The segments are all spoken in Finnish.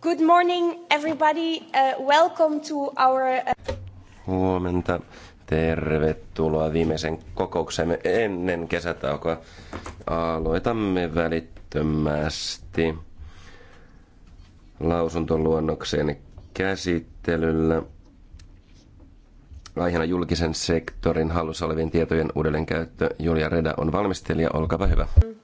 Good morning everybody. Uh, welcome to our... Uh, Huomenta. Tervetuloa viimeisen kokouksemme ennen kesätaukoa. Aloitamme välittömästi lausuntoluonnokseen käsittelyllä. Aiheena julkisen sektorin hallussa olevien tietojen uudelleenkäyttö. Julia Reda on valmistelija. Olkaa hyvä. Mm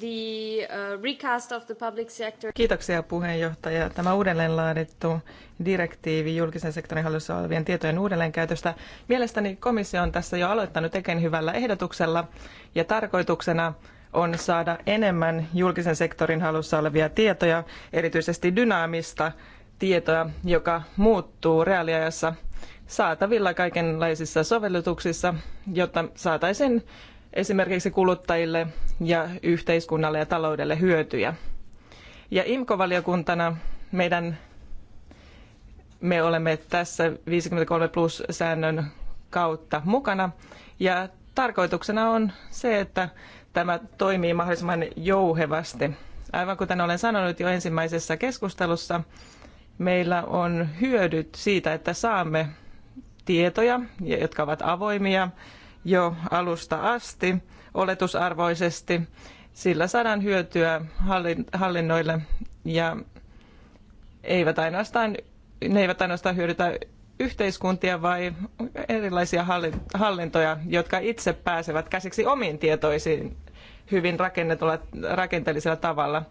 the uh, recast of the public sector. Kiitoksia puheenjohtaja. Tämä laadittu direktiivi julkisen sektorin hallussa olevien tietojen uudelleenkäytöstä. Mielestäni komissio on tässä jo aloittanut tekemään hyvällä ehdotuksella ja tarkoituksena on saada enemmän julkisen sektorin hallussa olevia tietoja, erityisesti dynaamista tietoa, joka muuttuu reaaliajassa saatavilla kaikenlaisissa sovellutuksissa, jotta saataisiin esimerkiksi kuluttajille ja yhteiskunnalle ja taloudelle hyötyjä. Ja IMKO-valiokuntana meidän, me olemme tässä 53 plus säännön kautta mukana ja tarkoituksena on se, että tämä toimii mahdollisimman jouhevasti. Aivan kuten olen sanonut jo ensimmäisessä keskustelussa, meillä on hyödyt siitä, että saamme tietoja, jotka ovat avoimia, jo alusta asti oletusarvoisesti. Sillä saadaan hyötyä hallinnoille ja eivät ainoastaan, ne eivät ainoastaan hyödytä yhteiskuntia vai erilaisia hallintoja, jotka itse pääsevät käsiksi omiin tietoisiin hyvin rakennetulla, rakenteellisella tavalla.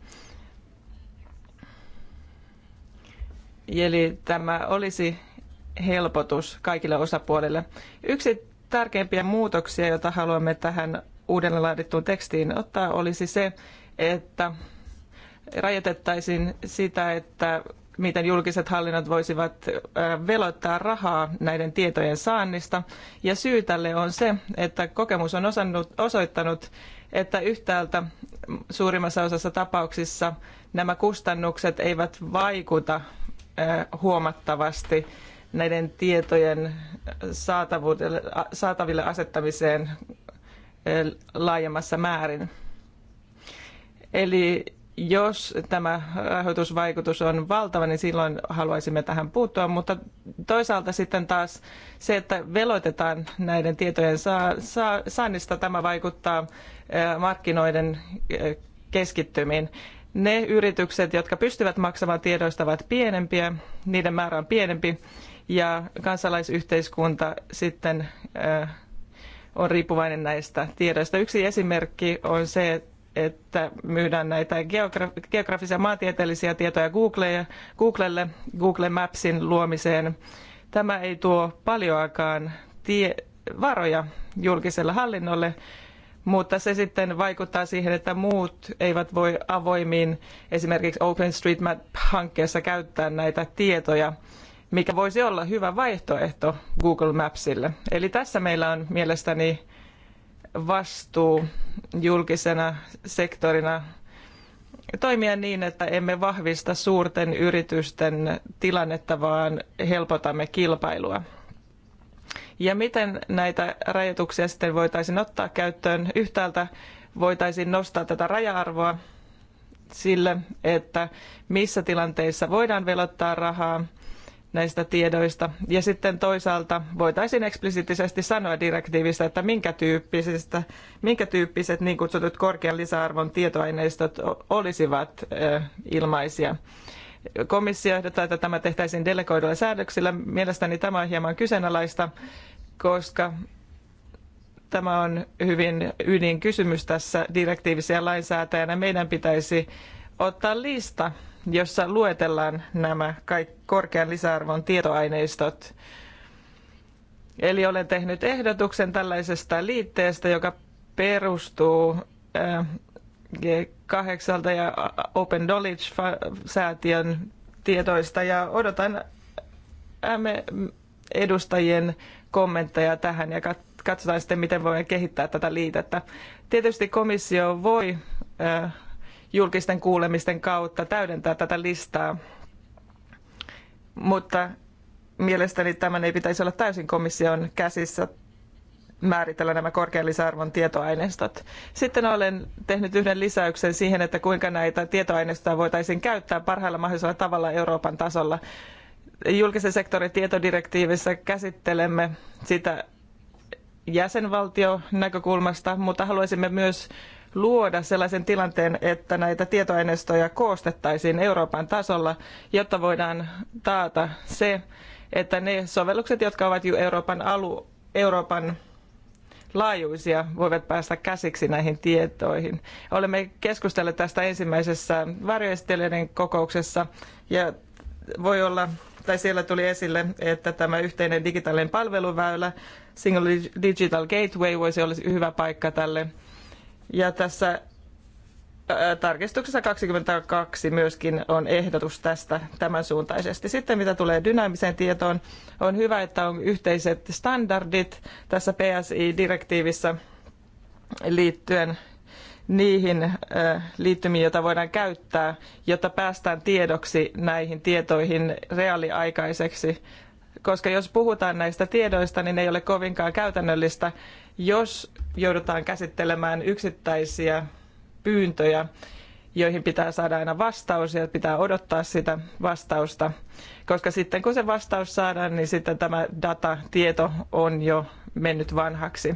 Eli tämä olisi helpotus kaikille osapuolille. Yksi tärkeimpiä muutoksia, joita haluamme tähän uudelleen laadittuun tekstiin ottaa, olisi se, että rajoitettaisiin sitä, että miten julkiset hallinnot voisivat veloittaa rahaa näiden tietojen saannista. Ja syy tälle on se, että kokemus on osannut, osoittanut, että yhtäältä suurimmassa osassa tapauksissa nämä kustannukset eivät vaikuta huomattavasti näiden tietojen saataville asettamiseen laajemmassa määrin. Eli jos tämä rahoitusvaikutus on valtava, niin silloin haluaisimme tähän puuttua, mutta toisaalta sitten taas se, että veloitetaan näiden tietojen saa, saa, saannista, tämä vaikuttaa markkinoiden keskittymiin. Ne yritykset, jotka pystyvät maksamaan tiedoista, ovat pienempiä, niiden määrä on pienempi, ja kansalaisyhteiskunta sitten äh, on riippuvainen näistä tiedoista. Yksi esimerkki on se, että myydään näitä geografisia maantieteellisiä tietoja Googlelle, Googlelle Google Mapsin luomiseen. Tämä ei tuo paljoakaan tie- varoja julkiselle hallinnolle, mutta se sitten vaikuttaa siihen, että muut eivät voi avoimiin esimerkiksi OpenStreetMap-hankkeessa käyttää näitä tietoja mikä voisi olla hyvä vaihtoehto Google Mapsille. Eli tässä meillä on mielestäni vastuu julkisena sektorina toimia niin, että emme vahvista suurten yritysten tilannetta, vaan helpotamme kilpailua. Ja miten näitä rajoituksia sitten voitaisiin ottaa käyttöön? Yhtäältä voitaisiin nostaa tätä raja-arvoa sille, että missä tilanteissa voidaan velottaa rahaa – näistä tiedoista. Ja sitten toisaalta voitaisiin eksplisiittisesti sanoa direktiivissä, että minkä, minkä tyyppiset niin kutsutut korkean lisäarvon tietoaineistot olisivat ilmaisia. Komissio ehdottaa, että tämä tehtäisiin delegoidulla säädöksillä. Mielestäni tämä on hieman kyseenalaista, koska tämä on hyvin ydinkysymys tässä direktiivissä ja lainsäätäjänä. Meidän pitäisi ottaa lista jossa luetellaan nämä kaikki korkean lisäarvon tietoaineistot. Eli olen tehnyt ehdotuksen tällaisesta liitteestä, joka perustuu äh, G8 ja Open Knowledge-säätiön tietoista ja odotan äh, edustajien kommentteja tähän ja katsotaan sitten, miten voimme kehittää tätä liitettä. Tietysti komissio voi äh, julkisten kuulemisten kautta täydentää tätä listaa. Mutta mielestäni tämän ei pitäisi olla täysin komission käsissä määritellä nämä korkean lisäarvon tietoaineistot. Sitten olen tehnyt yhden lisäyksen siihen, että kuinka näitä tietoaineistoja voitaisiin käyttää parhaalla mahdollisella tavalla Euroopan tasolla. Julkisen sektorin tietodirektiivissä käsittelemme sitä jäsenvaltio näkökulmasta, mutta haluaisimme myös luoda sellaisen tilanteen, että näitä tietoaineistoja koostettaisiin Euroopan tasolla, jotta voidaan taata se, että ne sovellukset, jotka ovat jo Euroopan, alu, Euroopan laajuisia voivat päästä käsiksi näihin tietoihin. Olemme keskustelleet tästä ensimmäisessä varjoistelijoiden kokouksessa ja voi olla, tai siellä tuli esille, että tämä yhteinen digitaalinen palveluväylä, Single Digital Gateway, voisi olla hyvä paikka tälle ja tässä tarkistuksessa 22 myöskin on ehdotus tästä tämän suuntaisesti. Sitten mitä tulee dynaamiseen tietoon, on hyvä, että on yhteiset standardit tässä PSI-direktiivissä liittyen niihin liittymiin, joita voidaan käyttää, jotta päästään tiedoksi näihin tietoihin reaaliaikaiseksi. Koska jos puhutaan näistä tiedoista, niin ei ole kovinkaan käytännöllistä, jos joudutaan käsittelemään yksittäisiä pyyntöjä, joihin pitää saada aina vastaus ja pitää odottaa sitä vastausta. Koska sitten kun se vastaus saadaan, niin sitten tämä data, tieto on jo mennyt vanhaksi.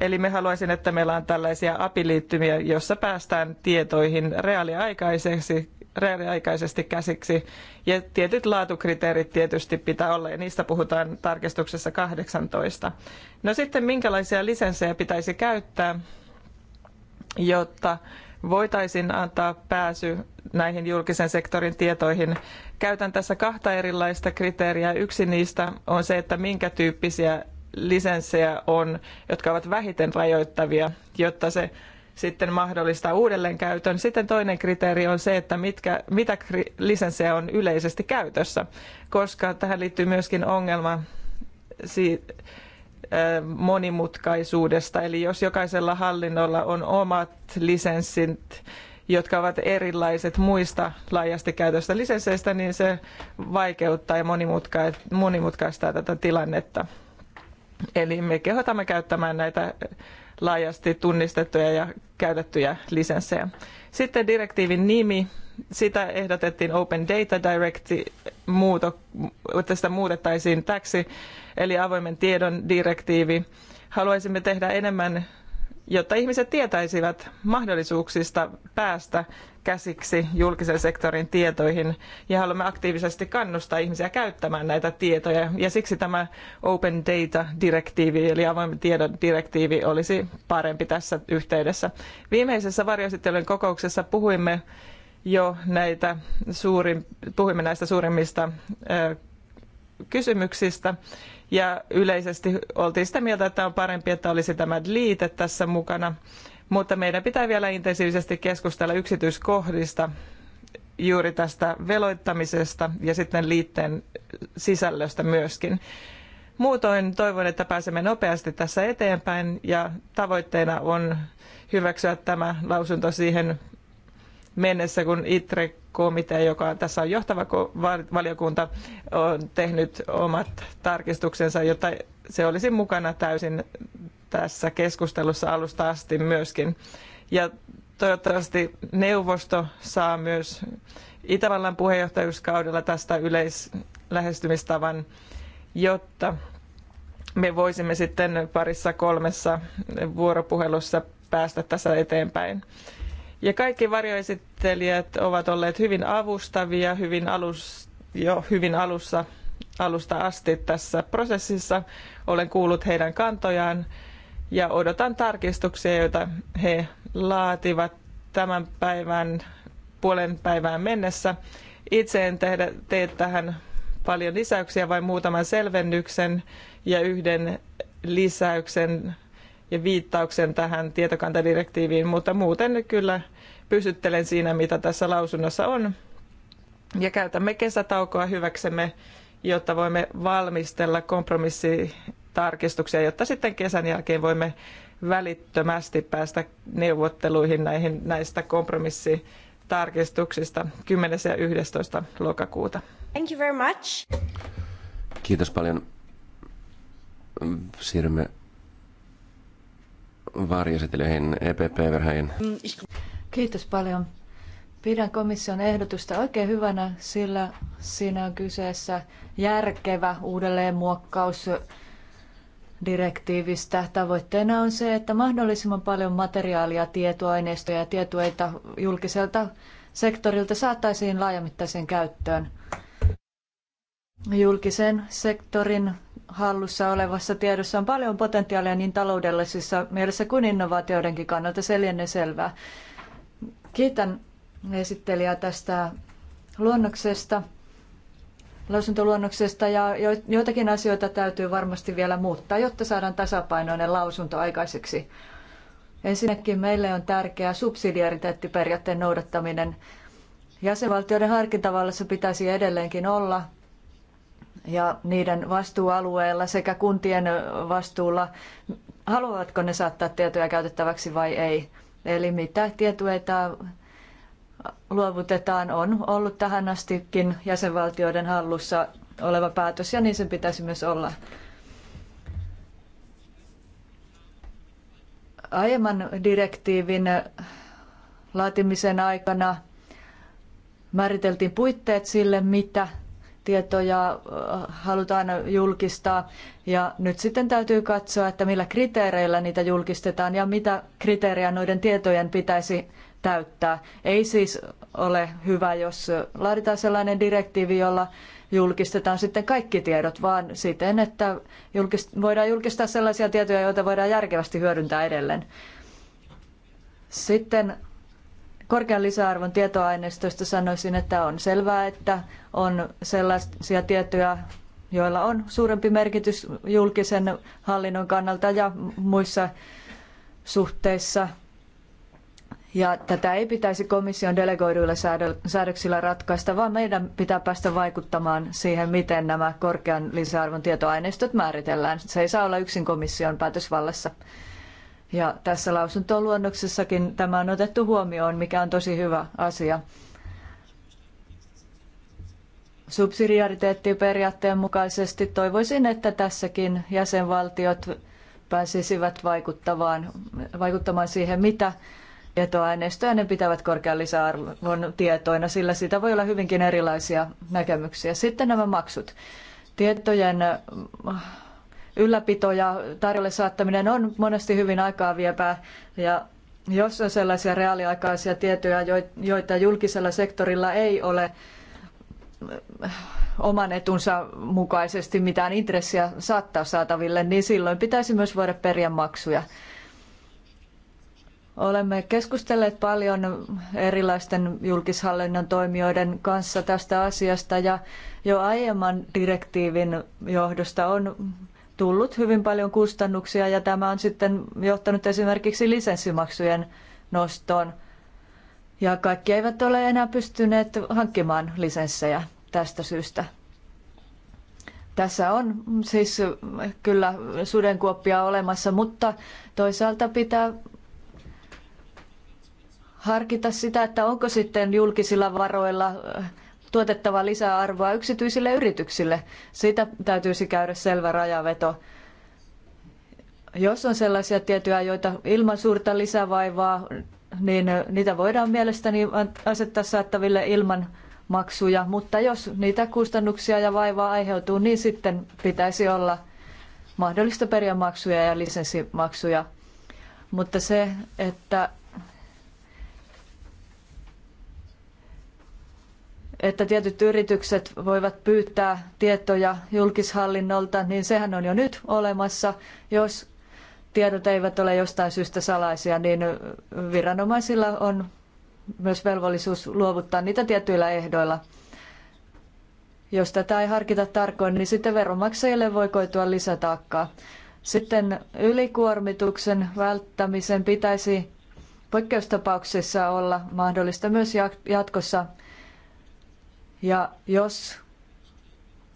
Eli me haluaisin, että meillä on tällaisia apiliittymiä, jossa päästään tietoihin reaaliaikaisesti reaaliaikaisesti käsiksi. Ja tietyt laatukriteerit tietysti pitää olla, ja niistä puhutaan tarkistuksessa 18. No sitten minkälaisia lisenssejä pitäisi käyttää, jotta voitaisiin antaa pääsy näihin julkisen sektorin tietoihin. Käytän tässä kahta erilaista kriteeriä. Yksi niistä on se, että minkä tyyppisiä lisenssejä on, jotka ovat vähiten rajoittavia, jotta se sitten mahdollistaa uudelleenkäytön. Sitten toinen kriteeri on se, että mitkä, mitä lisenssejä on yleisesti käytössä, koska tähän liittyy myöskin ongelma siitä, monimutkaisuudesta. Eli jos jokaisella hallinnolla on omat lisenssit, jotka ovat erilaiset muista laajasti käytöstä lisensseistä, niin se vaikeuttaa ja monimutkaistaa tätä tilannetta. Eli me kehotamme käyttämään näitä laajasti tunnistettuja ja käytettyjä lisenssejä. Sitten direktiivin nimi. Sitä ehdotettiin Open Data Directive, muuto, että sitä muutettaisiin täksi, eli avoimen tiedon direktiivi. Haluaisimme tehdä enemmän jotta ihmiset tietäisivät mahdollisuuksista päästä käsiksi julkisen sektorin tietoihin ja haluamme aktiivisesti kannustaa ihmisiä käyttämään näitä tietoja ja siksi tämä Open Data-direktiivi eli avoimen tiedon direktiivi olisi parempi tässä yhteydessä. Viimeisessä varjoesittelyn kokouksessa puhuimme jo näitä suurin, puhuimme näistä suurimmista ö, kysymyksistä ja yleisesti oltiin sitä mieltä, että on parempi, että olisi tämä liite tässä mukana, mutta meidän pitää vielä intensiivisesti keskustella yksityiskohdista juuri tästä veloittamisesta ja sitten liitteen sisällöstä myöskin. Muutoin toivon, että pääsemme nopeasti tässä eteenpäin ja tavoitteena on hyväksyä tämä lausunto siihen mennessä, kun ITRE komitea, joka tässä on johtava valiokunta, on tehnyt omat tarkistuksensa, jotta se olisi mukana täysin tässä keskustelussa alusta asti myöskin. Ja toivottavasti neuvosto saa myös Itävallan puheenjohtajuuskaudella tästä yleislähestymistavan, jotta me voisimme sitten parissa kolmessa vuoropuhelussa päästä tässä eteenpäin. Ja kaikki varjoesittelijät ovat olleet hyvin avustavia hyvin alus, jo hyvin alussa, alusta asti tässä prosessissa. Olen kuullut heidän kantojaan ja odotan tarkistuksia, joita he laativat tämän päivän puolen päivään mennessä. Itse en tehdä, tee tähän paljon lisäyksiä, vain muutaman selvennyksen ja yhden lisäyksen ja viittauksen tähän tietokantadirektiiviin, mutta muuten kyllä pysyttelen siinä, mitä tässä lausunnossa on. Ja käytämme kesätaukoa hyväksemme, jotta voimme valmistella kompromissitarkistuksia, jotta sitten kesän jälkeen voimme välittömästi päästä neuvotteluihin näihin, näistä kompromissitarkistuksista 10. ja 11. lokakuuta. Thank you very much. Kiitos paljon. Siirrymme varjoseteleihin EPP-verheihin. Kiitos paljon. Pidän komission ehdotusta oikein hyvänä, sillä siinä on kyseessä järkevä uudelleenmuokkaus direktiivistä. Tavoitteena on se, että mahdollisimman paljon materiaalia, tietoaineistoja ja tietoita julkiselta sektorilta saataisiin laajamittaisen käyttöön. Julkisen sektorin hallussa olevassa tiedossa on paljon potentiaalia niin taloudellisissa mielessä kuin innovaatioidenkin kannalta, se lienee selvää. Kiitän esittelijää tästä luonnoksesta, lausuntoluonnoksesta ja joitakin asioita täytyy varmasti vielä muuttaa, jotta saadaan tasapainoinen lausunto aikaiseksi. Ensinnäkin meille on tärkeää subsidiariteettiperiaatteen noudattaminen. Jäsenvaltioiden harkintavallassa pitäisi edelleenkin olla ja niiden vastuualueella sekä kuntien vastuulla, haluavatko ne saattaa tietoja käytettäväksi vai ei. Eli mitä tietoja luovutetaan on ollut tähän astikin jäsenvaltioiden hallussa oleva päätös ja niin sen pitäisi myös olla. Aiemman direktiivin laatimisen aikana määriteltiin puitteet sille, mitä tietoja halutaan julkistaa ja nyt sitten täytyy katsoa, että millä kriteereillä niitä julkistetaan ja mitä kriteerejä noiden tietojen pitäisi täyttää. Ei siis ole hyvä, jos laaditaan sellainen direktiivi, jolla julkistetaan sitten kaikki tiedot, vaan siten, että julkist- voidaan julkistaa sellaisia tietoja, joita voidaan järkevästi hyödyntää edelleen. Sitten korkean lisäarvon tietoaineistosta sanoisin, että on selvää, että on sellaisia tietoja, joilla on suurempi merkitys julkisen hallinnon kannalta ja muissa suhteissa. Ja tätä ei pitäisi komission delegoiduilla säädöksillä ratkaista, vaan meidän pitää päästä vaikuttamaan siihen, miten nämä korkean lisäarvon tietoaineistot määritellään. Se ei saa olla yksin komission päätösvallassa. Ja tässä lausuntoluonnoksessakin tämä on otettu huomioon, mikä on tosi hyvä asia. Subsidiariteettiperiaatteen mukaisesti toivoisin, että tässäkin jäsenvaltiot pääsisivät vaikuttamaan, vaikuttamaan siihen, mitä tietoaineistoja ne pitävät korkean lisäarvon tietoina, sillä siitä voi olla hyvinkin erilaisia näkemyksiä. Sitten nämä maksut. Tietojen ylläpito ja tarjolle saattaminen on monesti hyvin aikaa viepää ja jos on sellaisia reaaliaikaisia tietoja, joita julkisella sektorilla ei ole äh, oman etunsa mukaisesti mitään intressiä saattaa saataville, niin silloin pitäisi myös voida periä maksuja. Olemme keskustelleet paljon erilaisten julkishallinnon toimijoiden kanssa tästä asiasta ja jo aiemman direktiivin johdosta on tullut hyvin paljon kustannuksia ja tämä on sitten johtanut esimerkiksi lisenssimaksujen nostoon. Ja kaikki eivät ole enää pystyneet hankkimaan lisenssejä tästä syystä. Tässä on siis kyllä sudenkuoppia olemassa, mutta toisaalta pitää harkita sitä, että onko sitten julkisilla varoilla tuotettava arvoa yksityisille yrityksille. Siitä täytyisi käydä selvä rajaveto. Jos on sellaisia tietyjä, joita ilman suurta lisävaivaa, niin niitä voidaan mielestäni asettaa saattaville ilman maksuja, mutta jos niitä kustannuksia ja vaivaa aiheutuu, niin sitten pitäisi olla mahdollista periä maksuja ja lisenssimaksuja. Mutta se, että että tietyt yritykset voivat pyytää tietoja julkishallinnolta, niin sehän on jo nyt olemassa. Jos tiedot eivät ole jostain syystä salaisia, niin viranomaisilla on myös velvollisuus luovuttaa niitä tietyillä ehdoilla. Jos tätä ei harkita tarkoin, niin sitten veronmaksajille voi koitua lisätaakkaa. Sitten ylikuormituksen välttämisen pitäisi poikkeustapauksissa olla mahdollista myös jatkossa ja jos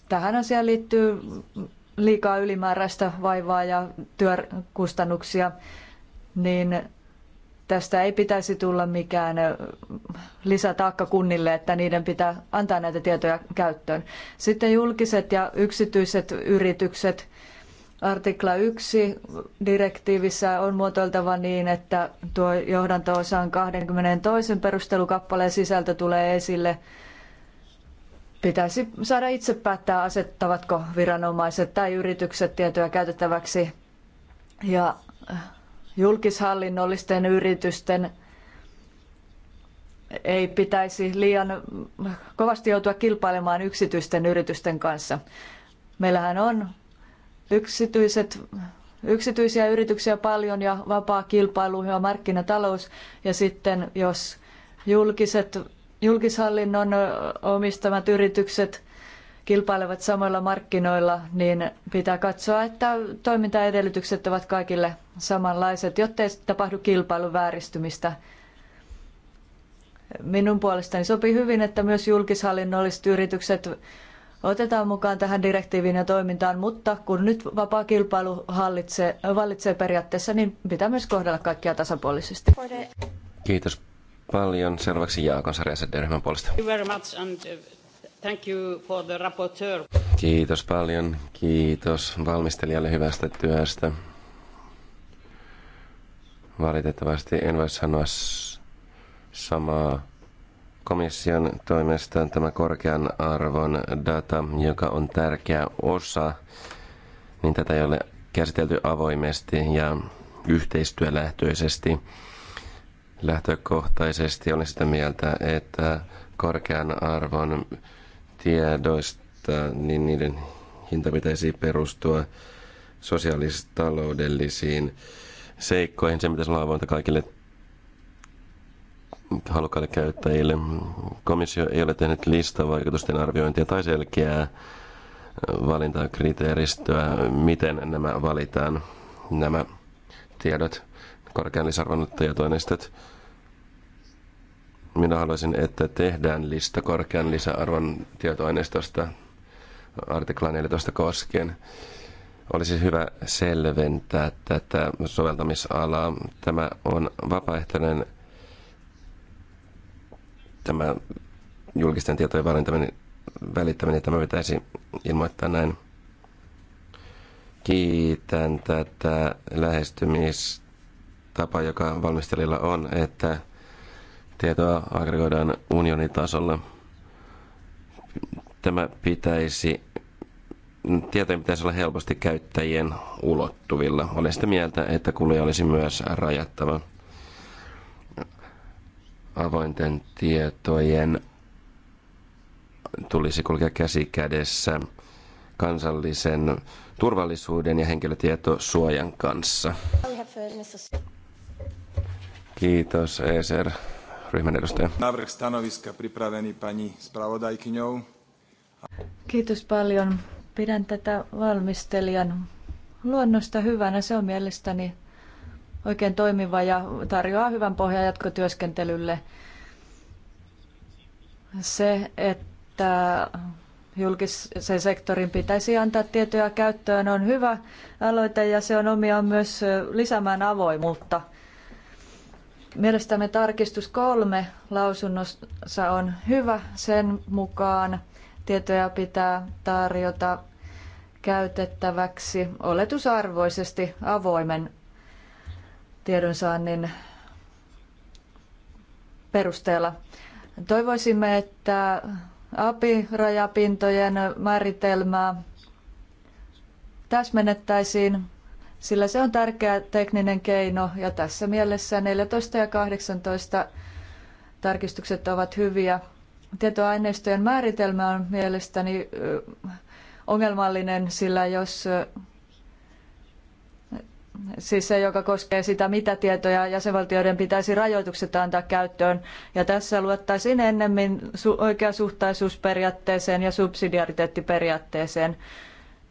tähän asiaan liittyy liikaa ylimääräistä vaivaa ja työkustannuksia, niin tästä ei pitäisi tulla mikään lisätaakka kunnille, että niiden pitää antaa näitä tietoja käyttöön. Sitten julkiset ja yksityiset yritykset. Artikla 1 direktiivissä on muotoiltava niin, että tuo johdanto-osan 22 perustelukappaleen sisältö tulee esille – Pitäisi saada itse päättää, asettavatko viranomaiset tai yritykset tietoja käytettäväksi. Ja eh, julkishallinnollisten yritysten ei pitäisi liian eh, kovasti joutua kilpailemaan yksityisten yritysten kanssa. Meillähän on yksityiset, yksityisiä yrityksiä paljon ja vapaa kilpailu ja markkinatalous. Ja sitten jos julkiset julkishallinnon omistamat yritykset kilpailevat samoilla markkinoilla, niin pitää katsoa, että toimintaedellytykset ovat kaikille samanlaiset, jottei tapahdu kilpailun vääristymistä. Minun puolestani sopii hyvin, että myös julkishallinnolliset yritykset otetaan mukaan tähän direktiiviin ja toimintaan, mutta kun nyt vapaa kilpailu hallitsee, vallitsee periaatteessa, niin pitää myös kohdella kaikkia tasapuolisesti. Kiitos paljon. Seuraavaksi Jaakon ZD-ryhmän puolesta. Uh, Kiitos paljon. Kiitos valmistelijalle hyvästä työstä. Valitettavasti en voi sanoa samaa komission toimesta tämä korkean arvon data, joka on tärkeä osa, niin tätä ei ole käsitelty avoimesti ja yhteistyölähtöisesti Lähtökohtaisesti olen sitä mieltä, että korkean arvon tiedoista, niin niiden hinta pitäisi perustua sosiaalistaloudellisiin seikkoihin. Se pitäisi olla avointa kaikille halukkaille käyttäjille. Komissio ei ole tehnyt listavaikutusten arviointia tai selkeää valintakriteeristöä, miten nämä valitaan, nämä tiedot, korkean lisäarvon tietoaineistot. Minä haluaisin, että tehdään lista korkean lisäarvon tietoaineistosta artikla 14 koskien. Olisi hyvä selventää tätä soveltamisalaa. Tämä on vapaaehtoinen tämä julkisten tietojen välittäminen, välittäminen tämä pitäisi ilmoittaa näin. Kiitän tätä lähestymistapaa, joka valmistelijalla on, että tietoa aggregoidaan unionin tasolla. Tämä pitäisi, tietojen pitäisi olla helposti käyttäjien ulottuvilla. Olen sitä mieltä, että kuluja olisi myös rajattava. Avointen tietojen tulisi kulkea käsi kädessä kansallisen turvallisuuden ja henkilötietosuojan kanssa. Uh, Kiitos, Eser ryhmän edustaja. Kiitos paljon. Pidän tätä valmistelijan luonnosta hyvänä. Se on mielestäni oikein toimiva ja tarjoaa hyvän pohjan jatkotyöskentelylle. Se, että julkisen sektorin pitäisi antaa tietoja käyttöön, on hyvä aloite ja se on omiaan myös lisäämään avoimuutta – Mielestämme tarkistus kolme lausunnossa on hyvä. Sen mukaan tietoja pitää tarjota käytettäväksi oletusarvoisesti avoimen tiedonsaannin perusteella. Toivoisimme, että API-rajapintojen määritelmää täsmennettäisiin sillä se on tärkeä tekninen keino ja tässä mielessä 14 ja 18 tarkistukset ovat hyviä. Tietoaineistojen määritelmä on mielestäni ongelmallinen, sillä jos siis se, joka koskee sitä, mitä tietoja jäsenvaltioiden pitäisi rajoitukset antaa käyttöön. Ja tässä luottaisiin ennemmin oikeasuhtaisuusperiaatteeseen ja subsidiariteettiperiaatteeseen.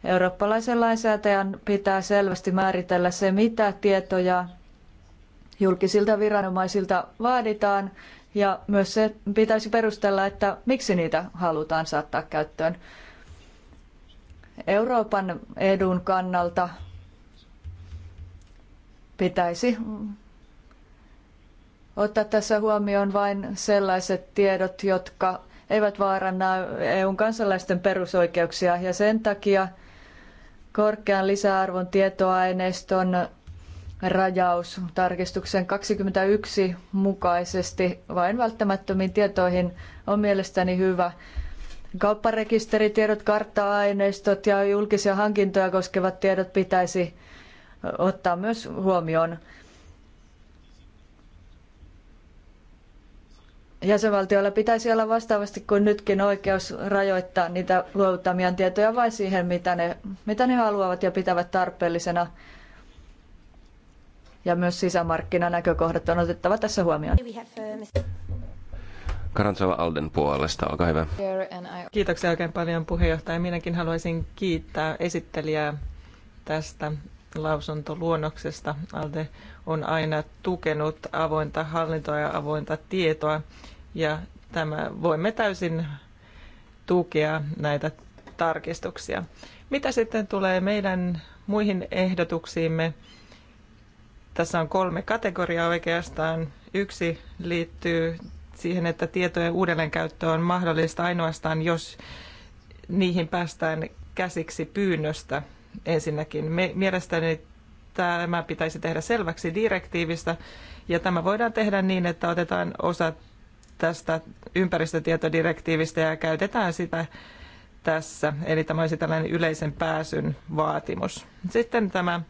Eurooppalaisen lainsäätäjän pitää selvästi määritellä se, mitä tietoja julkisilta viranomaisilta vaaditaan ja myös se pitäisi perustella, että miksi niitä halutaan saattaa käyttöön. Euroopan edun kannalta pitäisi ottaa tässä huomioon vain sellaiset tiedot, jotka eivät vaaranna EUn kansalaisten perusoikeuksia ja sen takia – korkean lisäarvon tietoaineiston rajaus tarkistuksen 21 mukaisesti vain välttämättömiin tietoihin on mielestäni hyvä. Kaupparekisteritiedot, kartta-aineistot ja julkisia hankintoja koskevat tiedot pitäisi ottaa myös huomioon. jäsenvaltioilla pitäisi olla vastaavasti kuin nytkin oikeus rajoittaa niitä luovuttamiaan tietoja vain siihen, mitä ne, mitä ne haluavat ja pitävät tarpeellisena. Ja myös sisämarkkinanäkökohdat on otettava tässä huomioon. Uh, Karantsova Alden puolesta, olkaa hyvä. Kiitoksia oikein paljon puheenjohtaja. Minäkin haluaisin kiittää esittelijää tästä lausuntoluonnoksesta. ALDE on aina tukenut avointa hallintoa ja avointa tietoa ja tämä, voimme täysin tukea näitä tarkistuksia. Mitä sitten tulee meidän muihin ehdotuksiimme? Tässä on kolme kategoriaa oikeastaan. Yksi liittyy siihen, että tietojen uudelleenkäyttö on mahdollista ainoastaan, jos niihin päästään käsiksi pyynnöstä ensinnäkin. Me, mielestäni tämä pitäisi tehdä selväksi direktiivistä, ja tämä voidaan tehdä niin, että otetaan osa tästä ympäristötietodirektiivistä ja käytetään sitä tässä. Eli tämä olisi tällainen yleisen pääsyn vaatimus. Sitten tämä,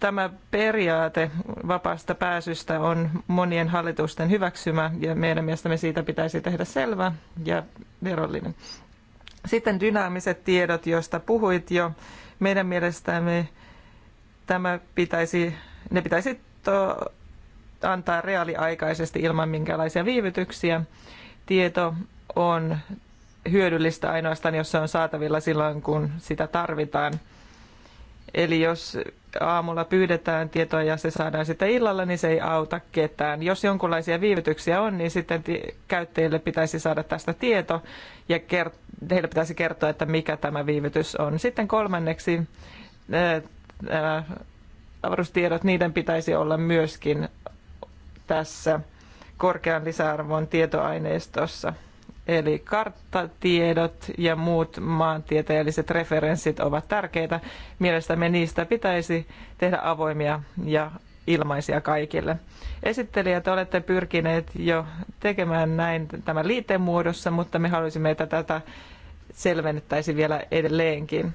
tämä periaate vapaasta pääsystä on monien hallitusten hyväksymä ja meidän mielestämme siitä pitäisi tehdä selvä ja verollinen. Sitten dynaamiset tiedot, joista puhuit jo. Meidän mielestämme tämä pitäisi, ne pitäisi to, antaa reaaliaikaisesti ilman minkälaisia viivytyksiä. Tieto on hyödyllistä ainoastaan, jos se on saatavilla silloin, kun sitä tarvitaan. Eli jos aamulla pyydetään tietoa ja se saadaan sitten illalla, niin se ei auta ketään. Jos jonkinlaisia viivytyksiä on, niin sitten käyttäjille pitäisi saada tästä tieto ja kert- heille pitäisi kertoa, että mikä tämä viivytys on. Sitten kolmanneksi nämä eh, eh, avaruustiedot, niiden pitäisi olla myöskin tässä korkean lisäarvon tietoaineistossa. Eli karttatiedot ja muut maantieteelliset referenssit ovat tärkeitä. Mielestämme niistä pitäisi tehdä avoimia ja ilmaisia kaikille. Esittelijä, olette pyrkineet jo tekemään näin tämän liitteen muodossa, mutta me haluaisimme, että tätä selvennettäisi vielä edelleenkin.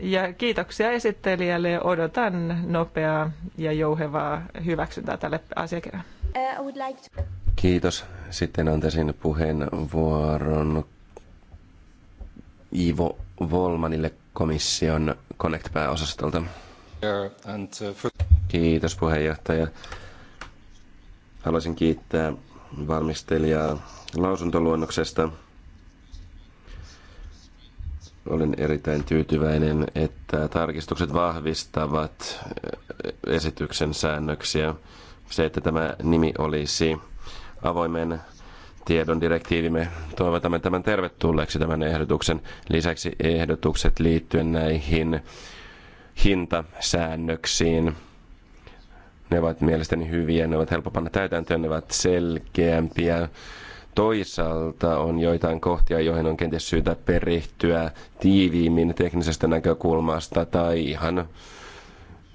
Ja kiitoksia esittelijälle. Odotan nopeaa ja jouhevaa hyväksyntää tälle asiakirjalle. Uh, Kiitos. Sitten antaisin puheenvuoron Ivo Volmanille komission Connect-pääosastolta. Kiitos puheenjohtaja. Haluaisin kiittää valmistelijaa lausuntoluonnoksesta. Olen erittäin tyytyväinen, että tarkistukset vahvistavat esityksen säännöksiä. Se, että tämä nimi olisi avoimen tiedon direktiivimme. Toivotamme tämän tervetulleeksi tämän ehdotuksen. Lisäksi ehdotukset liittyen näihin hintasäännöksiin. Ne ovat mielestäni hyviä, ne ovat helppo panna täytäntöön, ne ovat selkeämpiä. Toisaalta on joitain kohtia, joihin on kenties syytä perehtyä tiiviimmin teknisestä näkökulmasta tai ihan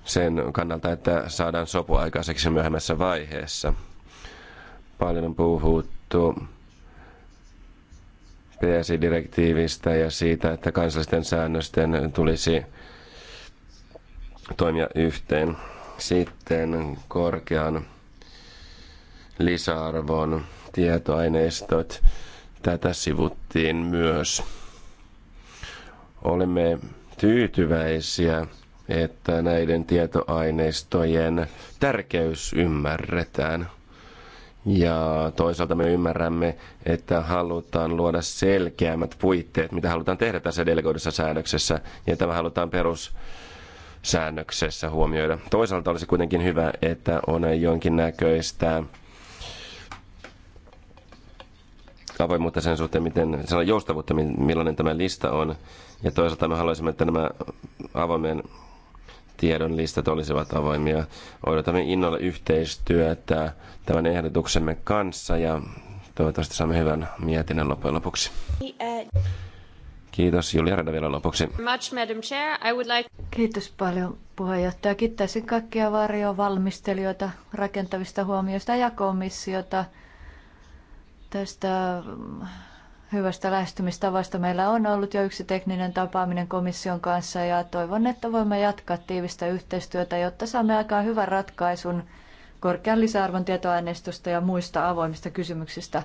sen kannalta, että saadaan sopu aikaiseksi myöhemmässä vaiheessa. Paljon on puhuttu PSI-direktiivistä ja siitä, että kansallisten säännösten tulisi toimia yhteen. Sitten korkean lisäarvon tietoaineistot. Tätä sivuttiin myös. Olemme tyytyväisiä, että näiden tietoaineistojen tärkeys ymmärretään – ja toisaalta me ymmärrämme, että halutaan luoda selkeämmät puitteet, mitä halutaan tehdä tässä delegoidussa säädöksessä, ja tämä halutaan perussäännöksessä huomioida. Toisaalta olisi kuitenkin hyvä, että on jonkinnäköistä avoimuutta sen suhteen, miten, sellainen joustavuutta, millainen tämä lista on. Ja toisaalta me haluaisimme, että nämä avoimen tiedon listat olisivat avoimia. Odotamme innolla yhteistyötä tämän ehdotuksemme kanssa ja toivottavasti saamme hyvän mietinnön loppujen lopuksi. Kiitos Julia Reda vielä lopuksi. Much, Madam Chair. I would like... Kiitos paljon puheenjohtaja. Kiittäisin kaikkia varjovalmistelijoita rakentavista huomioista ja komissiota tästä hyvästä lähestymistavasta. Meillä on ollut jo yksi tekninen tapaaminen komission kanssa ja toivon, että voimme jatkaa tiivistä yhteistyötä, jotta saamme aikaan hyvän ratkaisun korkean lisäarvon tietoaineistosta ja muista avoimista kysymyksistä.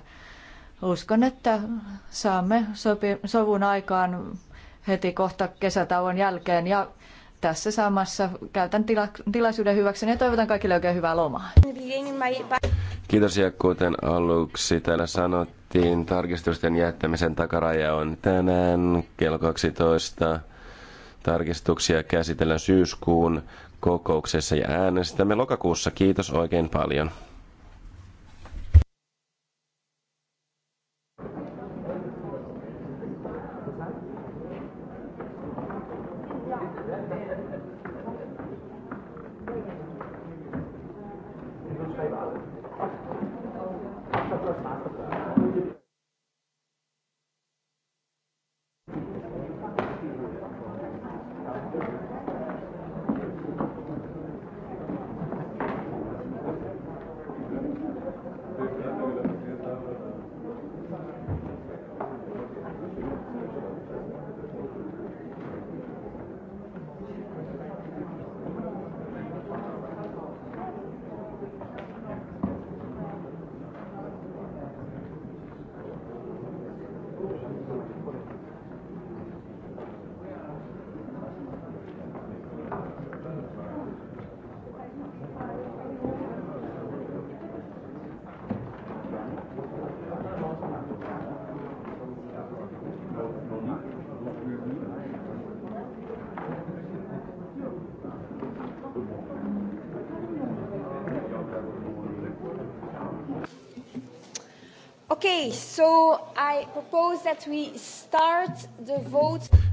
Uskon, että saamme sopi- sovun aikaan heti kohta kesätauon jälkeen ja tässä samassa käytän tila- tilaisuuden hyväkseni ja toivotan kaikille oikein hyvää lomaa. Kiitos ja kuten aluksi täällä sanot, Budjettiin tarkistusten jättämisen takaraja on tänään kello 12. Tarkistuksia käsitellään syyskuun kokouksessa ja äänestämme lokakuussa. Kiitos oikein paljon.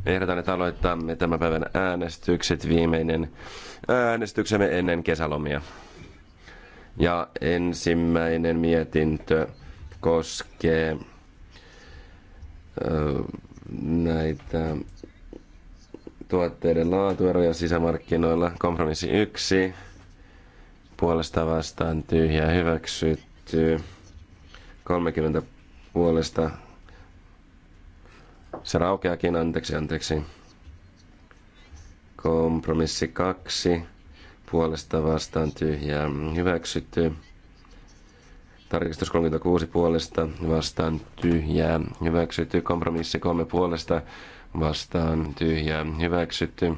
Ehdotan, että aloitamme tämän päivän äänestykset viimeinen äänestyksemme ennen kesälomia. Ja ensimmäinen mietintö koskee näitä tuotteiden laatueroja sisämarkkinoilla. Kompromissi 1. Puolesta vastaan tyhjä hyväksytty. 30 puolesta se raukeakin, anteeksi, anteeksi. Kompromissi kaksi. Puolesta vastaan tyhjää. Hyväksytty. Tarkistus 36 puolesta vastaan tyhjää. Hyväksytty. Kompromissi kolme puolesta vastaan tyhjää. Hyväksytty.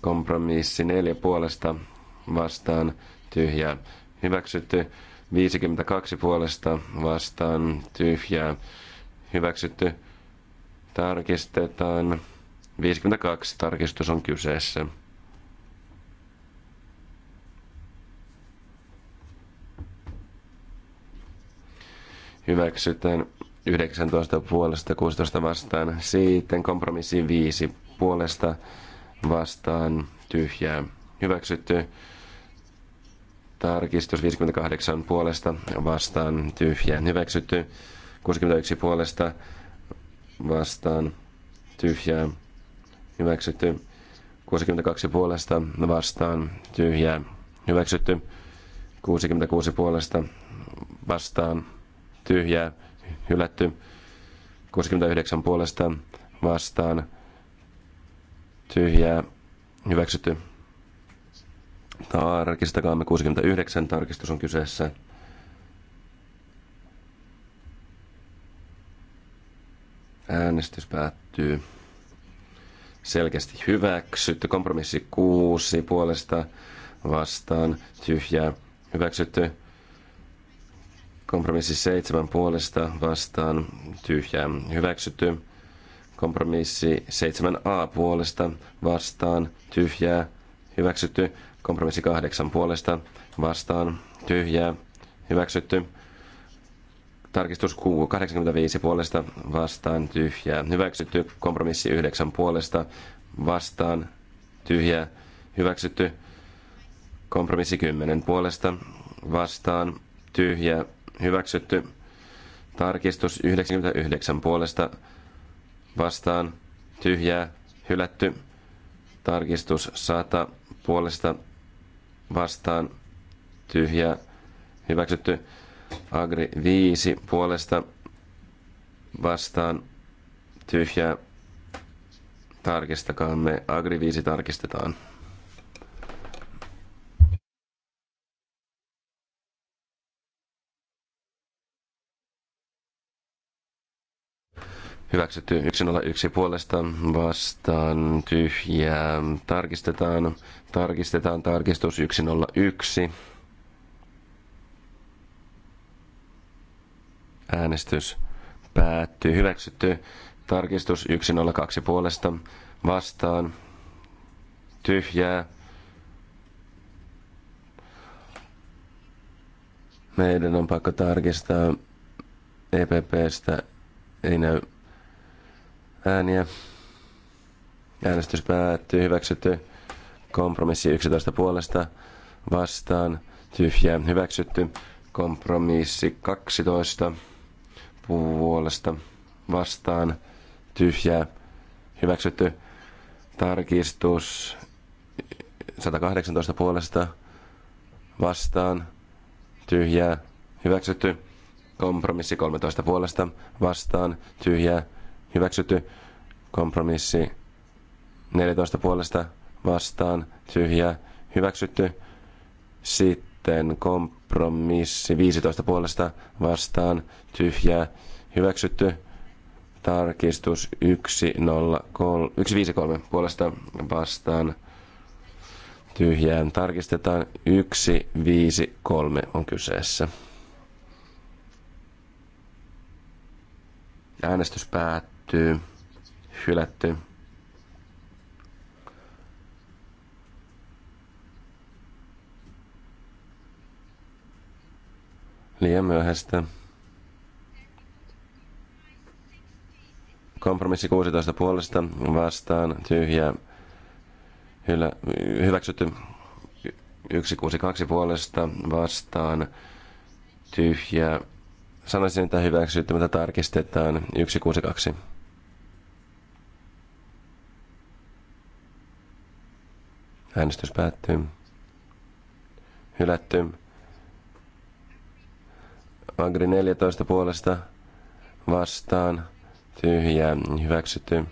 Kompromissi neljä puolesta vastaan tyhjää. Hyväksytty. 52 puolesta vastaan tyhjää. Hyväksytty. Tarkistetaan. 52 tarkistus on kyseessä. Hyväksytään 19 puolesta 16 vastaan. Sitten kompromissi 5 puolesta vastaan tyhjää. Hyväksytty tarkistus 58 puolesta vastaan tyhjää. Hyväksytty 61 puolesta vastaan tyhjää hyväksytty. 62 puolesta vastaan tyhjää hyväksytty. 66 puolesta vastaan tyhjää hylätty. 69 puolesta vastaan tyhjää hyväksytty. Tarkistakaamme 69, tarkistus on kyseessä. Äänestys päättyy selkeästi hyväksytty. Kompromissi 6 puolesta vastaan tyhjää hyväksytty. Kompromissi 7 puolesta vastaan tyhjää hyväksytty. Kompromissi 7a puolesta vastaan tyhjää hyväksytty. Kompromissi 8 puolesta vastaan tyhjää hyväksytty. Tarkistus 85 puolesta vastaan tyhjää. Hyväksytty kompromissi 9 puolesta vastaan tyhjää. Hyväksytty kompromissi 10 puolesta vastaan tyhjää. Hyväksytty tarkistus 99 puolesta vastaan tyhjää. Hylätty tarkistus 100 puolesta vastaan tyhjää. Hyväksytty Agri 5 puolesta vastaan tyhjää. Tarkistakaamme. Agri 5 tarkistetaan. Hyväksytty 101 puolesta vastaan tyhjää. Tarkistetaan, tarkistetaan tarkistus 101. Äänestys päättyy. Hyväksytty. Tarkistus 102 puolesta. Vastaan. Tyhjää. Meidän on pakko tarkistaa EPPstä. Ei näy ääniä. Äänestys päättyy. Hyväksytty. Kompromissi 11 puolesta. Vastaan. Tyhjää. Hyväksytty. Kompromissi 12 puolesta vastaan tyhjää hyväksytty tarkistus 118 puolesta vastaan tyhjää hyväksytty kompromissi 13 puolesta vastaan tyhjää hyväksytty kompromissi 14 puolesta vastaan tyhjää hyväksytty sitten sitten kompromissi 15 puolesta vastaan tyhjää hyväksytty. Tarkistus viisi 153 puolesta vastaan tyhjään. Tarkistetaan 153 on kyseessä. Äänestys päättyy. Hylätty. liian myöhäistä. Kompromissi 16 puolesta vastaan tyhjä hylä, hyväksytty 162 puolesta vastaan tyhjä. Sanoisin, että hyväksytty, mutta tarkistetaan 162. Äänestys päättyy. Hylätty. Agri 14 puolesta vastaan tyhjä hyväksytty.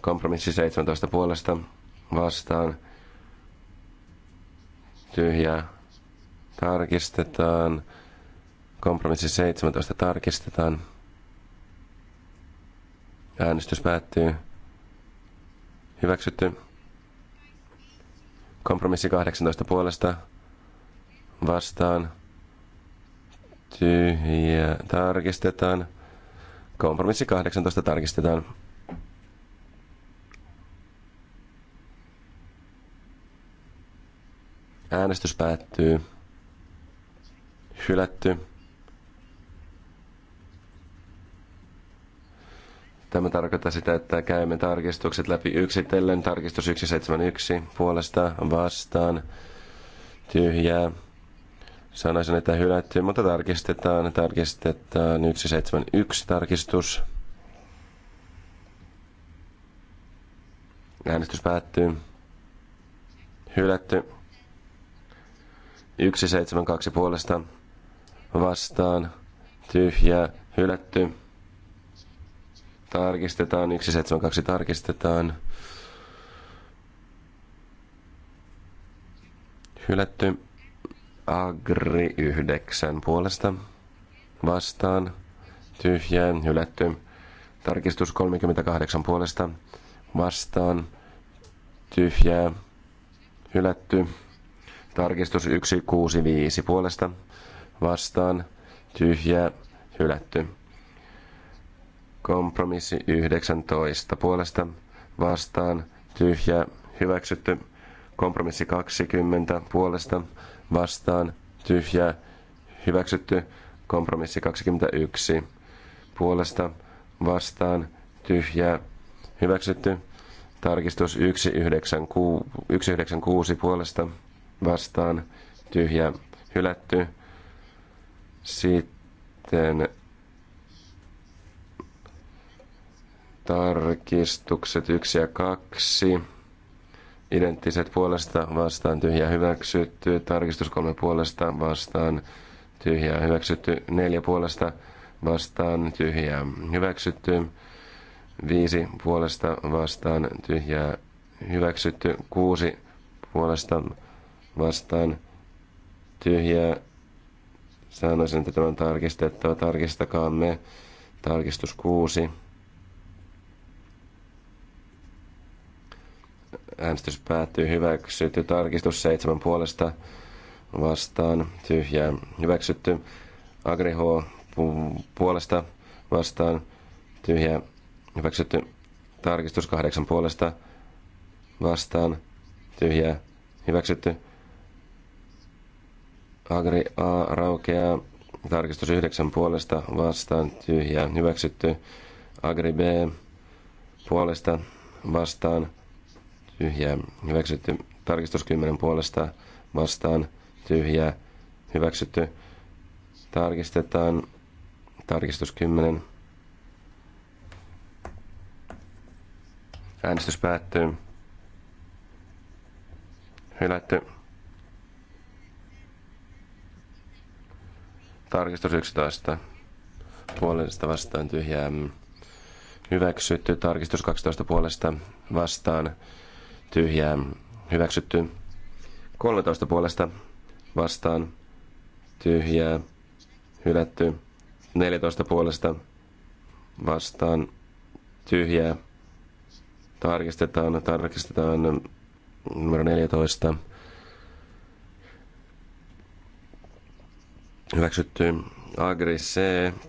Kompromissi 17 puolesta vastaan tyhjä tarkistetaan. Kompromissi 17 tarkistetaan. Äänestys päättyy. Hyväksytty. Kompromissi 18 puolesta vastaan Tyhjä. tarkistetaan. Kompromissi 18 tarkistetaan. Äänestys päättyy. Hylätty. Tämä tarkoittaa sitä, että käymme tarkistukset läpi yksitellen. Tarkistus 171 puolesta vastaan. Tyhjää. Sanoisin, että hylätty, mutta tarkistetaan. Tarkistetaan 171 tarkistus. Äänestys päättyy. Hylätty. 172 puolesta vastaan. Tyhjä. Hylätty. Tarkistetaan. 172 tarkistetaan. Hylätty. Agri 9 puolesta vastaan tyhjä hylätty. Tarkistus 38 puolesta vastaan tyhjää hylätty. Tarkistus 165 puolesta vastaan tyhjää hylätty. Kompromissi 19 puolesta vastaan tyhjää hyväksytty. Kompromissi 20 puolesta vastaan tyhjä, hyväksytty. Kompromissi 21 puolesta vastaan tyhjä, hyväksytty. Tarkistus 196 puolesta vastaan tyhjä hylätty. Sitten tarkistukset 1 ja 2 Identtiset puolesta vastaan tyhjä hyväksytty. Tarkistus kolme puolesta vastaan tyhjä hyväksytty. Neljä puolesta vastaan tyhjä hyväksytty. Viisi puolesta vastaan tyhjä hyväksytty. Kuusi puolesta vastaan tyhjä. Sanoisin, että tämä on tarkistettava. Tarkistakaamme. Tarkistus kuusi. Äänestys päättyy. Hyväksytty. Tarkistus seitsemän puolesta vastaan. Tyhjää. Hyväksytty. agriho H puolesta vastaan. Tyhjää. Hyväksytty. Tarkistus kahdeksan puolesta vastaan. Tyhjää. Hyväksytty. Agri A raukeaa. Tarkistus yhdeksän puolesta vastaan. Tyhjää. Hyväksytty. Agri B puolesta vastaan tyhjää, hyväksytty. Tarkistus kymmenen puolesta vastaan, tyhjää, hyväksytty. Tarkistetaan, tarkistus kymmenen Äänestys päättyy. Hylätty. Tarkistus 11. Puolesta vastaan tyhjää. Hyväksytty. Tarkistus 12 puolesta vastaan tyhjää hyväksytty. 13 puolesta vastaan tyhjää hylätty. 14 puolesta vastaan tyhjää tarkistetaan, tarkistetaan numero 14. Hyväksytty Agri C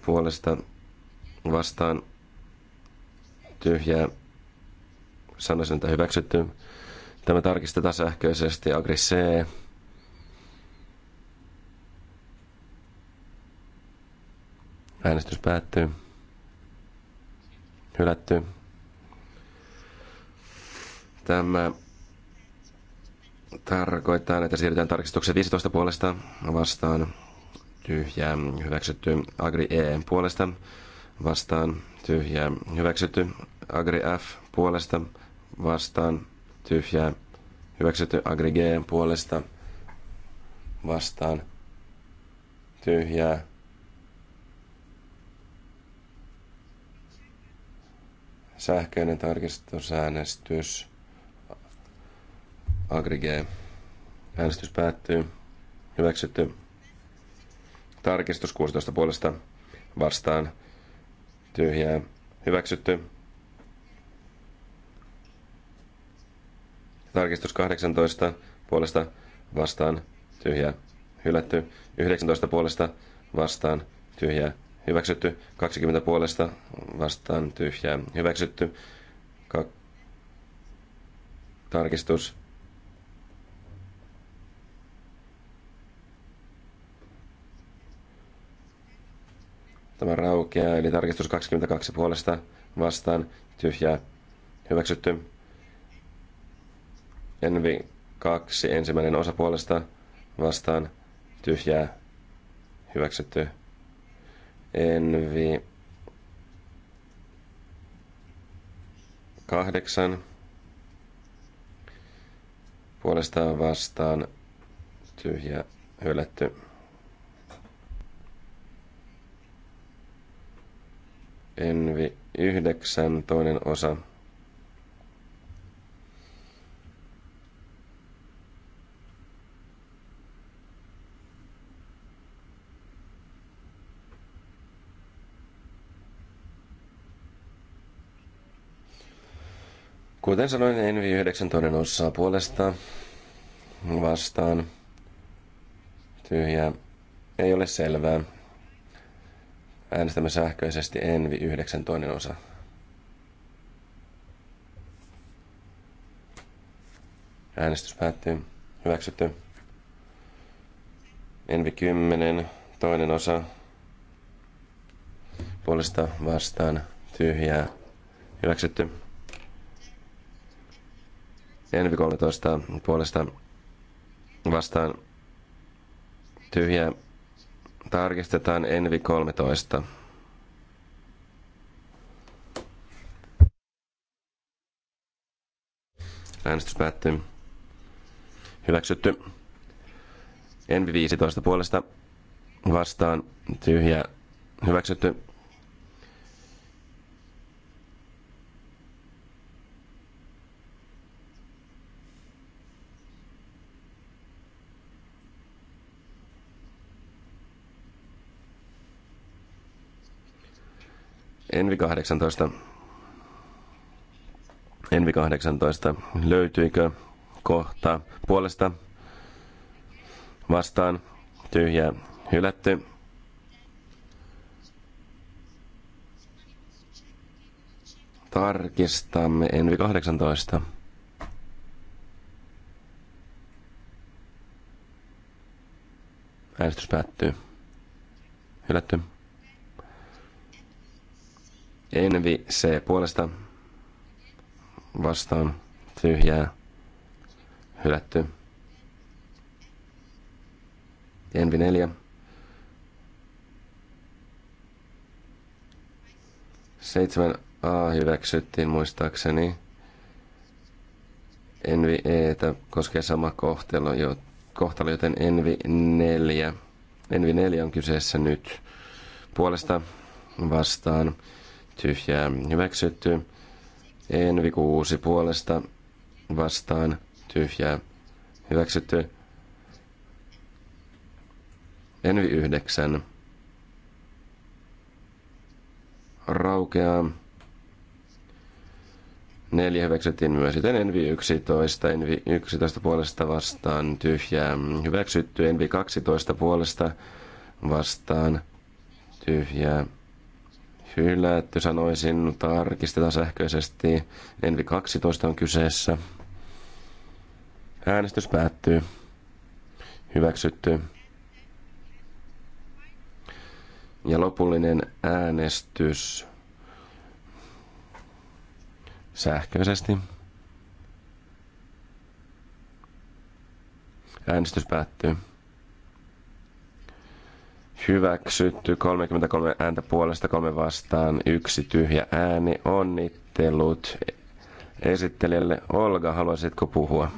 puolesta vastaan tyhjää. Sanoisin, että hyväksytty. Tämä tarkistetaan sähköisesti Agri C. Äänestys päättyy. Hylätty. Tämä tarkoittaa, että siirrytään tarkistukseen 15 puolesta vastaan tyhjää hyväksytty Agri E puolesta vastaan tyhjää hyväksytty Agri F puolesta vastaan tyhjää hyväksytty aggregeen puolesta vastaan tyhjää sähköinen tarkistusäänestys aggregee äänestys päättyy hyväksytty tarkistus 16 puolesta vastaan tyhjää hyväksytty Tarkistus 18 puolesta vastaan tyhjä hylätty. 19 puolesta vastaan tyhjä hyväksytty. 20 puolesta vastaan tyhjä hyväksytty. Ka- tarkistus Tämä raukeaa, eli tarkistus 22 puolesta vastaan tyhjää hyväksytty. Envi 2, ensimmäinen osa puolesta vastaan tyhjää hyväksytty. Envi 8 puolestaan vastaan tyhjä hylätty. Envi 9, toinen osa Kuten sanoin, Envi 9 toinen osaa puolesta vastaan. Tyhjää. Ei ole selvää. Äänestämme sähköisesti Envi 9 toinen osa. Äänestys päättyy. Hyväksytty. Envi 10, toinen osa. Puolesta vastaan tyhjää. Hyväksytty. Envi 13 puolesta vastaan tyhjä. Tarkistetaan Envi 13. Äänestys päättyy. Hyväksytty. Envi 15 puolesta vastaan tyhjä. Hyväksytty. Envi 18. Envi 18. Löytyikö kohta puolesta vastaan tyhjä hylätty? Tarkistamme Envi 18. Äänestys päättyy. Hylätty. Envi C puolesta vastaan tyhjää hylätty. Envi 4. Seitsemän A hyväksyttiin muistaakseni. Envi E koskee sama kohtalo, jo, kohtalo joten Envi 4. Envi 4 on kyseessä nyt. Puolesta vastaan tyhjää hyväksytty. Envi kuusi puolesta vastaan tyhjää hyväksytty. Envi yhdeksän. raukeaa. Neljä hyväksyttiin myös, sitten Envi 11, Envi 11 puolesta vastaan tyhjää. Hyväksytty Envi 12 puolesta vastaan tyhjää hylätty, sanoisin, tarkistetaan sähköisesti. Envi 12 on kyseessä. Äänestys päättyy. Hyväksytty. Ja lopullinen äänestys sähköisesti. Äänestys päättyy hyväksytty 33 ääntä puolesta, kolme vastaan, yksi tyhjä ääni. Onnittelut esittelijälle. Olga, haluaisitko puhua?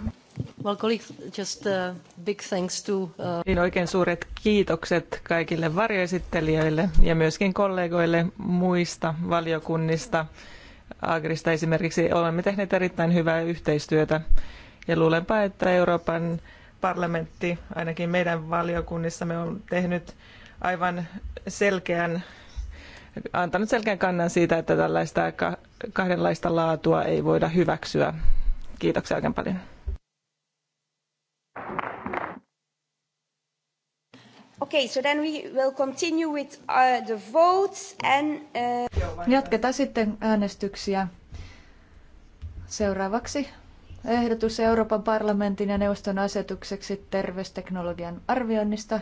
Well, colleagues, just uh, big thanks to... Uh... Niin oikein suuret kiitokset kaikille varjoesittelijöille ja myöskin kollegoille muista valiokunnista. Agrista esimerkiksi olemme tehneet erittäin hyvää yhteistyötä ja luulenpa, että Euroopan parlamentti ainakin meidän valiokunnissamme on tehnyt aivan selkeän, antanut selkeän kannan siitä, että tällaista kahdenlaista laatua ei voida hyväksyä. Kiitoksia oikein paljon. Okay, so then we will continue with uh, the votes and... Uh... Jatketaan sitten äänestyksiä. Seuraavaksi ehdotus Euroopan parlamentin ja neuvoston asetukseksi terveysteknologian arvioinnista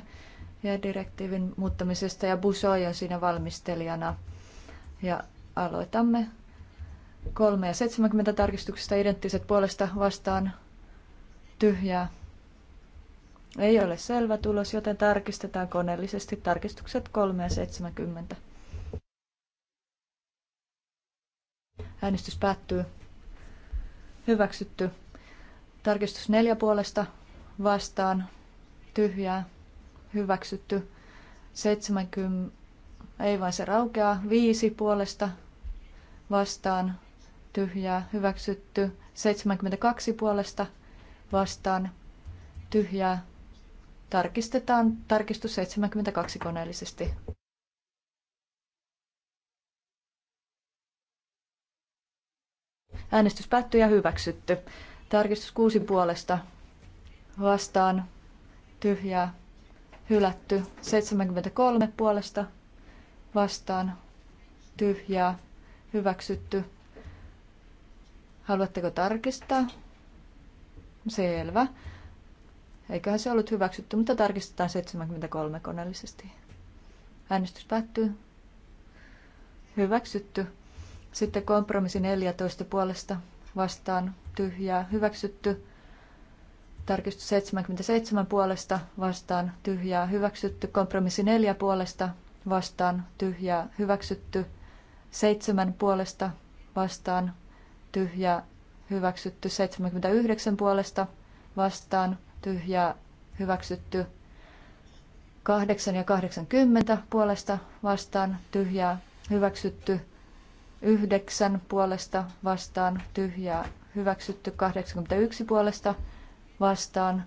ja direktiivin muuttamisesta ja Busoi on siinä valmistelijana. Ja aloitamme 3 ja 70 tarkistuksesta identtiset puolesta vastaan tyhjää. Ei ole selvä tulos, joten tarkistetaan koneellisesti tarkistukset 3 ja 70. Äänestys päättyy. Hyväksytty. Tarkistus 4 puolesta vastaan tyhjää hyväksytty 70, ei vaan se raukeaa, viisi puolesta vastaan tyhjää hyväksytty 72 puolesta vastaan tyhjää. Tarkistetaan tarkistus 72 koneellisesti. Äänestys päättyi ja hyväksytty. Tarkistus 6 puolesta vastaan tyhjää hylätty 73 puolesta vastaan tyhjää hyväksytty. Haluatteko tarkistaa? Selvä. Eiköhän se ollut hyväksytty, mutta tarkistetaan 73 koneellisesti. Äänestys päättyy. Hyväksytty. Sitten kompromissi 14 puolesta vastaan tyhjää hyväksytty. Tarkistus 77 puolesta vastaan tyhjää hyväksytty. Kompromissi 4 puolesta vastaan tyhjää hyväksytty. 7 puolesta vastaan tyhjää hyväksytty. 79 puolesta vastaan tyhjää hyväksytty. 8 ja 80 puolesta vastaan tyhjää hyväksytty. 9 puolesta vastaan tyhjää hyväksytty. 81 puolesta vastaan, vastaan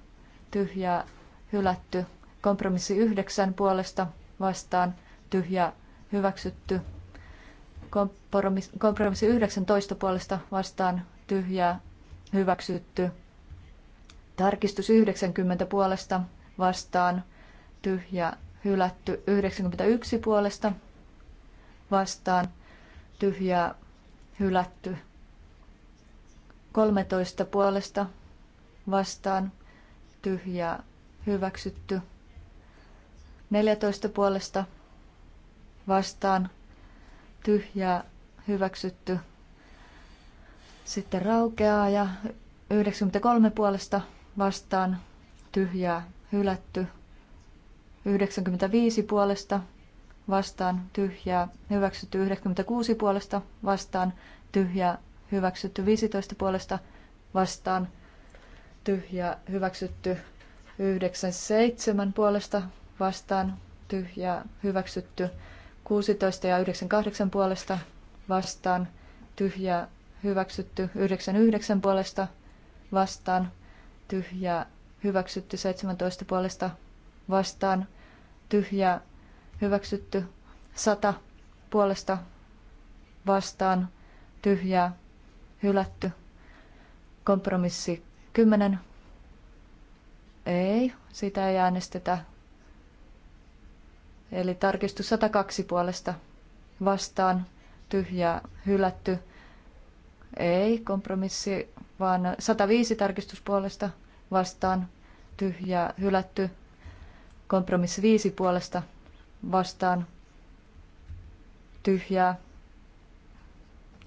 tyhjää hylätty. Kompromissi yhdeksän puolesta vastaan tyhjää hyväksytty. Kompromissi 19 puolesta vastaan tyhjää hyväksytty. Tarkistus 90 puolesta vastaan tyhjä hylätty 91 puolesta vastaan tyhjää hylätty 13 puolesta vastaan tyhjää hyväksytty. 14 puolesta vastaan tyhjää hyväksytty. Sitten raukeaa ja 93 puolesta vastaan tyhjää hylätty. 95 puolesta vastaan tyhjää hyväksytty. 96 puolesta vastaan tyhjää hyväksytty. 15 puolesta vastaan ja hyväksytty 97 puolesta vastaan tyhjää hyväksytty 16 ja 98 puolesta vastaan tyhjää hyväksytty 99 puolesta vastaan tyhjää hyväksytty 17 puolesta vastaan tyhjä hyväksytty 100 puolesta vastaan tyhjä hylätty kompromissi Kymmenen. Ei, sitä ei äänestetä. Eli tarkistus 102 puolesta vastaan, tyhjä hylätty. Ei, kompromissi, vaan 105 tarkistuspuolesta vastaan, tyhjä hylätty. Kompromissi 5 puolesta vastaan, tyhjää,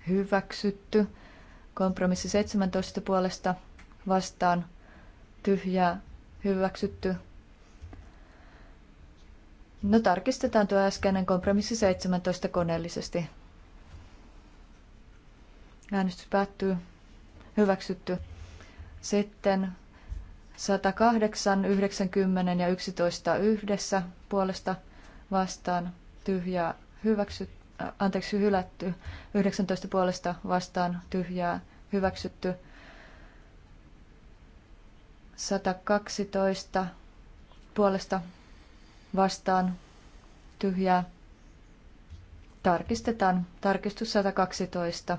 hyväksytty. Kompromissi 17 puolesta vastaan tyhjää hyväksytty. No tarkistetaan tuo äskeinen kompromissi 17 koneellisesti. Äänestys päättyy. Hyväksytty. Sitten 108, 90 ja 11 yhdessä puolesta vastaan tyhjää hyväksytty. Äh, anteeksi, hylätty. 19 puolesta vastaan tyhjää hyväksytty. 112 puolesta vastaan tyhjää. Tarkistetaan. Tarkistus 112.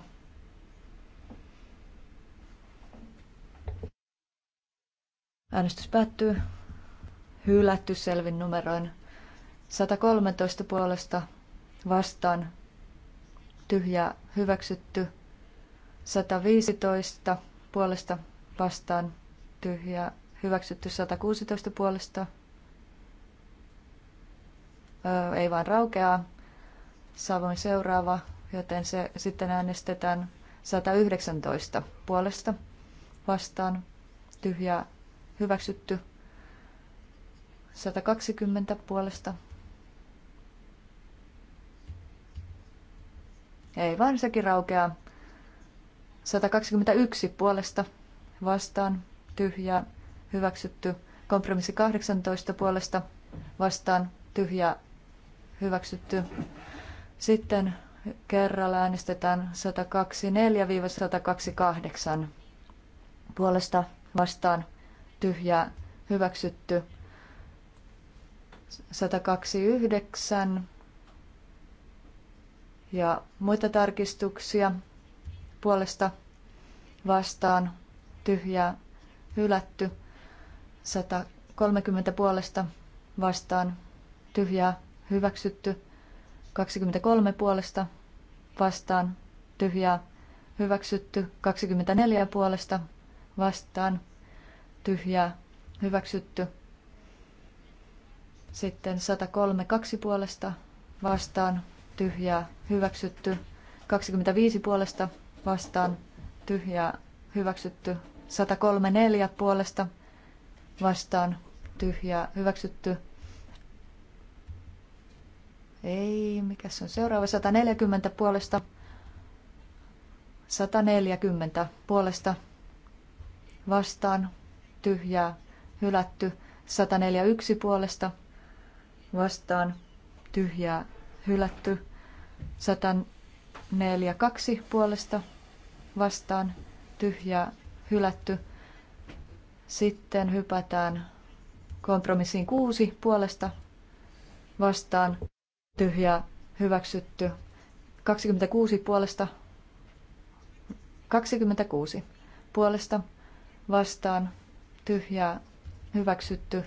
Äänestys päättyy. Hylätty selvin numeroin. 113 puolesta vastaan tyhjä hyväksytty. 115 puolesta vastaan ja hyväksytty 116 puolesta. Öö, ei vaan raukeaa. Savoin seuraava, joten se sitten äänestetään 119 puolesta vastaan. tyhjä hyväksytty 120 puolesta. Ei vaan sekin raukeaa. 121 puolesta vastaan tyhjää hyväksytty. Kompromissi 18 puolesta vastaan tyhjää hyväksytty. Sitten kerralla äänestetään 124-128 puolesta vastaan tyhjää hyväksytty. 129 ja muita tarkistuksia puolesta vastaan tyhjää hylätty. 130 puolesta vastaan tyhjää hyväksytty. 23 puolesta vastaan tyhjää hyväksytty. 24 puolesta vastaan tyhjää hyväksytty. Sitten 103 puolesta vastaan tyhjää hyväksytty. 25 puolesta vastaan tyhjää hyväksytty. 134 puolesta vastaan tyhjää hyväksytty. Ei, mikä se on seuraava? 140 puolesta. 140 puolesta vastaan tyhjää hylätty. 141 puolesta vastaan tyhjää hylätty. 142 puolesta vastaan tyhjää hylätty. Sitten hypätään kompromissiin kuusi puolesta vastaan Tyhjä hyväksytty. 26 puolesta 26 puolesta vastaan tyhjä hyväksytty.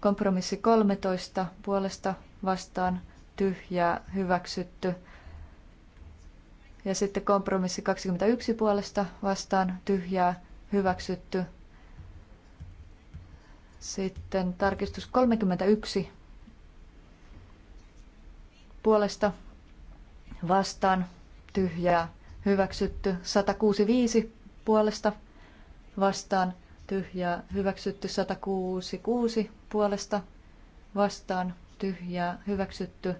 Kompromissi 13 puolesta vastaan tyhjä hyväksytty. Ja sitten kompromissi 21 puolesta vastaan tyhjää hyväksytty. Sitten tarkistus 31 puolesta vastaan tyhjää hyväksytty. 165 puolesta vastaan tyhjää hyväksytty. 166 puolesta vastaan tyhjää hyväksytty.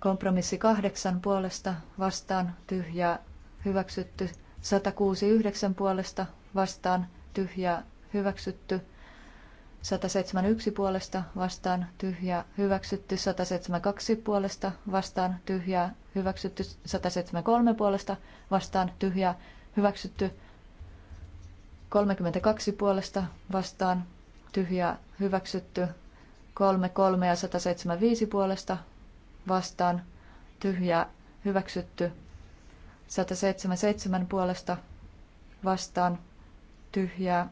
Kompromissi 8 puolesta vastaan tyhjää hyväksytty. 169 puolesta vastaan tyhjää hyväksytty. 171 puolesta vastaan tyhjää hyväksytty. 172 puolesta vastaan tyhjää hyväksytty. 173 puolesta vastaan tyhjää hyväksytty. 32 puolesta vastaan tyhjää hyväksytty. 33 ja 175 puolesta vastaan tyhjää hyväksytty. 177 puolesta vastaan tyhjää.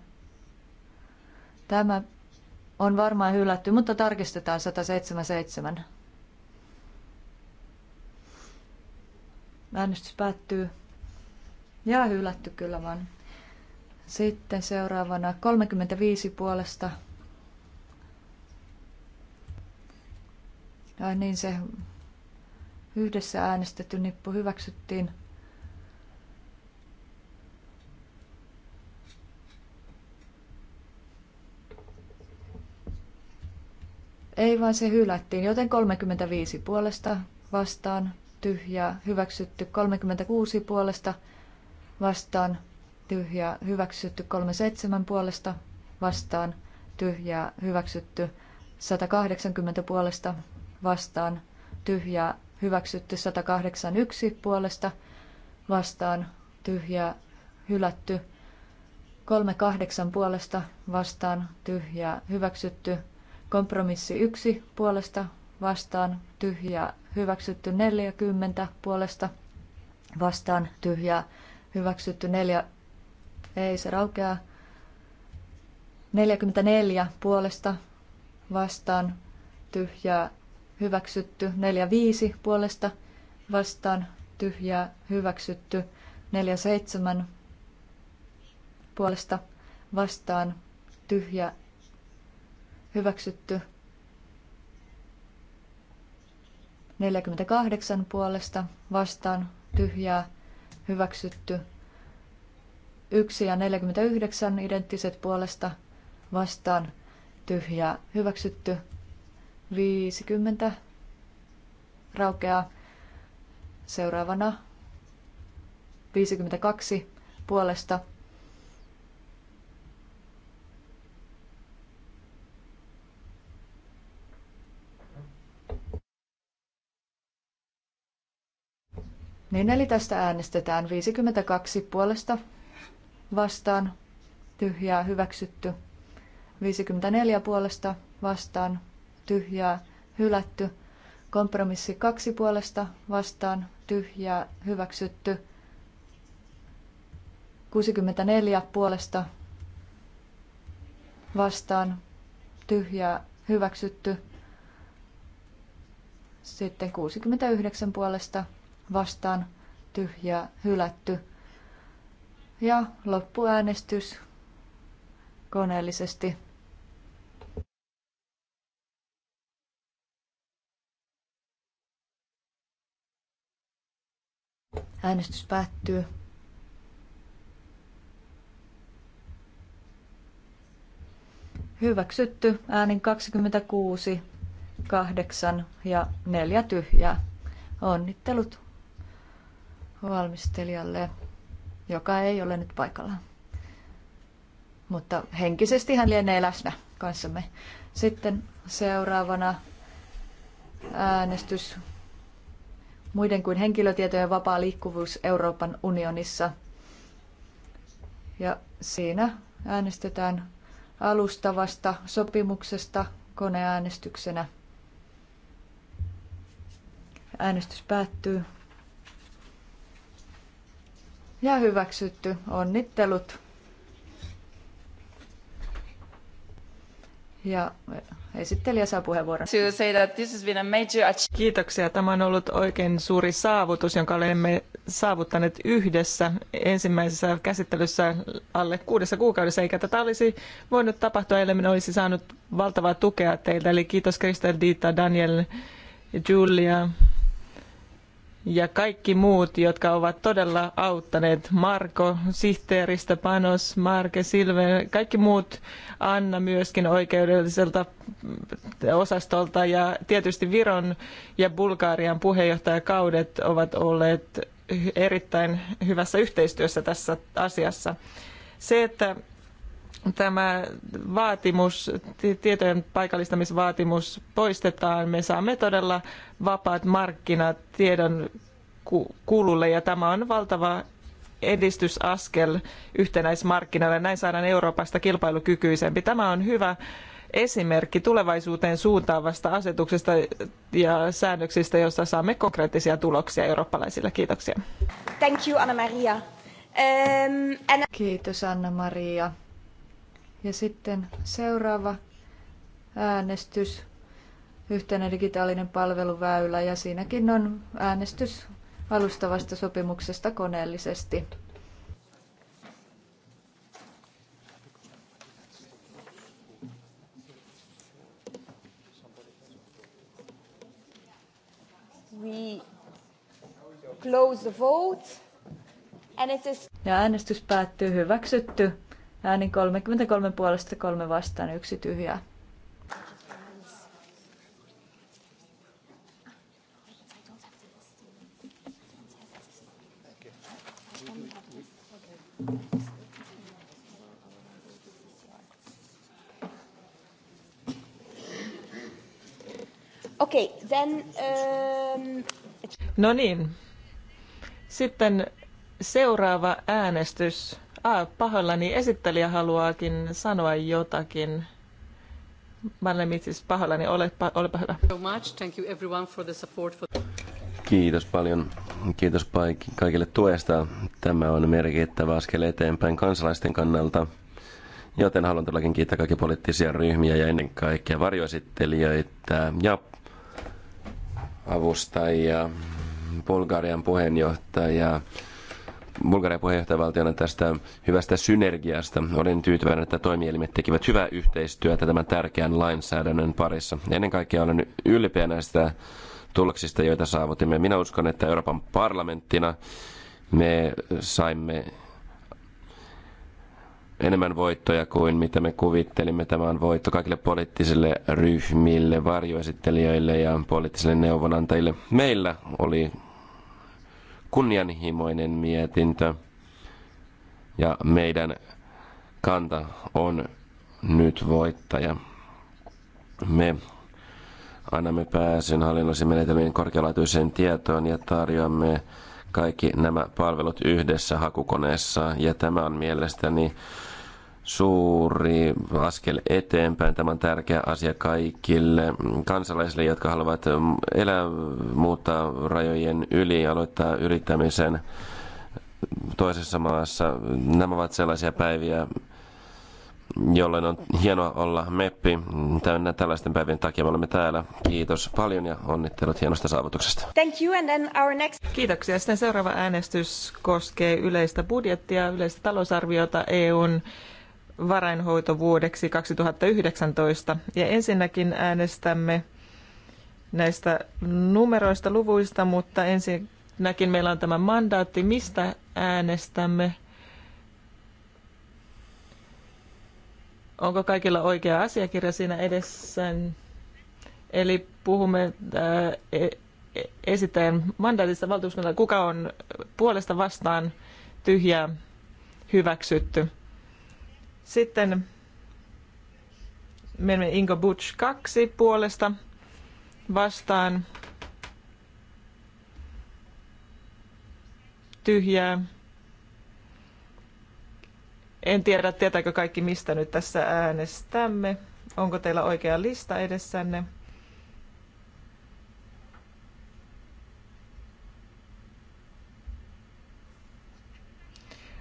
Tämä on varmaan hylätty, mutta tarkistetaan 177. Äänestys päättyy. Ja hylätty kyllä vaan. Sitten seuraavana 35 puolesta. Ai niin, se yhdessä äänestetty nippu hyväksyttiin. Ei vaan se hylättiin, joten 35 puolesta vastaan tyhjää hyväksytty, 36 puolesta vastaan tyhjää hyväksytty, 37 puolesta vastaan tyhjää hyväksytty, 180 puolesta vastaan tyhjää hyväksytty, 181 puolesta vastaan tyhjää hylätty, 38 puolesta vastaan tyhjää hyväksytty, Kompromissi 1 puolesta vastaan tyhjää hyväksytty 40 puolesta vastaan tyhjää hyväksytty neljä ei se raukeaa 44 puolesta vastaan tyhjää hyväksytty 45 puolesta vastaan tyhjää hyväksytty 47 puolesta vastaan tyhjä hyväksytty. 48 puolesta vastaan tyhjää hyväksytty. 1 ja 49 identtiset puolesta vastaan tyhjää hyväksytty. 50 raukeaa. Seuraavana 52 puolesta Niin eli tästä äänestetään 52 puolesta vastaan tyhjää hyväksytty. 54 puolesta vastaan tyhjää hylätty. Kompromissi 2 puolesta vastaan tyhjää hyväksytty. 64 puolesta vastaan tyhjää hyväksytty. Sitten 69 puolesta vastaan tyhjää hylätty. Ja loppuäänestys koneellisesti. Äänestys päättyy. Hyväksytty äänin 26, 8 ja 4 tyhjää. Onnittelut valmistelijalle, joka ei ole nyt paikalla. Mutta henkisesti hän lienee läsnä kanssamme. Sitten seuraavana äänestys muiden kuin henkilötietojen vapaa liikkuvuus Euroopan unionissa. Ja siinä äänestetään alustavasta sopimuksesta koneäänestyksenä. Äänestys päättyy ja hyväksytty. Onnittelut. Ja esittelijä saa puheenvuoron. Kiitoksia. Tämä on ollut oikein suuri saavutus, jonka olemme saavuttaneet yhdessä ensimmäisessä käsittelyssä alle kuudessa kuukaudessa, eikä tätä olisi voinut tapahtua, ellei minä olisi saanut valtavaa tukea teiltä. Eli kiitos Kristel Diita, Daniel, Julia, ja kaikki muut, jotka ovat todella auttaneet. Marko, sihteeristä Panos, Marke, Silve, kaikki muut, Anna myöskin oikeudelliselta osastolta ja tietysti Viron ja Bulgarian puheenjohtajakaudet ovat olleet erittäin hyvässä yhteistyössä tässä asiassa. Se, että tämä vaatimus, tietojen paikallistamisvaatimus poistetaan, me saamme todella vapaat markkinat tiedon kululle ja tämä on valtava edistysaskel yhtenäismarkkinoille. Näin saadaan Euroopasta kilpailukykyisempi. Tämä on hyvä esimerkki tulevaisuuteen suuntaavasta asetuksesta ja säännöksistä, josta saamme konkreettisia tuloksia eurooppalaisille. Kiitoksia. Thank you, Anna-Maria. Um, Kiitos Anna-Maria. Ja sitten seuraava äänestys, yhtenä digitaalinen palveluväylä ja siinäkin on äänestys alustavasta sopimuksesta koneellisesti. We close the vote and it is... Ja äänestys päättyy hyväksytty. Äänin 33 puolesta, 3 vastaan, yksi tyhjää. Okei, okay, then... Um... No niin. Sitten seuraava äänestys Ah, pahoillani esittelijä haluaakin sanoa jotakin. itse siis pahoillani, olepa, olepa hyvä. Kiitos paljon. Kiitos kaikille tuesta. Tämä on merkittävä askel eteenpäin kansalaisten kannalta. Joten haluan todellakin kiittää kaikki poliittisia ryhmiä ja ennen kaikkea varjoesittelijöitä ja avustajia, Bulgarian puheenjohtajaa Bulgarian puheenjohtajavaltiona tästä hyvästä synergiasta. Olen tyytyväinen, että toimielimet tekivät hyvää yhteistyötä tämän tärkeän lainsäädännön parissa. Ennen kaikkea olen ylpeä näistä tuloksista, joita saavutimme. Minä uskon, että Euroopan parlamenttina me saimme enemmän voittoja kuin mitä me kuvittelimme. Tämä on voitto kaikille poliittisille ryhmille, varjoesittelijöille ja poliittisille neuvonantajille. Meillä oli kunnianhimoinen mietintö. Ja meidän kanta on nyt voittaja. Me annamme pääsyn hallinnollisen menetelmien korkealaatuiseen tietoon ja tarjoamme kaikki nämä palvelut yhdessä hakukoneessa. Ja tämä on mielestäni suuri askel eteenpäin. Tämä on tärkeä asia kaikille kansalaisille, jotka haluavat elää, muuttaa rajojen yli ja aloittaa yrittämisen toisessa maassa. Nämä ovat sellaisia päiviä, jolloin on hienoa olla meppi. Täynnä tällaisten päivien takia me olemme täällä. Kiitos paljon ja onnittelut hienosta saavutuksesta. Thank you and then our next... Kiitoksia. Sitten seuraava äänestys koskee yleistä budjettia, yleistä talousarviota EUn varainhoitovuodeksi 2019. Ja ensinnäkin äänestämme näistä numeroista, luvuista, mutta ensinnäkin meillä on tämä mandaatti, mistä äänestämme. Onko kaikilla oikea asiakirja siinä edessään? Eli puhumme ää, äh, e, e, esittäjän mandaatista valtuuskunnalla. Kuka on puolesta vastaan tyhjää hyväksytty? Sitten menemme Ingo Butch 2 puolesta vastaan tyhjää. En tiedä, tietääkö kaikki, mistä nyt tässä äänestämme. Onko teillä oikea lista edessänne?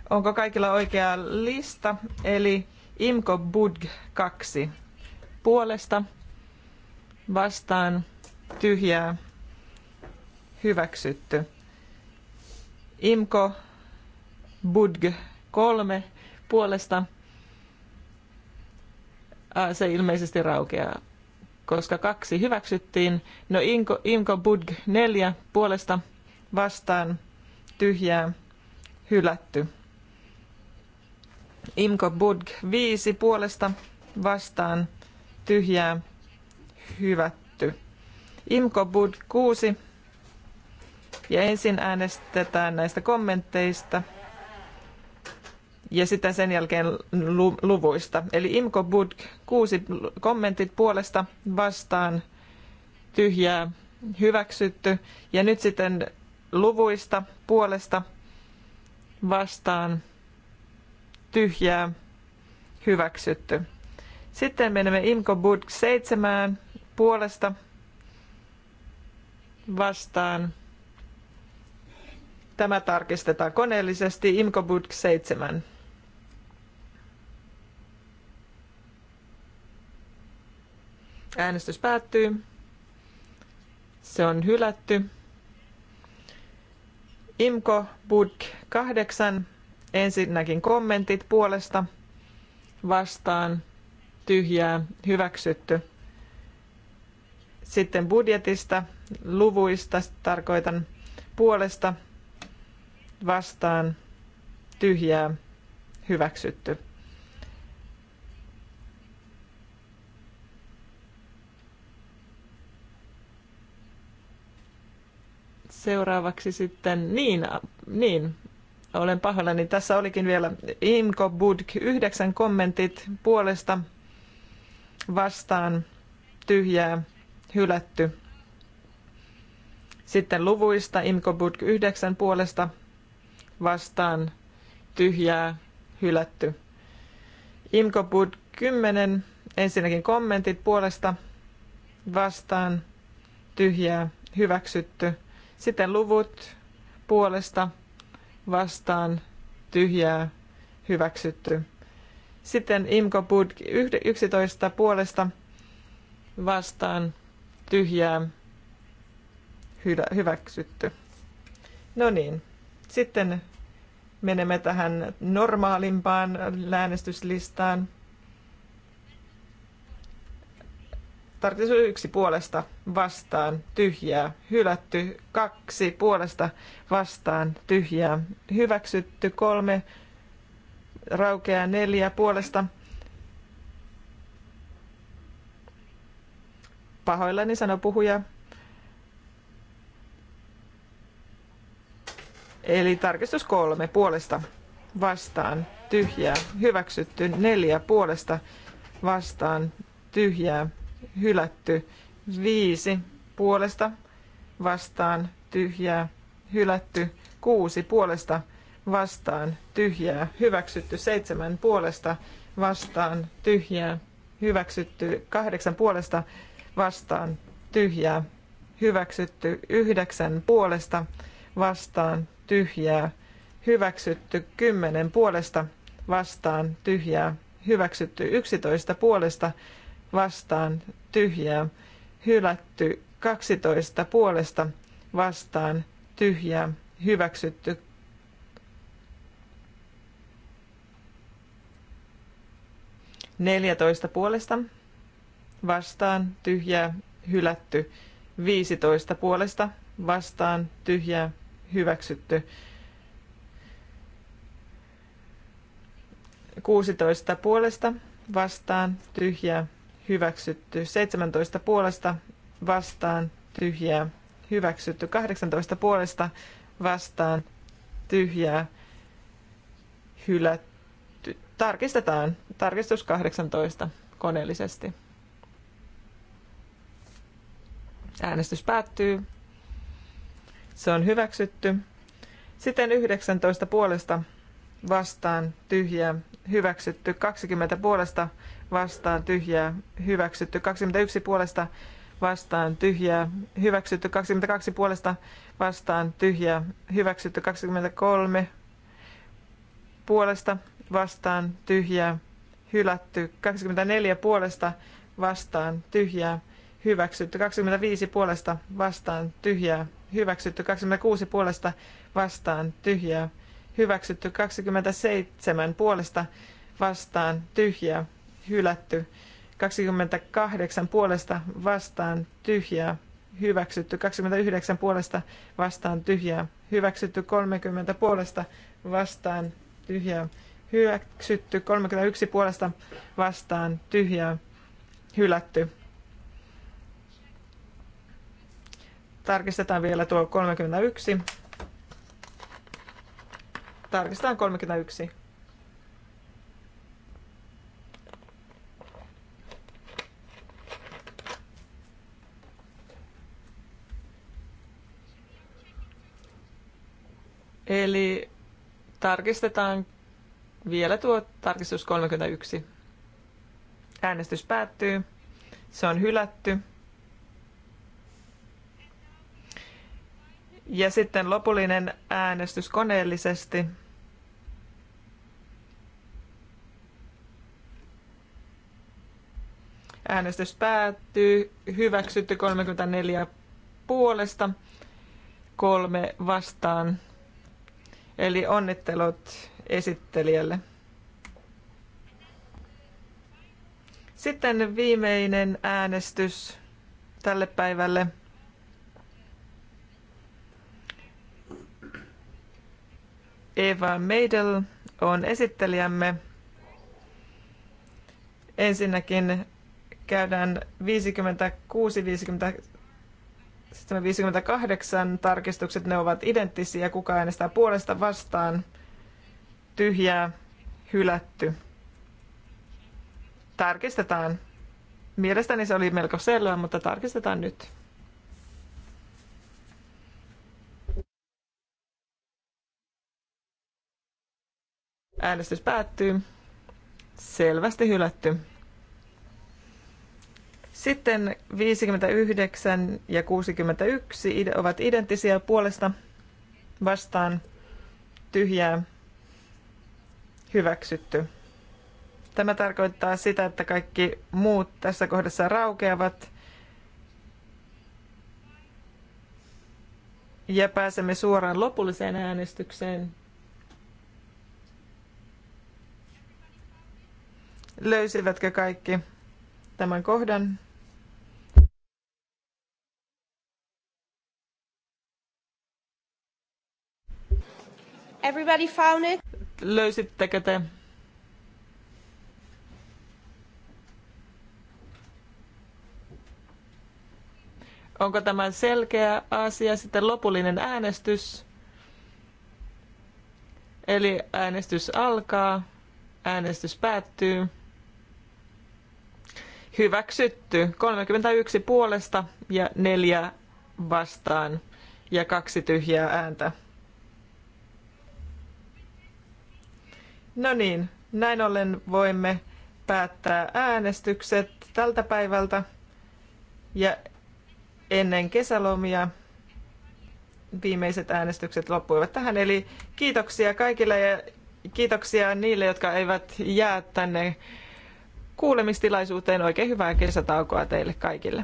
Onko kaikilla oikea lista? Eli Imko Budg 2 puolesta vastaan tyhjää hyväksytty. Imko Budg 3 puolesta se ilmeisesti raukeaa, koska kaksi hyväksyttiin. No Imko, Imko Budg 4 puolesta vastaan tyhjää hylätty. Imko Budg 5 puolesta vastaan tyhjää hyvätty. Imko Budg 6 ja ensin äänestetään näistä kommentteista ja sitten sen jälkeen luvuista. Eli Imko Budg 6 kommentit puolesta vastaan tyhjää hyväksytty ja nyt sitten luvuista puolesta vastaan tyhjää hyväksytty. Sitten menemme Imko Budg 7 puolesta vastaan. Tämä tarkistetaan koneellisesti. Imko Budg 7. Äänestys päättyy. Se on hylätty. Imko Budg 8 Ensinnäkin kommentit puolesta vastaan tyhjää hyväksytty. Sitten budjetista, luvuista tarkoitan puolesta vastaan tyhjää hyväksytty. Seuraavaksi sitten niin, niin olen pahoillani. Tässä olikin vielä Imko Budk. Yhdeksän kommentit puolesta vastaan tyhjää hylätty. Sitten luvuista Imko Budk yhdeksän puolesta vastaan tyhjää hylätty. Imko Budk kymmenen. ensinnäkin kommentit puolesta vastaan tyhjää hyväksytty. Sitten luvut puolesta vastaan tyhjää hyväksytty. Sitten Imko Bud 11 puolesta vastaan tyhjää hyväksytty. No niin, sitten menemme tähän normaalimpaan äänestyslistaan. Tarkistus yksi puolesta vastaan tyhjää hylätty. Kaksi puolesta vastaan tyhjää hyväksytty. Kolme raukeaa neljä puolesta pahoillani sano puhuja. Eli tarkistus kolme puolesta vastaan tyhjää, hyväksytty neljä puolesta vastaan tyhjää, hylätty. Viisi puolesta vastaan tyhjää hylätty. Kuusi puolesta vastaan tyhjää hyväksytty. Seitsemän puolesta vastaan tyhjää hyväksytty. Kahdeksan puolesta vastaan tyhjää hyväksytty. Yhdeksän puolesta vastaan tyhjää hyväksytty. Kymmenen puolesta vastaan tyhjää hyväksytty. Yksitoista puolesta vastaan tyhjää, hylätty 12 puolesta vastaan tyhjää, hyväksytty neljätoista puolesta vastaan tyhjää, hylätty 15 puolesta vastaan tyhjää, hyväksytty 16 puolesta vastaan tyhjää, hyväksytty. 17 puolesta vastaan tyhjää hyväksytty. 18 puolesta vastaan tyhjää hylätty. Tarkistetaan. Tarkistus 18 koneellisesti. Äänestys päättyy. Se on hyväksytty. Sitten 19 puolesta vastaan tyhjää hyväksytty. 20 puolesta vastaan tyhjää hyväksytty. 21 puolesta vastaan tyhjää hyväksytty. 22 puolesta vastaan tyhjää hyväksytty. 23 puolesta vastaan tyhjää hylätty. 24 puolesta vastaan tyhjää hyväksytty. 25 puolesta vastaan tyhjää hyväksytty. 26 puolesta vastaan tyhjää hyväksytty. 27 puolesta vastaan tyhjää hylätty. 28 puolesta vastaan tyhjää hyväksytty. 29 puolesta vastaan tyhjää hyväksytty. 30 puolesta vastaan tyhjää hyväksytty. 31 puolesta vastaan tyhjää hylätty. Tarkistetaan vielä tuo 31. Tarkistetaan 31. Eli tarkistetaan vielä tuo tarkistus 31. Äänestys päättyy. Se on hylätty. Ja sitten lopullinen äänestys koneellisesti. Äänestys päättyy. Hyväksytty 34 puolesta, kolme vastaan. Eli onnittelut esittelijälle. Sitten viimeinen äänestys tälle päivälle. Eva Meidel on esittelijämme. Ensinnäkin käydään sitten 58 tarkistukset, ne ovat identtisiä. Kuka äänestää puolesta vastaan? Tyhjää, hylätty. Tarkistetaan. Mielestäni se oli melko selvä, mutta tarkistetaan nyt. Äänestys päättyy. Selvästi hylätty. Sitten 59 ja 61 ovat identtisiä puolesta vastaan tyhjää hyväksytty. Tämä tarkoittaa sitä, että kaikki muut tässä kohdassa raukeavat ja pääsemme suoraan lopulliseen äänestykseen. Löysivätkö kaikki tämän kohdan? Everybody found it? Löysittekö te? Onko tämä selkeä asia? Sitten lopullinen äänestys. Eli äänestys alkaa, äänestys päättyy. Hyväksytty. 31 puolesta ja 4 vastaan ja kaksi tyhjää ääntä. No niin, näin ollen voimme päättää äänestykset tältä päivältä ja ennen kesälomia viimeiset äänestykset loppuivat tähän. Eli kiitoksia kaikille ja kiitoksia niille, jotka eivät jää tänne kuulemistilaisuuteen. Oikein hyvää kesätaukoa teille kaikille.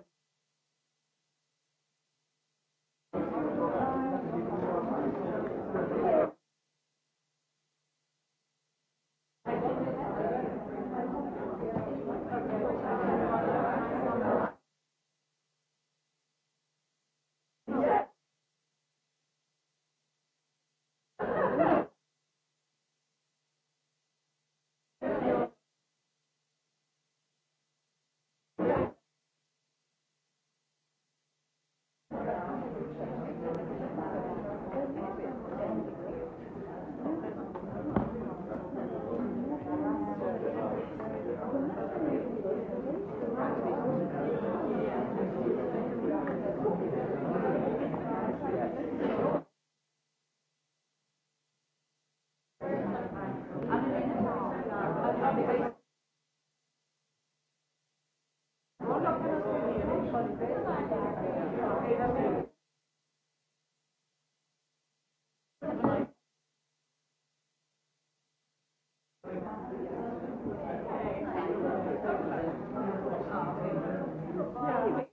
Thank you.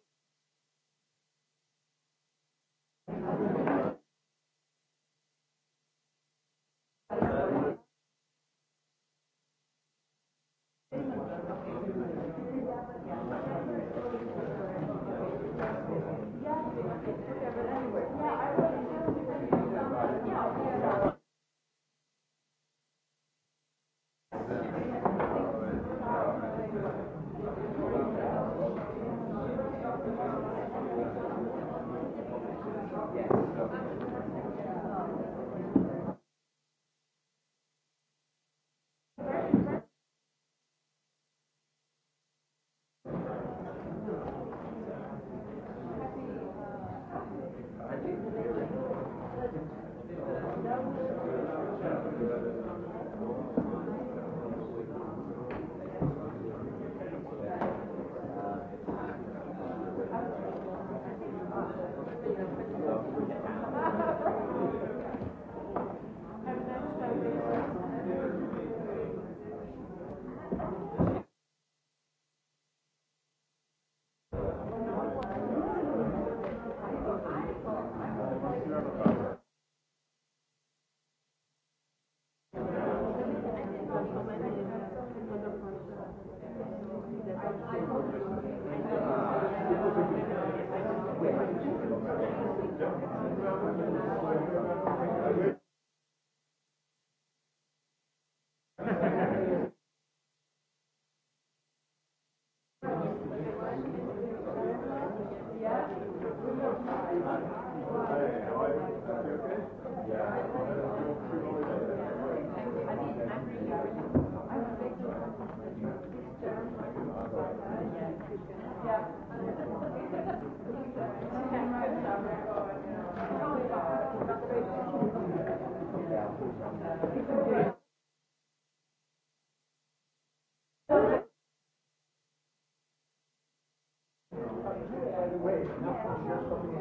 away. Nothing's just coming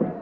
back.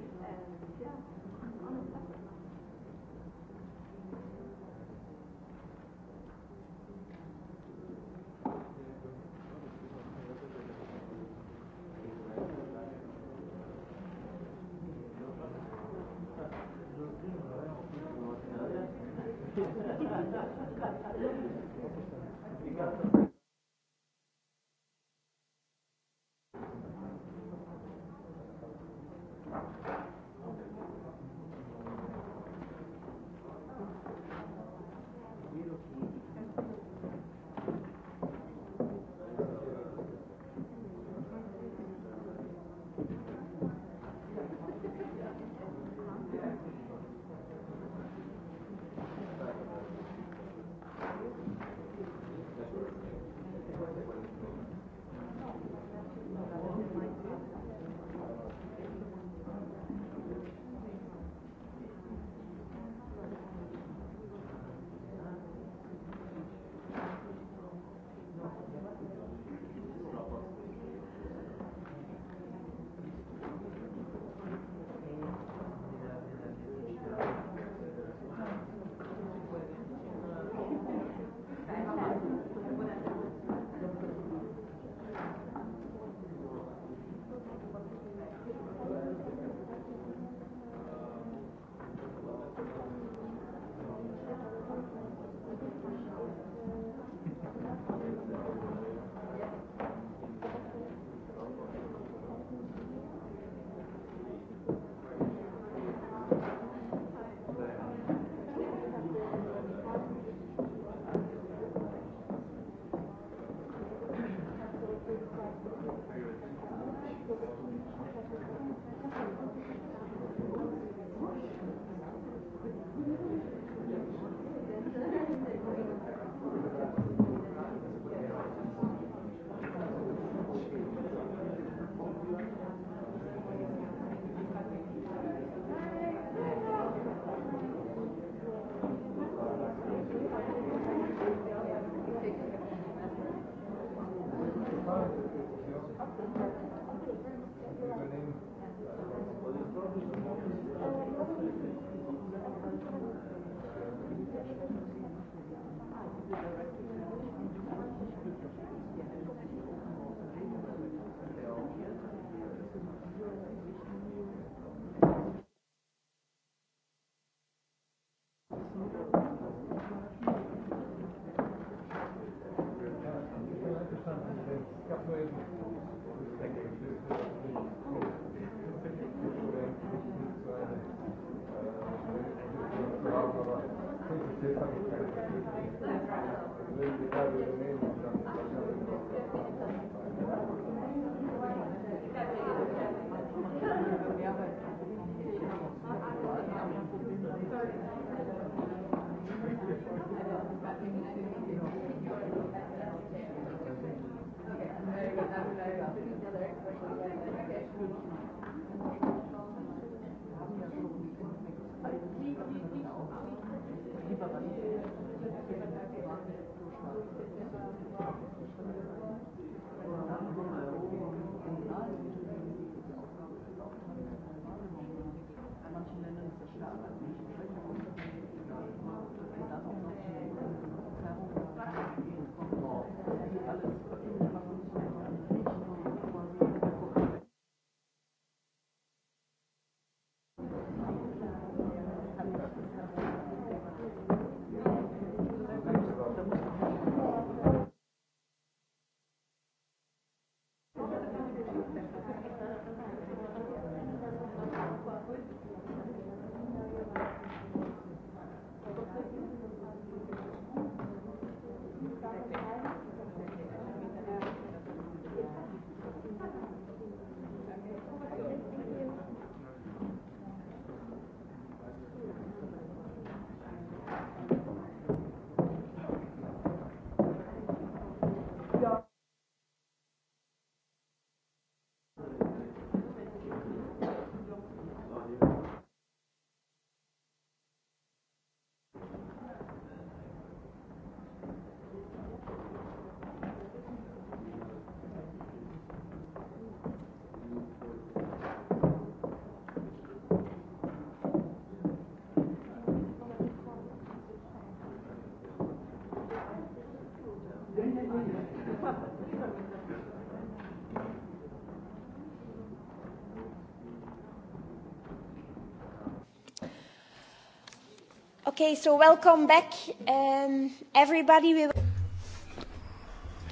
Okay, so welcome back um, everybody. We...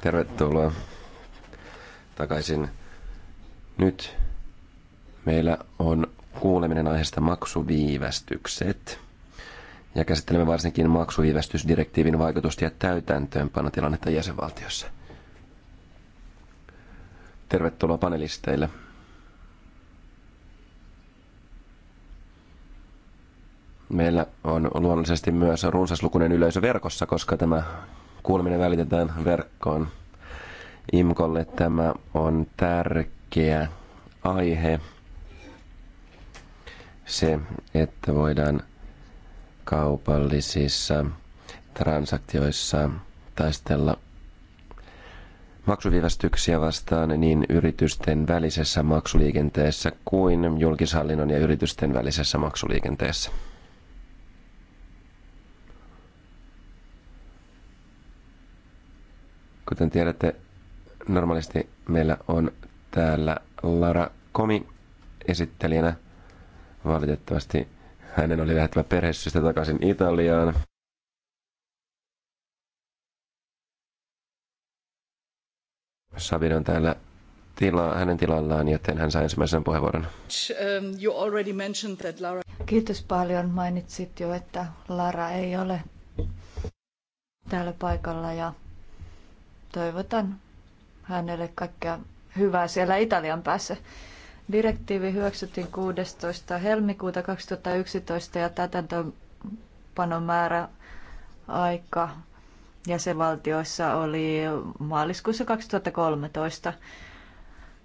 Tervetuloa takaisin. Nyt meillä on kuuleminen aiheesta maksuviivästykset. Ja käsittelemme varsinkin maksuviivästysdirektiivin vaikutusta ja täytäntöönpanotilannetta jäsenvaltiossa. Tervetuloa panelisteille. Meillä on luonnollisesti myös runsaslukuinen yleisö verkossa, koska tämä kuuleminen välitetään verkkoon. IMKOlle tämä on tärkeä aihe. Se, että voidaan kaupallisissa transaktioissa taistella maksuviivästyksiä vastaan niin yritysten välisessä maksuliikenteessä kuin julkishallinnon ja yritysten välisessä maksuliikenteessä. Kuten tiedätte, normaalisti meillä on täällä Lara Komi esittelijänä. Valitettavasti hänen oli lähettävä perhesystä takaisin Italiaan. Sabin on täällä tila, hänen tilallaan, joten hän sai ensimmäisen puheenvuoron. Kiitos paljon. Mainitsit jo, että Lara ei ole täällä paikalla ja Toivotan hänelle kaikkea hyvää siellä Italian päässä. Direktiivi hyväksyttiin 16. helmikuuta 2011 ja määrä aika jäsenvaltioissa oli maaliskuussa 2013.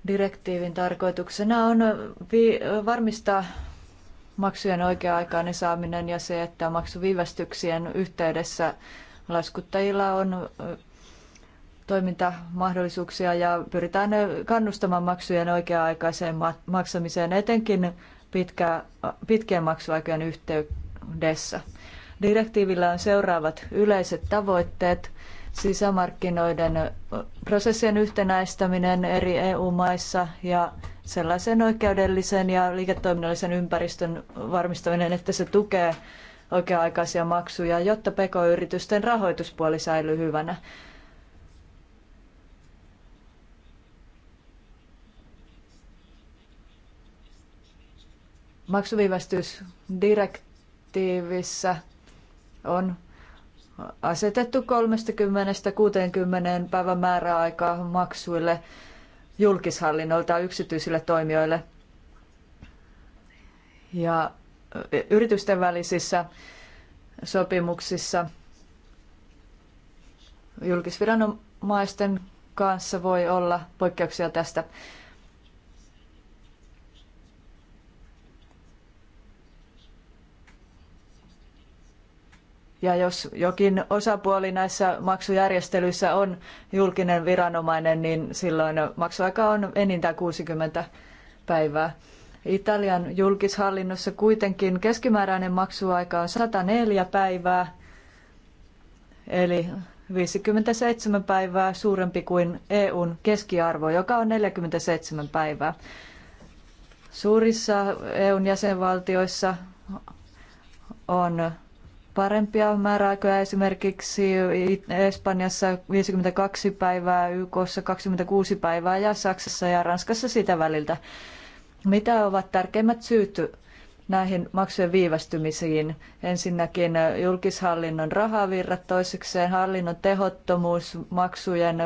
Direktiivin tarkoituksena on varmistaa maksujen oikea-aikainen saaminen ja se, että maksuviivästyksien yhteydessä laskuttajilla on toimintamahdollisuuksia ja pyritään kannustamaan maksujen oikea-aikaiseen maksamiseen, etenkin pitkä, pitkien maksuaikojen yhteydessä. Direktiivillä on seuraavat yleiset tavoitteet. Sisämarkkinoiden prosessien yhtenäistäminen eri EU-maissa ja sellaisen oikeudellisen ja liiketoiminnallisen ympäristön varmistaminen, että se tukee oikea-aikaisia maksuja, jotta pk-yritysten rahoituspuoli säilyy hyvänä. maksuviivästysdirektiivissä on asetettu 30-60 päivän määräaikaa maksuille julkishallinnolta yksityisille toimijoille. Ja yritysten välisissä sopimuksissa julkisviranomaisten kanssa voi olla poikkeuksia tästä Ja jos jokin osapuoli näissä maksujärjestelyissä on julkinen viranomainen, niin silloin maksuaika on enintään 60 päivää. Italian julkishallinnossa kuitenkin keskimääräinen maksuaika on 104 päivää, eli 57 päivää suurempi kuin EUn keskiarvo, joka on 47 päivää. Suurissa EUn jäsenvaltioissa on parempia määräaikoja esimerkiksi Espanjassa 52 päivää, YKssa 26 päivää ja Saksassa ja Ranskassa sitä väliltä. Mitä ovat tärkeimmät syyt näihin maksujen viivästymisiin? Ensinnäkin julkishallinnon rahavirrat, toisekseen hallinnon tehottomuus maksujen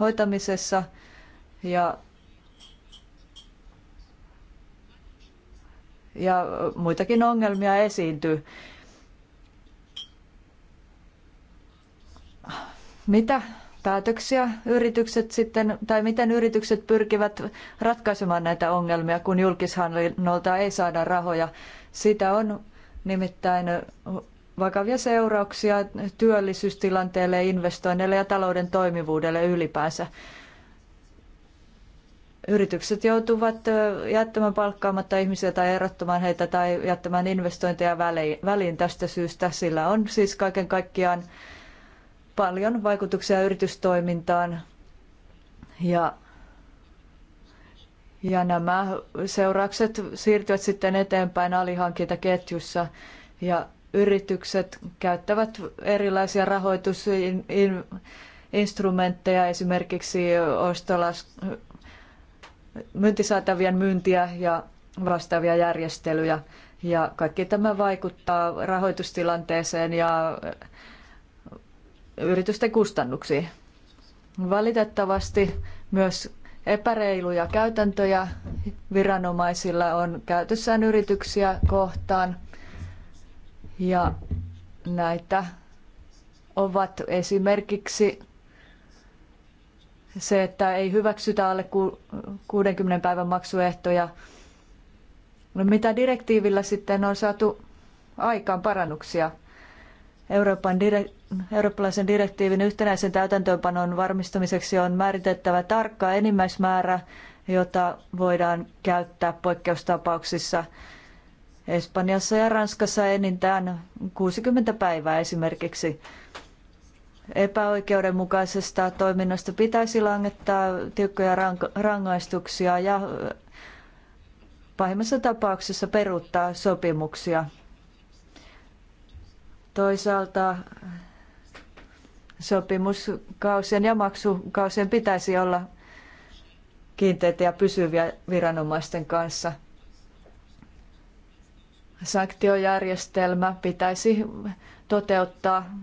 hoitamisessa ja ja muitakin ongelmia esiintyy. Mitä päätöksiä yritykset sitten, tai miten yritykset pyrkivät ratkaisemaan näitä ongelmia, kun julkishallinnolta ei saada rahoja? Sitä on nimittäin vakavia seurauksia työllisyystilanteelle, investoinneille ja talouden toimivuudelle ylipäänsä. Yritykset joutuvat jättämään palkkaamatta ihmisiä tai erottamaan heitä tai jättämään investointeja väliin tästä syystä. Sillä on siis kaiken kaikkiaan paljon vaikutuksia yritystoimintaan ja, ja nämä seuraukset siirtyvät sitten eteenpäin alihankintaketjussa ja yritykset käyttävät erilaisia rahoitusinstrumentteja, esimerkiksi ostolas, myyntisaatavien myyntiä ja vastaavia järjestelyjä. Ja kaikki tämä vaikuttaa rahoitustilanteeseen ja yritysten kustannuksiin. Valitettavasti myös epäreiluja käytäntöjä viranomaisilla on käytössään yrityksiä kohtaan ja näitä ovat esimerkiksi se, että ei hyväksytä alle 60 päivän maksuehtoja. No, mitä direktiivillä sitten on saatu aikaan parannuksia? Euroopan direktiivillä eurooppalaisen direktiivin yhtenäisen täytäntöönpanon varmistamiseksi on määritettävä tarkka enimmäismäärä, jota voidaan käyttää poikkeustapauksissa. Espanjassa ja Ranskassa enintään 60 päivää esimerkiksi. Epäoikeudenmukaisesta toiminnasta pitäisi langettaa tiukkoja rangaistuksia ja pahimmassa tapauksessa peruuttaa sopimuksia. Toisaalta sopimuskausien ja maksukausien pitäisi olla kiinteitä ja pysyviä viranomaisten kanssa. Sanktiojärjestelmä pitäisi toteuttaa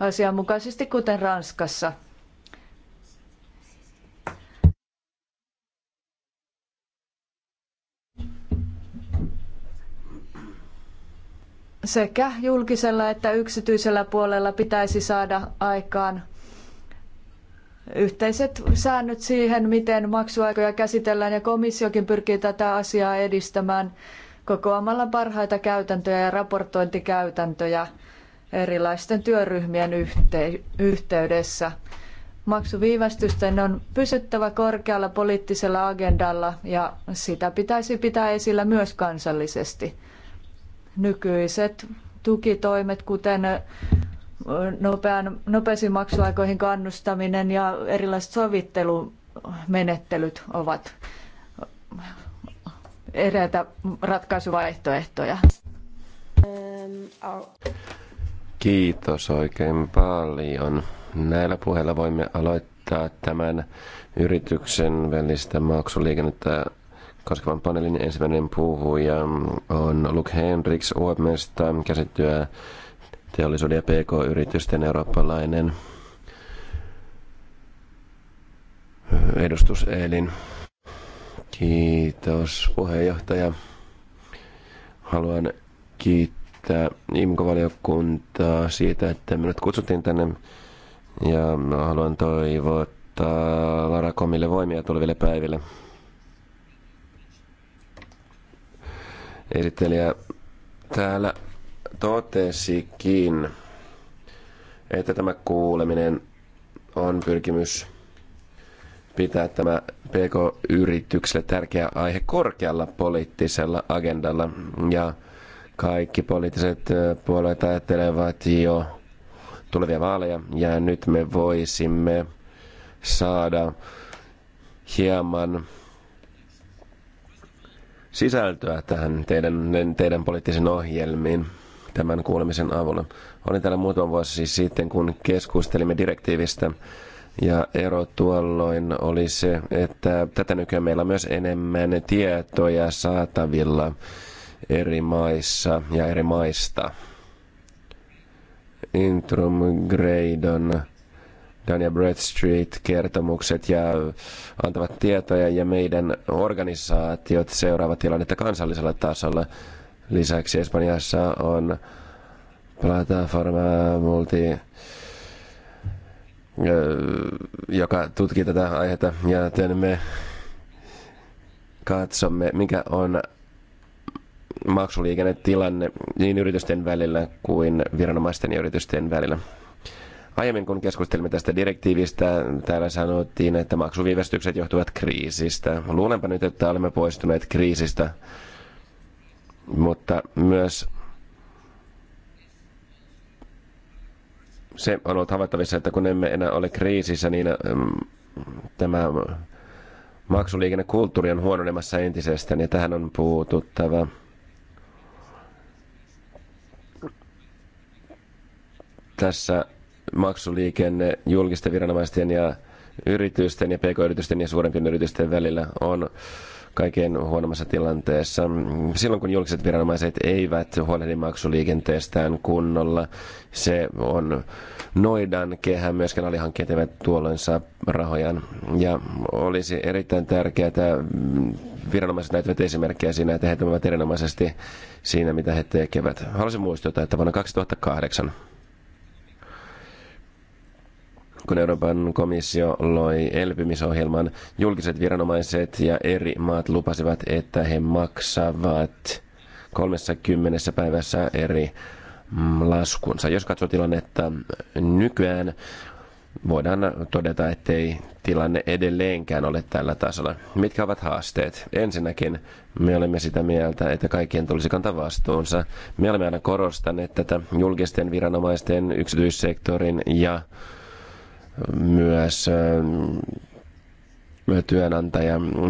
asianmukaisesti, kuten Ranskassa – sekä julkisella että yksityisellä puolella pitäisi saada aikaan yhteiset säännöt siihen, miten maksuaikoja käsitellään ja komissiokin pyrkii tätä asiaa edistämään kokoamalla parhaita käytäntöjä ja raportointikäytäntöjä erilaisten työryhmien yhteydessä. Maksuviivästysten on pysyttävä korkealla poliittisella agendalla ja sitä pitäisi pitää esillä myös kansallisesti nykyiset tukitoimet, kuten nopean, nopeisiin maksuaikoihin kannustaminen ja erilaiset sovittelumenettelyt ovat eräitä ratkaisuvaihtoehtoja. Ähm, Kiitos oikein paljon. Näillä puheilla voimme aloittaa tämän yrityksen välistä maksuliikennettä koskevan paneelin ensimmäinen puhuja on Luke Henriks UMstä, e käsityö teollisuuden ja PK-yritysten eurooppalainen edustuselin. Kiitos puheenjohtaja. Haluan kiittää IMKO-valiokuntaa siitä, että minut kutsuttiin tänne ja haluan toivottaa Lara Komille voimia tuleville päiville. esittelijä täällä totesikin, että tämä kuuleminen on pyrkimys pitää tämä PK-yritykselle tärkeä aihe korkealla poliittisella agendalla. Ja kaikki poliittiset puolueet ajattelevat jo tulevia vaaleja, ja nyt me voisimme saada hieman sisältöä tähän teidän, teidän poliittisiin ohjelmiin tämän kuulemisen avulla. Olin täällä muutama vuosi siis sitten, kun keskustelimme direktiivistä ja ero tuolloin oli se, että tätä nykyään meillä on myös enemmän tietoja saatavilla eri maissa ja eri maista. Intrum Greidon Dania Bradstreet kertomukset ja antavat tietoja ja meidän organisaatiot seuraavat tilannetta kansallisella tasolla. Lisäksi Espanjassa on Plataforma Multi, joka tutkii tätä aihetta, joten me katsomme, mikä on maksuliikennetilanne niin yritysten välillä kuin viranomaisten ja yritysten välillä. Aiemmin kun keskustelimme tästä direktiivistä, täällä sanottiin, että maksuviivästykset johtuvat kriisistä. Luulenpa nyt, että olemme poistuneet kriisistä, mutta myös se on ollut havaittavissa, että kun emme enää ole kriisissä, niin mm, tämä maksuliikennekulttuuri on huononemassa entisestä, ja tähän on puututtava. Tässä maksuliikenne julkisten viranomaisten ja yritysten ja pk-yritysten ja suurempien yritysten välillä on kaikkein huonommassa tilanteessa. Silloin kun julkiset viranomaiset eivät huolehdi maksuliikenteestään kunnolla, se on noidan kehä. Myöskin alihankkeet eivät tuolloin saa rahojaan. Ja olisi erittäin tärkeää, että viranomaiset näyttävät esimerkkejä siinä, että he toimivat erinomaisesti siinä, mitä he tekevät. Haluaisin muistuttaa, että vuonna 2008 kun Euroopan komissio loi elpymisohjelman, julkiset viranomaiset ja eri maat lupasivat, että he maksavat 30 päivässä eri laskunsa. Jos katsoo tilannetta nykyään, voidaan todeta, ettei tilanne edelleenkään ole tällä tasolla. Mitkä ovat haasteet? Ensinnäkin me olemme sitä mieltä, että kaikkien tulisi kantaa vastuunsa. Me olemme aina korostaneet tätä julkisten viranomaisten, yksityissektorin ja myös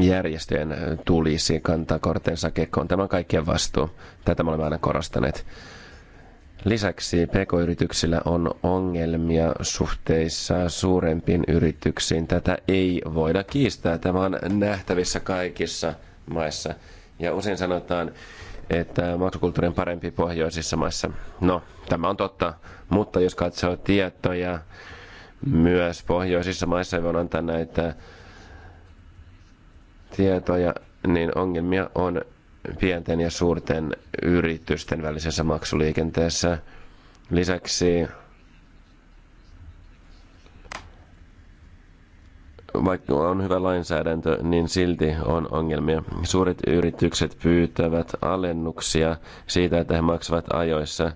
järjestöjen tulisi kantaa kortensa kekoon. Tämä on kaikkien vastuu. Tätä me olemme aina korostaneet. Lisäksi pk-yrityksillä on ongelmia suhteissa suurempiin yrityksiin. Tätä ei voida kiistää. Tämä on nähtävissä kaikissa maissa. Ja usein sanotaan, että maksukulttuuri on parempi pohjoisissa maissa. No, tämä on totta, mutta jos katsoo tietoja myös pohjoisissa maissa, ei voi antaa näitä tietoja, niin ongelmia on pienten ja suurten yritysten välisessä maksuliikenteessä. Lisäksi vaikka on hyvä lainsäädäntö, niin silti on ongelmia. Suuret yritykset pyytävät alennuksia siitä, että he maksavat ajoissa.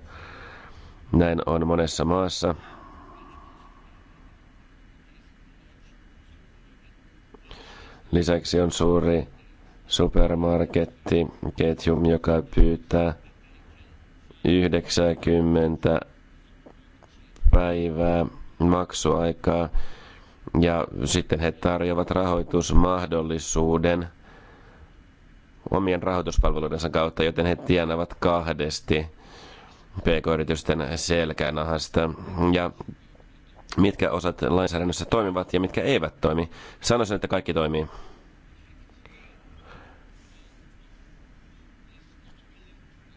Näin on monessa maassa. Lisäksi on suuri supermarketti, ketju, joka pyytää 90 päivää maksuaikaa ja sitten he tarjoavat rahoitusmahdollisuuden omien rahoituspalveluidensa kautta, joten he tienavat kahdesti pk-yritysten selkänahasta. Ja mitkä osat lainsäädännössä toimivat ja mitkä eivät toimi. Sanoisin, että kaikki toimii.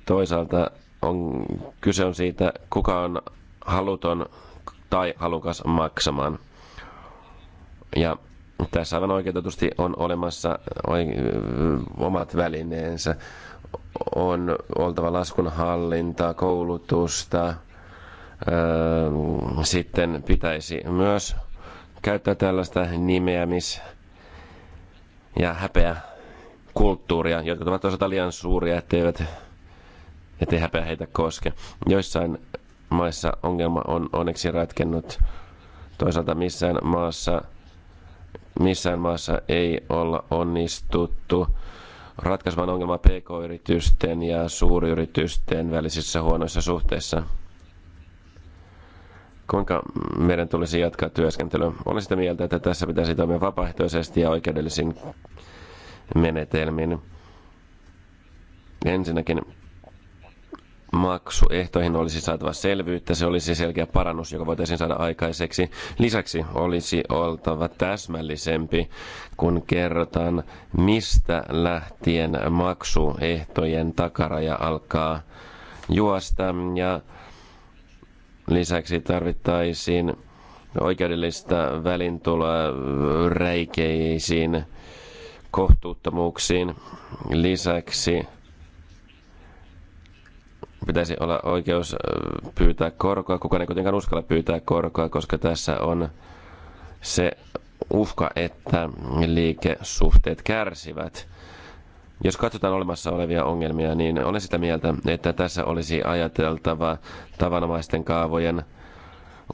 Toisaalta on, kyse on siitä, kuka on haluton tai halukas maksamaan. Ja tässä aivan oikeutetusti on olemassa omat välineensä. On oltava laskunhallinta, koulutusta, sitten pitäisi myös käyttää tällaista nimeämis- ja häpeä kulttuuria, jotka ovat osalta liian suuria, etteivät, ettei häpeä heitä koske. Joissain maissa ongelma on onneksi ratkennut. Toisaalta missään maassa, missään maassa ei olla onnistuttu ratkaisemaan ongelmaa pk-yritysten ja suuryritysten välisissä huonoissa suhteissa – kuinka meidän tulisi jatkaa työskentelyä. Olen sitä mieltä, että tässä pitäisi toimia vapaaehtoisesti ja oikeudellisin menetelmin. Ensinnäkin maksuehtoihin olisi saatava selvyyttä, se olisi selkeä parannus, joka voitaisiin saada aikaiseksi. Lisäksi olisi oltava täsmällisempi, kun kerrotaan, mistä lähtien maksuehtojen takaraja alkaa juosta ja Lisäksi tarvittaisiin oikeudellista välintuloa räikeisiin kohtuuttomuuksiin. Lisäksi pitäisi olla oikeus pyytää korkoa. Kukaan ei kuitenkaan uskalla pyytää korkoa, koska tässä on se uhka, että liikesuhteet kärsivät. Jos katsotaan olemassa olevia ongelmia, niin olen sitä mieltä, että tässä olisi ajateltava tavanomaisten kaavojen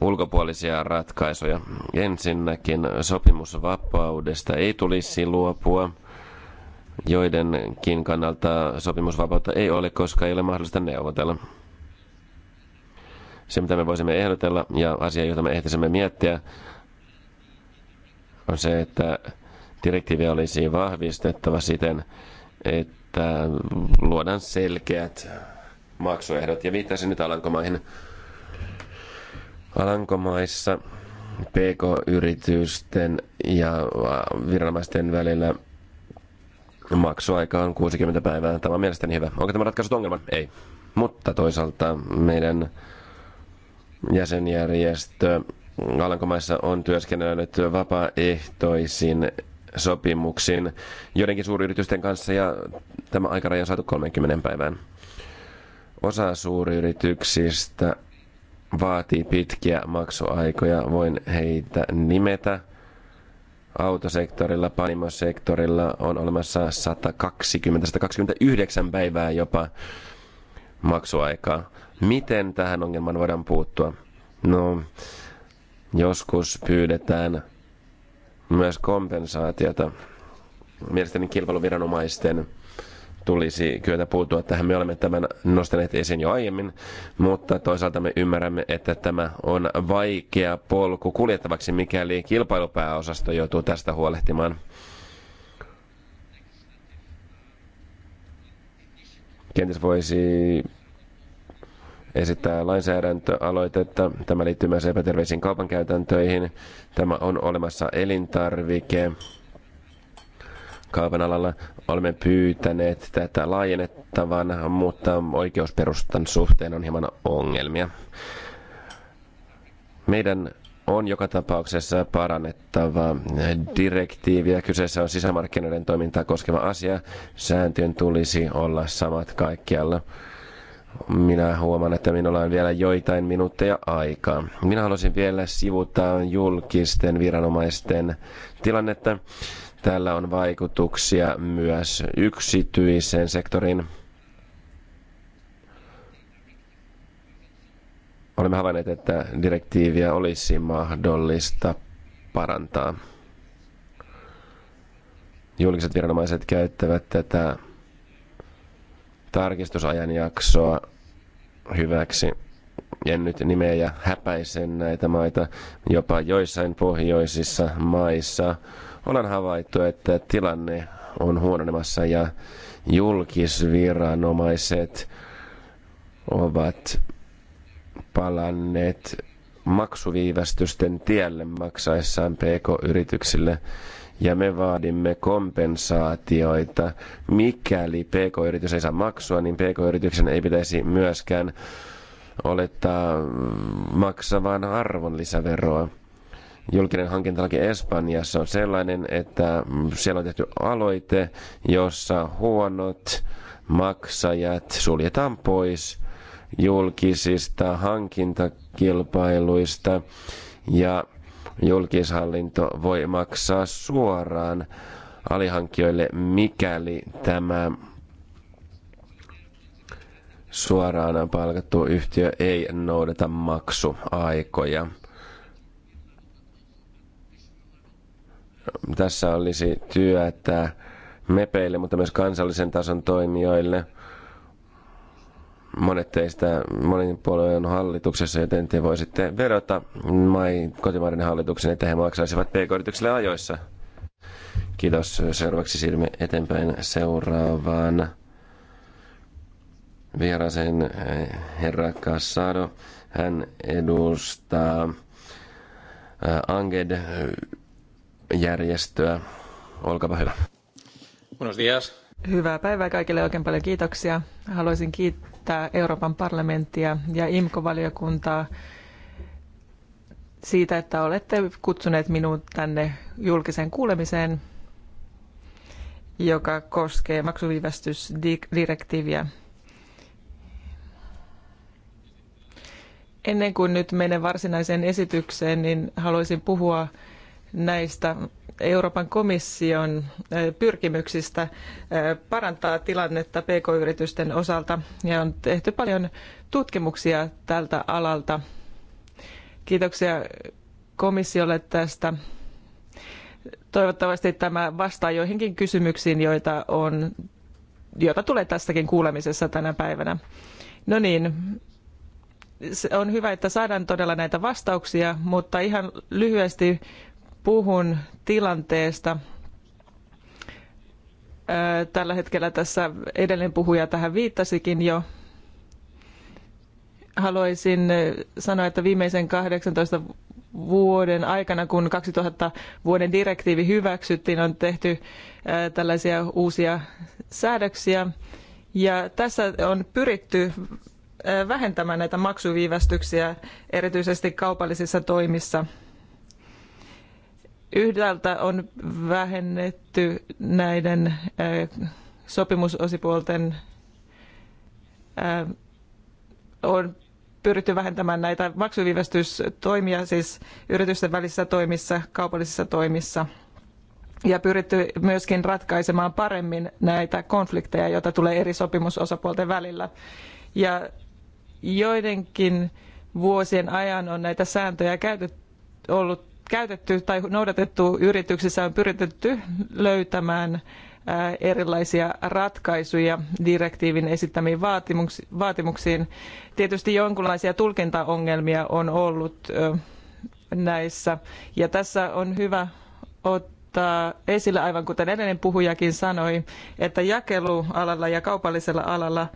ulkopuolisia ratkaisuja. Ensinnäkin sopimusvapaudesta ei tulisi luopua. Joidenkin kannalta sopimusvapautta ei ole, koska ei ole mahdollista neuvotella. Se, mitä me voisimme ehdotella ja asia, jota me ehtisimme miettiä, on se, että direktiivi olisi vahvistettava siten, että luodaan selkeät maksuehdot. Ja viittasin nyt Alankomaihin. Alankomaissa PK-yritysten ja viranomaisten välillä maksuaika on 60 päivää. Tämä on mielestäni hyvä. Onko tämä ratkaisu ongelman? Ei. Mutta toisaalta meidän jäsenjärjestö Alankomaissa on työskennellyt vapaaehtoisin Sopimuksiin joidenkin suuryritysten kanssa ja tämä aikaraja on saatu 30 päivään. Osa suuryrityksistä vaatii pitkiä maksuaikoja. Voin heitä nimetä. Autosektorilla, panimosektorilla on olemassa 120-129 päivää jopa maksuaikaa. Miten tähän ongelmaan voidaan puuttua? No, joskus pyydetään myös kompensaatiota. Mielestäni kilpailuviranomaisten tulisi kyetä puuttua tähän. Me olemme tämän nostaneet esiin jo aiemmin, mutta toisaalta me ymmärrämme, että tämä on vaikea polku kuljettavaksi, mikäli kilpailupääosasto joutuu tästä huolehtimaan. Kenties voisi esittää lainsäädäntöaloitetta. Tämä liittyy myös epäterveisiin kaupankäytäntöihin. Tämä on olemassa elintarvike. Kaupan alalla olemme pyytäneet tätä laajennettavan, mutta oikeusperustan suhteen on hieman ongelmia. Meidän on joka tapauksessa parannettava direktiiviä. Kyseessä on sisämarkkinoiden toimintaa koskeva asia. Sääntöjen tulisi olla samat kaikkialla. Minä huomaan, että minulla on vielä joitain minuutteja aikaa. Minä haluaisin vielä sivuttaa julkisten viranomaisten tilannetta. Tällä on vaikutuksia myös yksityisen sektorin. Olemme havainneet, että direktiiviä olisi mahdollista parantaa. Julkiset viranomaiset käyttävät tätä tarkistusajan jaksoa hyväksi. En nyt nimeä ja häpäisen näitä maita. Jopa joissain pohjoisissa maissa ollaan havaittu, että tilanne on huononemassa ja julkisviranomaiset ovat palanneet maksuviivästysten tielle maksaessaan pk-yrityksille ja me vaadimme kompensaatioita. Mikäli pk-yritys ei saa maksua, niin pk-yrityksen ei pitäisi myöskään olettaa maksavan arvonlisäveroa. Julkinen hankintalaki Espanjassa on sellainen, että siellä on tehty aloite, jossa huonot maksajat suljetaan pois julkisista hankintakilpailuista ja julkishallinto voi maksaa suoraan alihankkijoille, mikäli tämä suoraan palkattu yhtiö ei noudata maksuaikoja. Tässä olisi työtä mepeille, mutta myös kansallisen tason toimijoille – monet teistä monin puolueen hallituksessa, joten te voisitte verota mai kotimaiden hallituksen, että he maksaisivat pk-yrityksille ajoissa. Kiitos. Seuraavaksi siirrymme eteenpäin seuraavaan vieraseen eh, herra Cassado. Hän edustaa eh, Anged-järjestöä. Eh, Olkaa hyvä. Buenos días. Hyvää päivää kaikille, oikein paljon kiitoksia. Haluaisin kiittää kiittää Euroopan parlamenttia ja IMKO-valiokuntaa siitä, että olette kutsuneet minut tänne julkiseen kuulemiseen, joka koskee maksuviivästysdirektiiviä. Ennen kuin nyt menen varsinaiseen esitykseen, niin haluaisin puhua näistä Euroopan komission pyrkimyksistä parantaa tilannetta pk-yritysten osalta ja on tehty paljon tutkimuksia tältä alalta. Kiitoksia komissiolle tästä. Toivottavasti tämä vastaa joihinkin kysymyksiin, joita, on, joita tulee tässäkin kuulemisessa tänä päivänä. No niin, on hyvä, että saadaan todella näitä vastauksia, mutta ihan lyhyesti puhun tilanteesta. Tällä hetkellä tässä edellinen puhuja tähän viittasikin jo. Haluaisin sanoa, että viimeisen 18 vuoden aikana, kun 2000 vuoden direktiivi hyväksyttiin, on tehty tällaisia uusia säädöksiä. Ja tässä on pyritty vähentämään näitä maksuviivästyksiä erityisesti kaupallisissa toimissa – Yhdeltä on vähennetty näiden sopimusosipuolten on pyritty vähentämään näitä maksuviivästystoimia siis yritysten välisissä toimissa, kaupallisissa toimissa ja pyritty myöskin ratkaisemaan paremmin näitä konflikteja, joita tulee eri sopimusosapuolten välillä. Ja joidenkin vuosien ajan on näitä sääntöjä käytetty ollut käytetty tai noudatettu yrityksissä on pyritetty löytämään erilaisia ratkaisuja direktiivin esittämiin vaatimuksiin. Tietysti jonkinlaisia tulkintaongelmia on ollut näissä. Ja tässä on hyvä ottaa esille, aivan kuten edellinen puhujakin sanoi, että jakelualalla ja kaupallisella alalla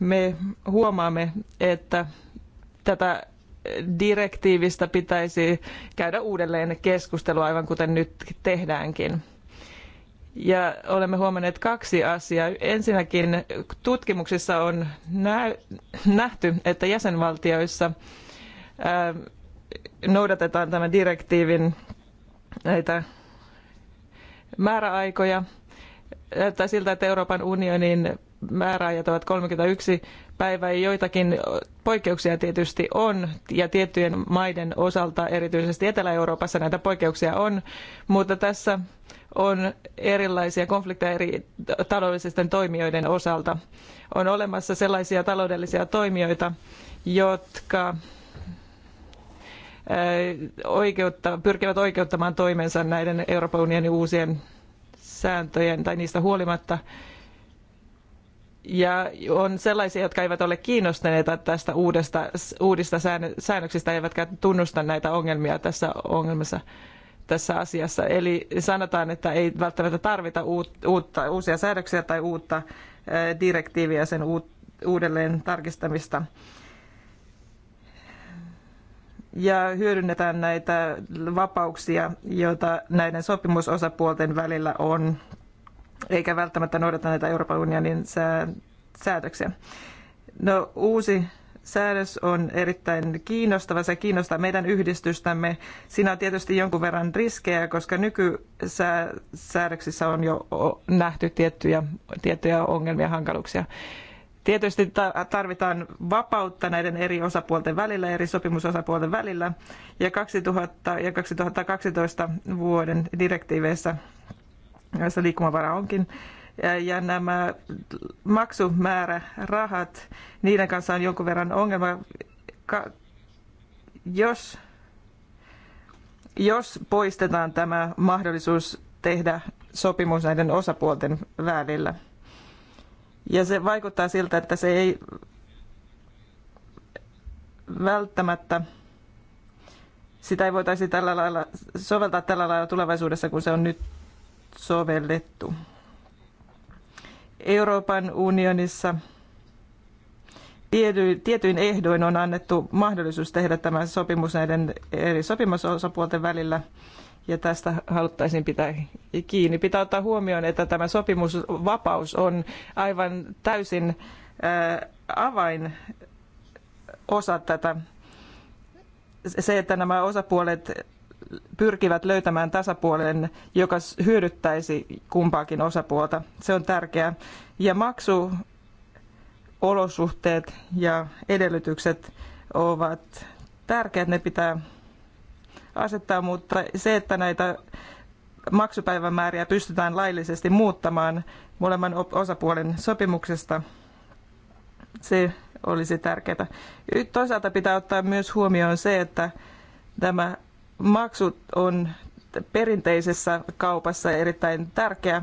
me huomaamme, että tätä direktiivistä pitäisi käydä uudelleen keskustelua, aivan kuten nyt tehdäänkin. Ja olemme huomanneet kaksi asiaa. Ensinnäkin tutkimuksissa on nähty, että jäsenvaltioissa noudatetaan tämän direktiivin näitä määräaikoja. Näyttää siltä, että Euroopan unionin määräajat ovat 31 päivä. Joitakin poikkeuksia tietysti on ja tiettyjen maiden osalta, erityisesti Etelä-Euroopassa näitä poikkeuksia on, mutta tässä on erilaisia konflikteja eri taloudellisten toimijoiden osalta. On olemassa sellaisia taloudellisia toimijoita, jotka oikeutta, pyrkivät oikeuttamaan toimensa näiden Euroopan unionin uusien sääntöjen tai niistä huolimatta – ja on sellaisia, jotka eivät ole kiinnostuneita tästä uudesta, uudista säännöksistä, eivätkä tunnusta näitä ongelmia tässä ongelmassa tässä asiassa. Eli sanotaan, että ei välttämättä tarvita uutta, uusia säädöksiä tai uutta direktiiviä sen uudelleen tarkistamista. Ja hyödynnetään näitä vapauksia, joita näiden sopimusosapuolten välillä on eikä välttämättä noudata näitä Euroopan unionin säädöksiä. No, uusi säädös on erittäin kiinnostava. Se kiinnostaa meidän yhdistystämme. Siinä on tietysti jonkun verran riskejä, koska nykysäädöksissä on jo nähty tiettyjä, tiettyjä ongelmia ja hankaluuksia. Tietysti tarvitaan vapautta näiden eri osapuolten välillä, eri sopimusosapuolten välillä. Ja 2000 ja 2012 vuoden direktiiveissä joissa liikkumavara onkin. Ja nämä maksumäärärahat, niiden kanssa on jonkun verran ongelma. Ka- jos, jos poistetaan tämä mahdollisuus tehdä sopimus näiden osapuolten välillä. Ja se vaikuttaa siltä, että se ei välttämättä, sitä ei voitaisi tällä lailla soveltaa tällä lailla tulevaisuudessa, kun se on nyt sovellettu. Euroopan unionissa tietyin ehdoin on annettu mahdollisuus tehdä tämä sopimus näiden eri sopimusosapuolten välillä. Ja tästä haluttaisiin pitää kiinni. Pitää ottaa huomioon, että tämä sopimusvapaus on aivan täysin avain osa tätä. Se, että nämä osapuolet pyrkivät löytämään tasapuolen, joka hyödyttäisi kumpaakin osapuolta. Se on tärkeää. Ja maksuolosuhteet ja edellytykset ovat tärkeät, ne pitää asettaa, mutta se, että näitä maksupäivämääriä pystytään laillisesti muuttamaan molemman osapuolen sopimuksesta, se olisi tärkeää. Toisaalta pitää ottaa myös huomioon se, että tämä maksut on perinteisessä kaupassa erittäin tärkeä.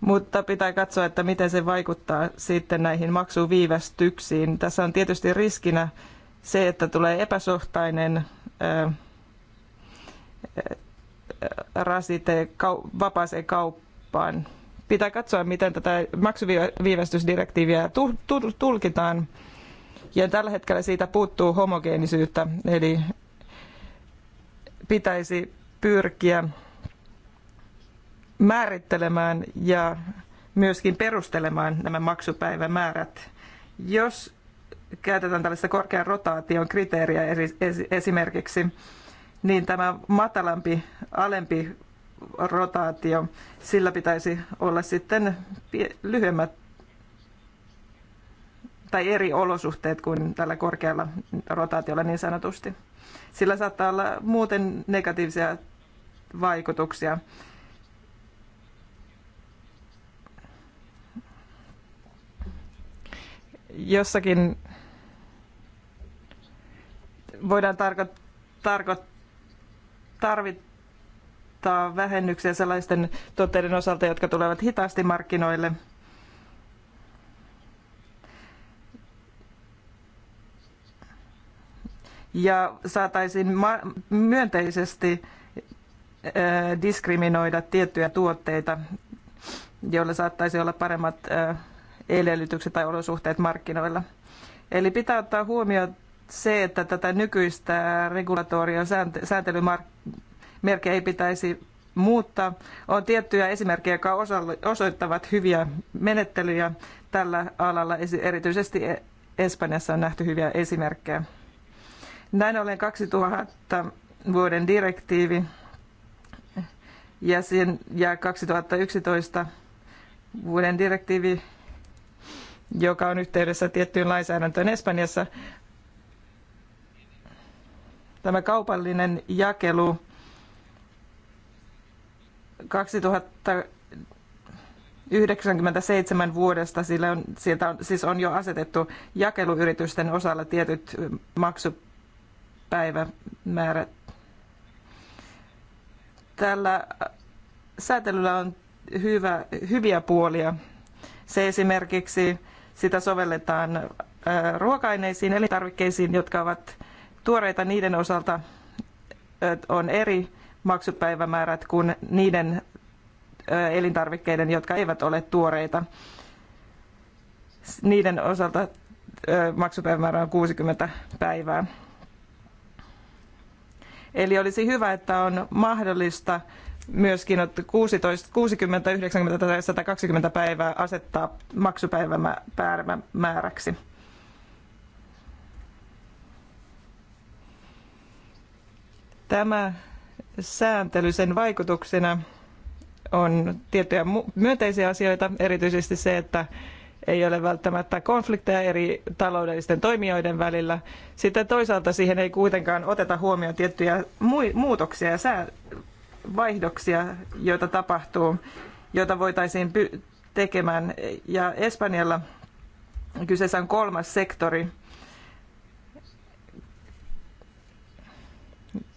Mutta pitää katsoa, että miten se vaikuttaa sitten näihin maksuviivästyksiin. Tässä on tietysti riskinä se, että tulee epäsohtainen rasite vapaaseen kauppaan. Pitää katsoa, miten tätä maksuviivästysdirektiiviä tulkitaan. Ja tällä hetkellä siitä puuttuu homogeenisyyttä, eli pitäisi pyrkiä määrittelemään ja myöskin perustelemaan nämä maksupäivämäärät. Jos käytetään tällaista korkean rotaation kriteeriä esimerkiksi, niin tämä matalampi, alempi rotaatio, sillä pitäisi olla sitten lyhyemmät tai eri olosuhteet kuin tällä korkealla rotaatiolla niin sanotusti. Sillä saattaa olla muuten negatiivisia vaikutuksia. Jossakin voidaan tarko- tarko- tarvittaa vähennyksiä sellaisten tuotteiden osalta, jotka tulevat hitaasti markkinoille – ja saataisiin myönteisesti äh, diskriminoida tiettyjä tuotteita, joilla saattaisi olla paremmat äh, edellytykset tai olosuhteet markkinoilla. Eli pitää ottaa huomioon se, että tätä nykyistä regulatoria sääntelymerkkiä ei pitäisi muuttaa. On tiettyjä esimerkkejä, jotka osoittavat hyviä menettelyjä tällä alalla. Erityisesti e-, Espanjassa on nähty hyviä esimerkkejä. Näin ollen 2000 vuoden direktiivi ja, sen, ja 2011 vuoden direktiivi, joka on yhteydessä tiettyyn lainsäädäntöön Espanjassa, tämä kaupallinen jakelu 2097 vuodesta, sillä on, sieltä on, siis on jo asetettu jakeluyritysten osalla tietyt maksut päivämäärät. Tällä säätelyllä on hyvä, hyviä puolia. Se esimerkiksi sitä sovelletaan ruoka-aineisiin, elintarvikkeisiin, jotka ovat tuoreita niiden osalta on eri maksupäivämäärät kuin niiden elintarvikkeiden, jotka eivät ole tuoreita. Niiden osalta maksupäivämäärä on 60 päivää. Eli olisi hyvä, että on mahdollista myöskin 16, 60, 90 tai 120 päivää asettaa maksupäivämääräksi. Tämä sääntely sen vaikutuksena on tiettyjä myönteisiä asioita, erityisesti se, että ei ole välttämättä konflikteja eri taloudellisten toimijoiden välillä. Sitten toisaalta siihen ei kuitenkaan oteta huomioon tiettyjä muutoksia ja sää- vaihdoksia, joita tapahtuu, joita voitaisiin tekemään. Ja Espanjalla kyseessä on kolmas sektori.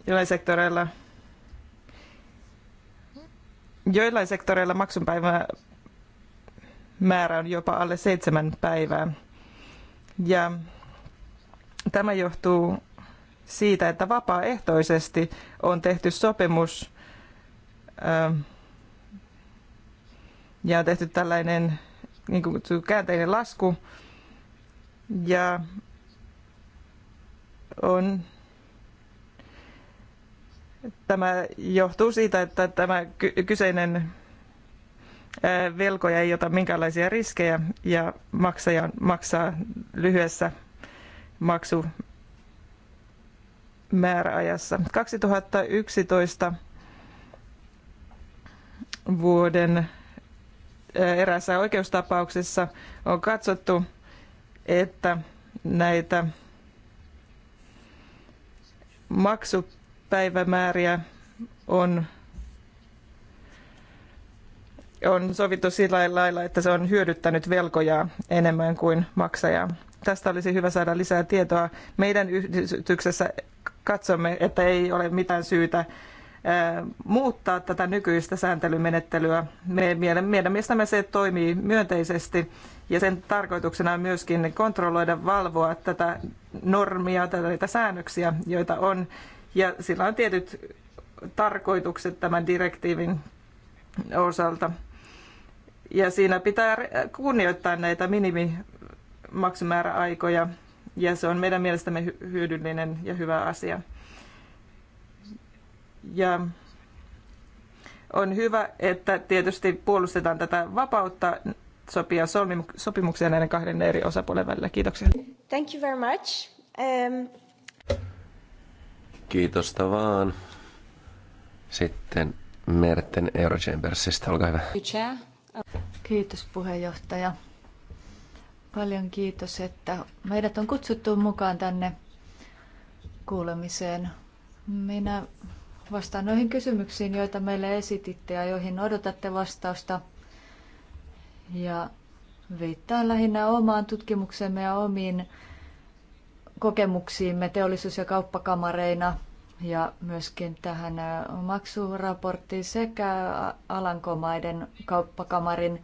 joillain sektoreilla, joillain sektoreilla maksunpäivä määrä on jopa alle seitsemän päivää. Ja tämä johtuu siitä, että vapaaehtoisesti on tehty sopimus ähm, ja on tehty tällainen niin kuin käänteinen lasku ja on tämä johtuu siitä, että tämä kyseinen velkoja ei ota minkäänlaisia riskejä ja maksaja maksaa lyhyessä maksu määräajassa. 2011 vuoden eräässä oikeustapauksessa on katsottu, että näitä maksupäivämääriä on on sovittu sillä lailla, että se on hyödyttänyt velkojaa enemmän kuin maksajaa. Tästä olisi hyvä saada lisää tietoa. Meidän yhdistyksessä katsomme, että ei ole mitään syytä muuttaa tätä nykyistä sääntelymenettelyä. Meidän, meidän mielestämme se toimii myönteisesti ja sen tarkoituksena on myöskin kontrolloida, valvoa tätä normia, tätä säännöksiä, joita on. Ja sillä on tietyt tarkoitukset tämän direktiivin osalta. Ja siinä pitää kunnioittaa näitä minimimaksumääräaikoja ja se on meidän mielestämme hyödyllinen ja hyvä asia. Ja on hyvä, että tietysti puolustetaan tätä vapautta sopia sopimuksia näiden kahden eri osapuolen välillä. Kiitoksia. Thank you very much. Um... Kiitosta vaan. Sitten Merten Eurochambersista, olkaa hyvä. Chair. Kiitos puheenjohtaja. Paljon kiitos, että meidät on kutsuttu mukaan tänne kuulemiseen. Minä vastaan noihin kysymyksiin, joita meille esititte ja joihin odotatte vastausta. Ja viittaan lähinnä omaan tutkimuksemme ja omiin kokemuksiimme teollisuus- ja kauppakamareina – ja myöskin tähän maksuraporttiin sekä Alankomaiden kauppakamarin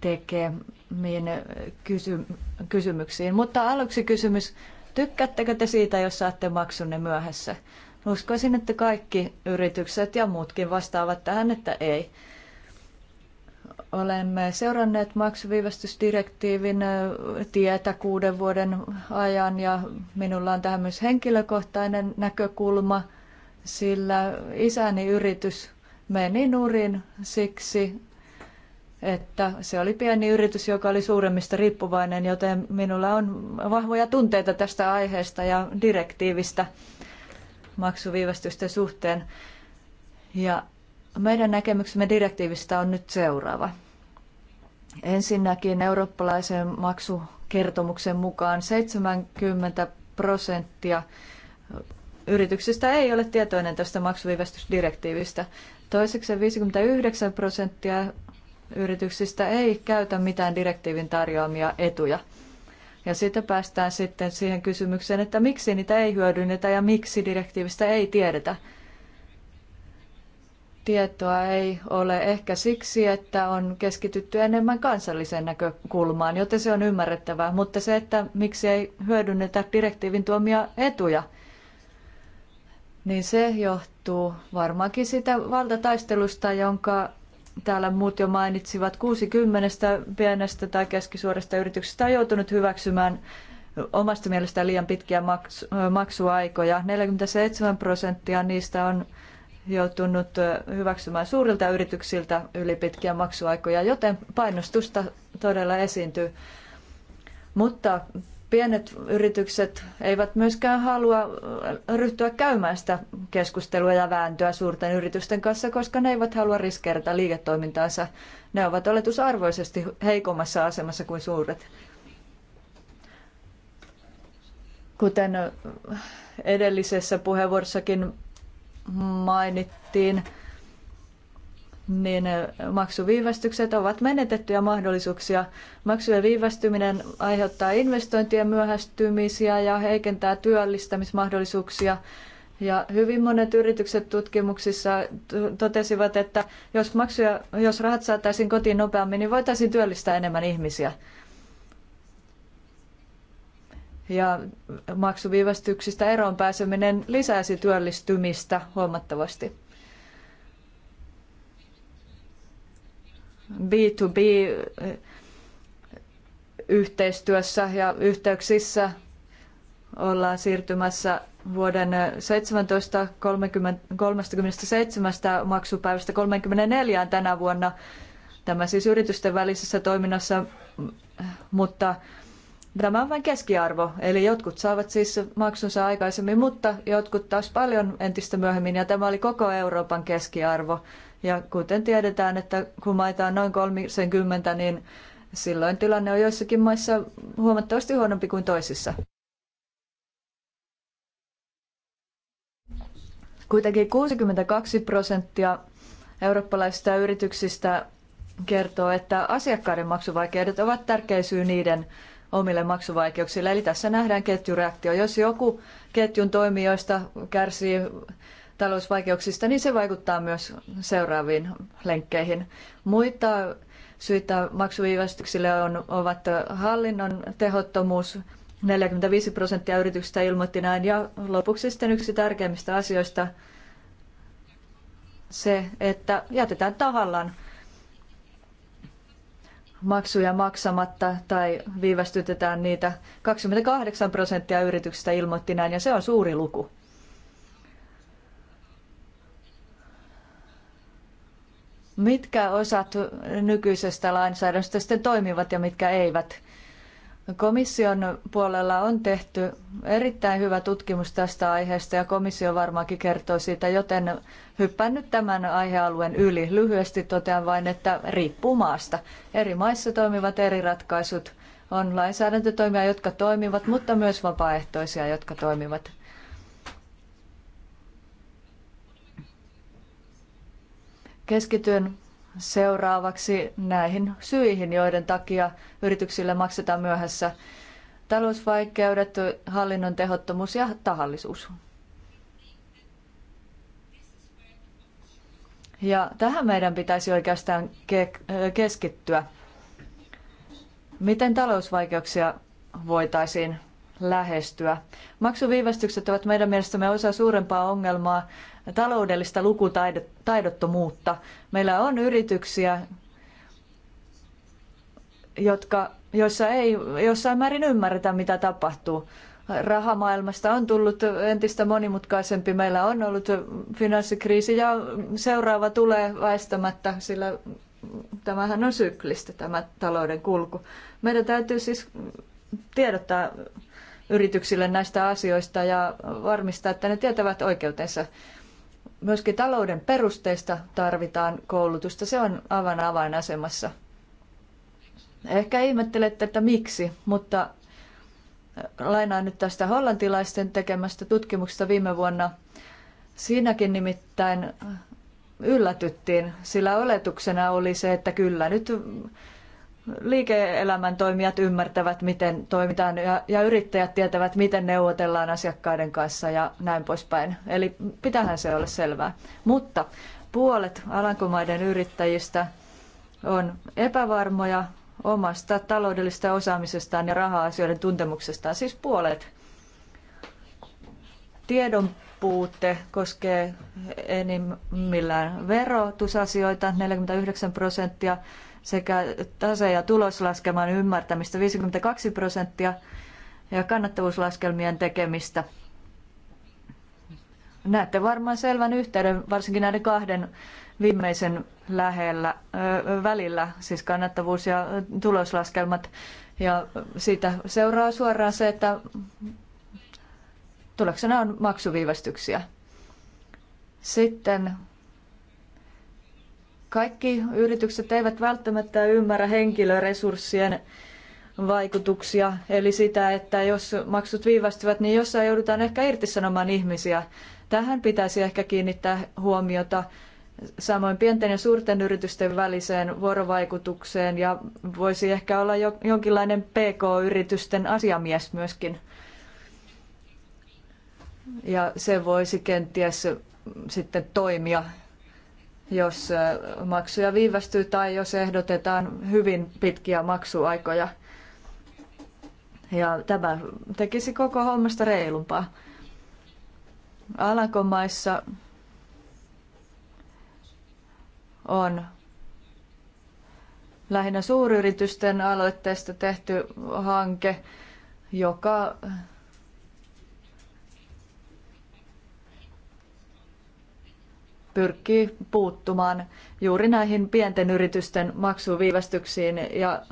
tekemiin kysy- kysymyksiin. Mutta aluksi kysymys, tykkäättekö te siitä, jos saatte maksunne myöhässä? Uskoisin, että kaikki yritykset ja muutkin vastaavat tähän, että ei olemme seuranneet maksuviivästysdirektiivin tietä kuuden vuoden ajan ja minulla on tähän myös henkilökohtainen näkökulma, sillä isäni yritys meni nurin siksi, että se oli pieni yritys, joka oli suuremmista riippuvainen, joten minulla on vahvoja tunteita tästä aiheesta ja direktiivistä maksuviivästysten suhteen. Ja meidän näkemyksemme direktiivistä on nyt seuraava. Ensinnäkin eurooppalaisen maksukertomuksen mukaan 70 prosenttia yrityksistä ei ole tietoinen tästä maksuviivästysdirektiivistä. Toiseksi 59 prosenttia yrityksistä ei käytä mitään direktiivin tarjoamia etuja. Ja sitten päästään sitten siihen kysymykseen, että miksi niitä ei hyödynnetä ja miksi direktiivistä ei tiedetä tietoa ei ole ehkä siksi, että on keskitytty enemmän kansalliseen näkökulmaan, joten se on ymmärrettävää. Mutta se, että miksi ei hyödynnetä direktiivin tuomia etuja, niin se johtuu varmaankin sitä valtataistelusta, jonka täällä muut jo mainitsivat 60 pienestä tai keskisuuresta yrityksestä on joutunut hyväksymään omasta mielestään liian pitkiä maksuaikoja. 47 prosenttia niistä on joutunut hyväksymään suurilta yrityksiltä ylipitkiä maksuaikoja, joten painostusta todella esiintyy. Mutta pienet yritykset eivät myöskään halua ryhtyä käymään sitä keskustelua ja vääntöä suurten yritysten kanssa, koska ne eivät halua riskeerata liiketoimintaansa. Ne ovat oletusarvoisesti heikommassa asemassa kuin suuret. Kuten edellisessä puheenvuorossakin mainittiin, niin maksuviivästykset ovat menetettyjä mahdollisuuksia. Maksujen viivästyminen aiheuttaa investointien myöhästymisiä ja heikentää työllistämismahdollisuuksia. Ja hyvin monet yritykset tutkimuksissa totesivat, että jos, maksuja, jos rahat saataisiin kotiin nopeammin, niin voitaisiin työllistää enemmän ihmisiä ja maksuviivästyksistä eroon pääseminen lisäisi työllistymistä huomattavasti. B2B eh, yhteistyössä ja yhteyksissä ollaan siirtymässä vuoden 17 30, 37 maksupäivästä 34 tänä vuonna. Tämä siis yritysten välisessä toiminnassa, mutta Tämä on vain keskiarvo, eli jotkut saavat siis maksunsa aikaisemmin, mutta jotkut taas paljon entistä myöhemmin, ja tämä oli koko Euroopan keskiarvo. Ja kuten tiedetään, että kun maita on noin 30, niin silloin tilanne on joissakin maissa huomattavasti huonompi kuin toisissa. Kuitenkin 62 prosenttia eurooppalaisista yrityksistä kertoo, että asiakkaiden maksuvaikeudet ovat tärkeä syy niiden omille maksuvaikeuksille. Eli tässä nähdään ketjureaktio. Jos joku ketjun toimijoista kärsii talousvaikeuksista, niin se vaikuttaa myös seuraaviin lenkkeihin. Muita syitä maksuviivästyksille on, ovat hallinnon tehottomuus, 45 prosenttia yrityksistä ilmoitti näin. Ja lopuksi sitten yksi tärkeimmistä asioista se, että jätetään tahallaan maksuja maksamatta tai viivästytetään niitä. 28 prosenttia yrityksistä ilmoitti näin ja se on suuri luku. Mitkä osat nykyisestä lainsäädännöstä sitten toimivat ja mitkä eivät? Komission puolella on tehty erittäin hyvä tutkimus tästä aiheesta ja komissio varmaankin kertoo siitä, joten hyppään nyt tämän aihealueen yli. Lyhyesti totean vain, että riippuu maasta. Eri maissa toimivat eri ratkaisut. On lainsäädäntötoimia, jotka toimivat, mutta myös vapaaehtoisia, jotka toimivat. Keskityn seuraavaksi näihin syihin, joiden takia yrityksille maksetaan myöhässä talousvaikeudet, hallinnon tehottomuus ja tahallisuus. Ja tähän meidän pitäisi oikeastaan keskittyä. Miten talousvaikeuksia voitaisiin lähestyä? Maksuviivästykset ovat meidän mielestämme osa suurempaa ongelmaa, taloudellista lukutaidottomuutta. Meillä on yrityksiä, jotka, joissa ei jossain määrin ymmärretä, mitä tapahtuu. Rahamaailmasta on tullut entistä monimutkaisempi. Meillä on ollut finanssikriisi ja seuraava tulee väistämättä, sillä tämähän on syklistä tämä talouden kulku. Meidän täytyy siis tiedottaa yrityksille näistä asioista ja varmistaa, että ne tietävät oikeutensa. Myöskin talouden perusteista tarvitaan koulutusta. Se on aivan avainasemassa. Ehkä ihmettelette, että miksi, mutta äh, lainaan nyt tästä hollantilaisten tekemästä tutkimuksesta viime vuonna. Siinäkin nimittäin äh, yllätyttiin, sillä oletuksena oli se, että kyllä nyt liike-elämän toimijat ymmärtävät, miten toimitaan ja, ja yrittäjät tietävät, miten neuvotellaan asiakkaiden kanssa ja näin poispäin. Eli pitähän se olla selvää. Mutta puolet Alankomaiden yrittäjistä on epävarmoja omasta taloudellisesta osaamisestaan ja raha-asioiden tuntemuksestaan, siis puolet. Tiedon puutte koskee enimmillään verotusasioita, 49 prosenttia, sekä tase- ja tuloslaskelman ymmärtämistä 52 prosenttia ja kannattavuuslaskelmien tekemistä. Näette varmaan selvän yhteyden varsinkin näiden kahden viimeisen lähellä, välillä, siis kannattavuus ja tuloslaskelmat. Ja siitä seuraa suoraan se, että tuloksena on maksuviivästyksiä. Sitten kaikki yritykset eivät välttämättä ymmärrä henkilöresurssien vaikutuksia, eli sitä, että jos maksut viivästyvät, niin jossain joudutaan ehkä irtisanomaan ihmisiä. Tähän pitäisi ehkä kiinnittää huomiota samoin pienten ja suurten yritysten väliseen vuorovaikutukseen ja voisi ehkä olla jo, jonkinlainen PK-yritysten asiamies myöskin. Ja se voisi kenties sitten toimia jos maksuja viivästyy tai jos ehdotetaan hyvin pitkiä maksuaikoja. Ja tämä tekisi koko hommasta reilumpaa. Alankomaissa on lähinnä suuryritysten aloitteesta tehty hanke, joka pyrkii puuttumaan juuri näihin pienten yritysten maksuviivästyksiin ja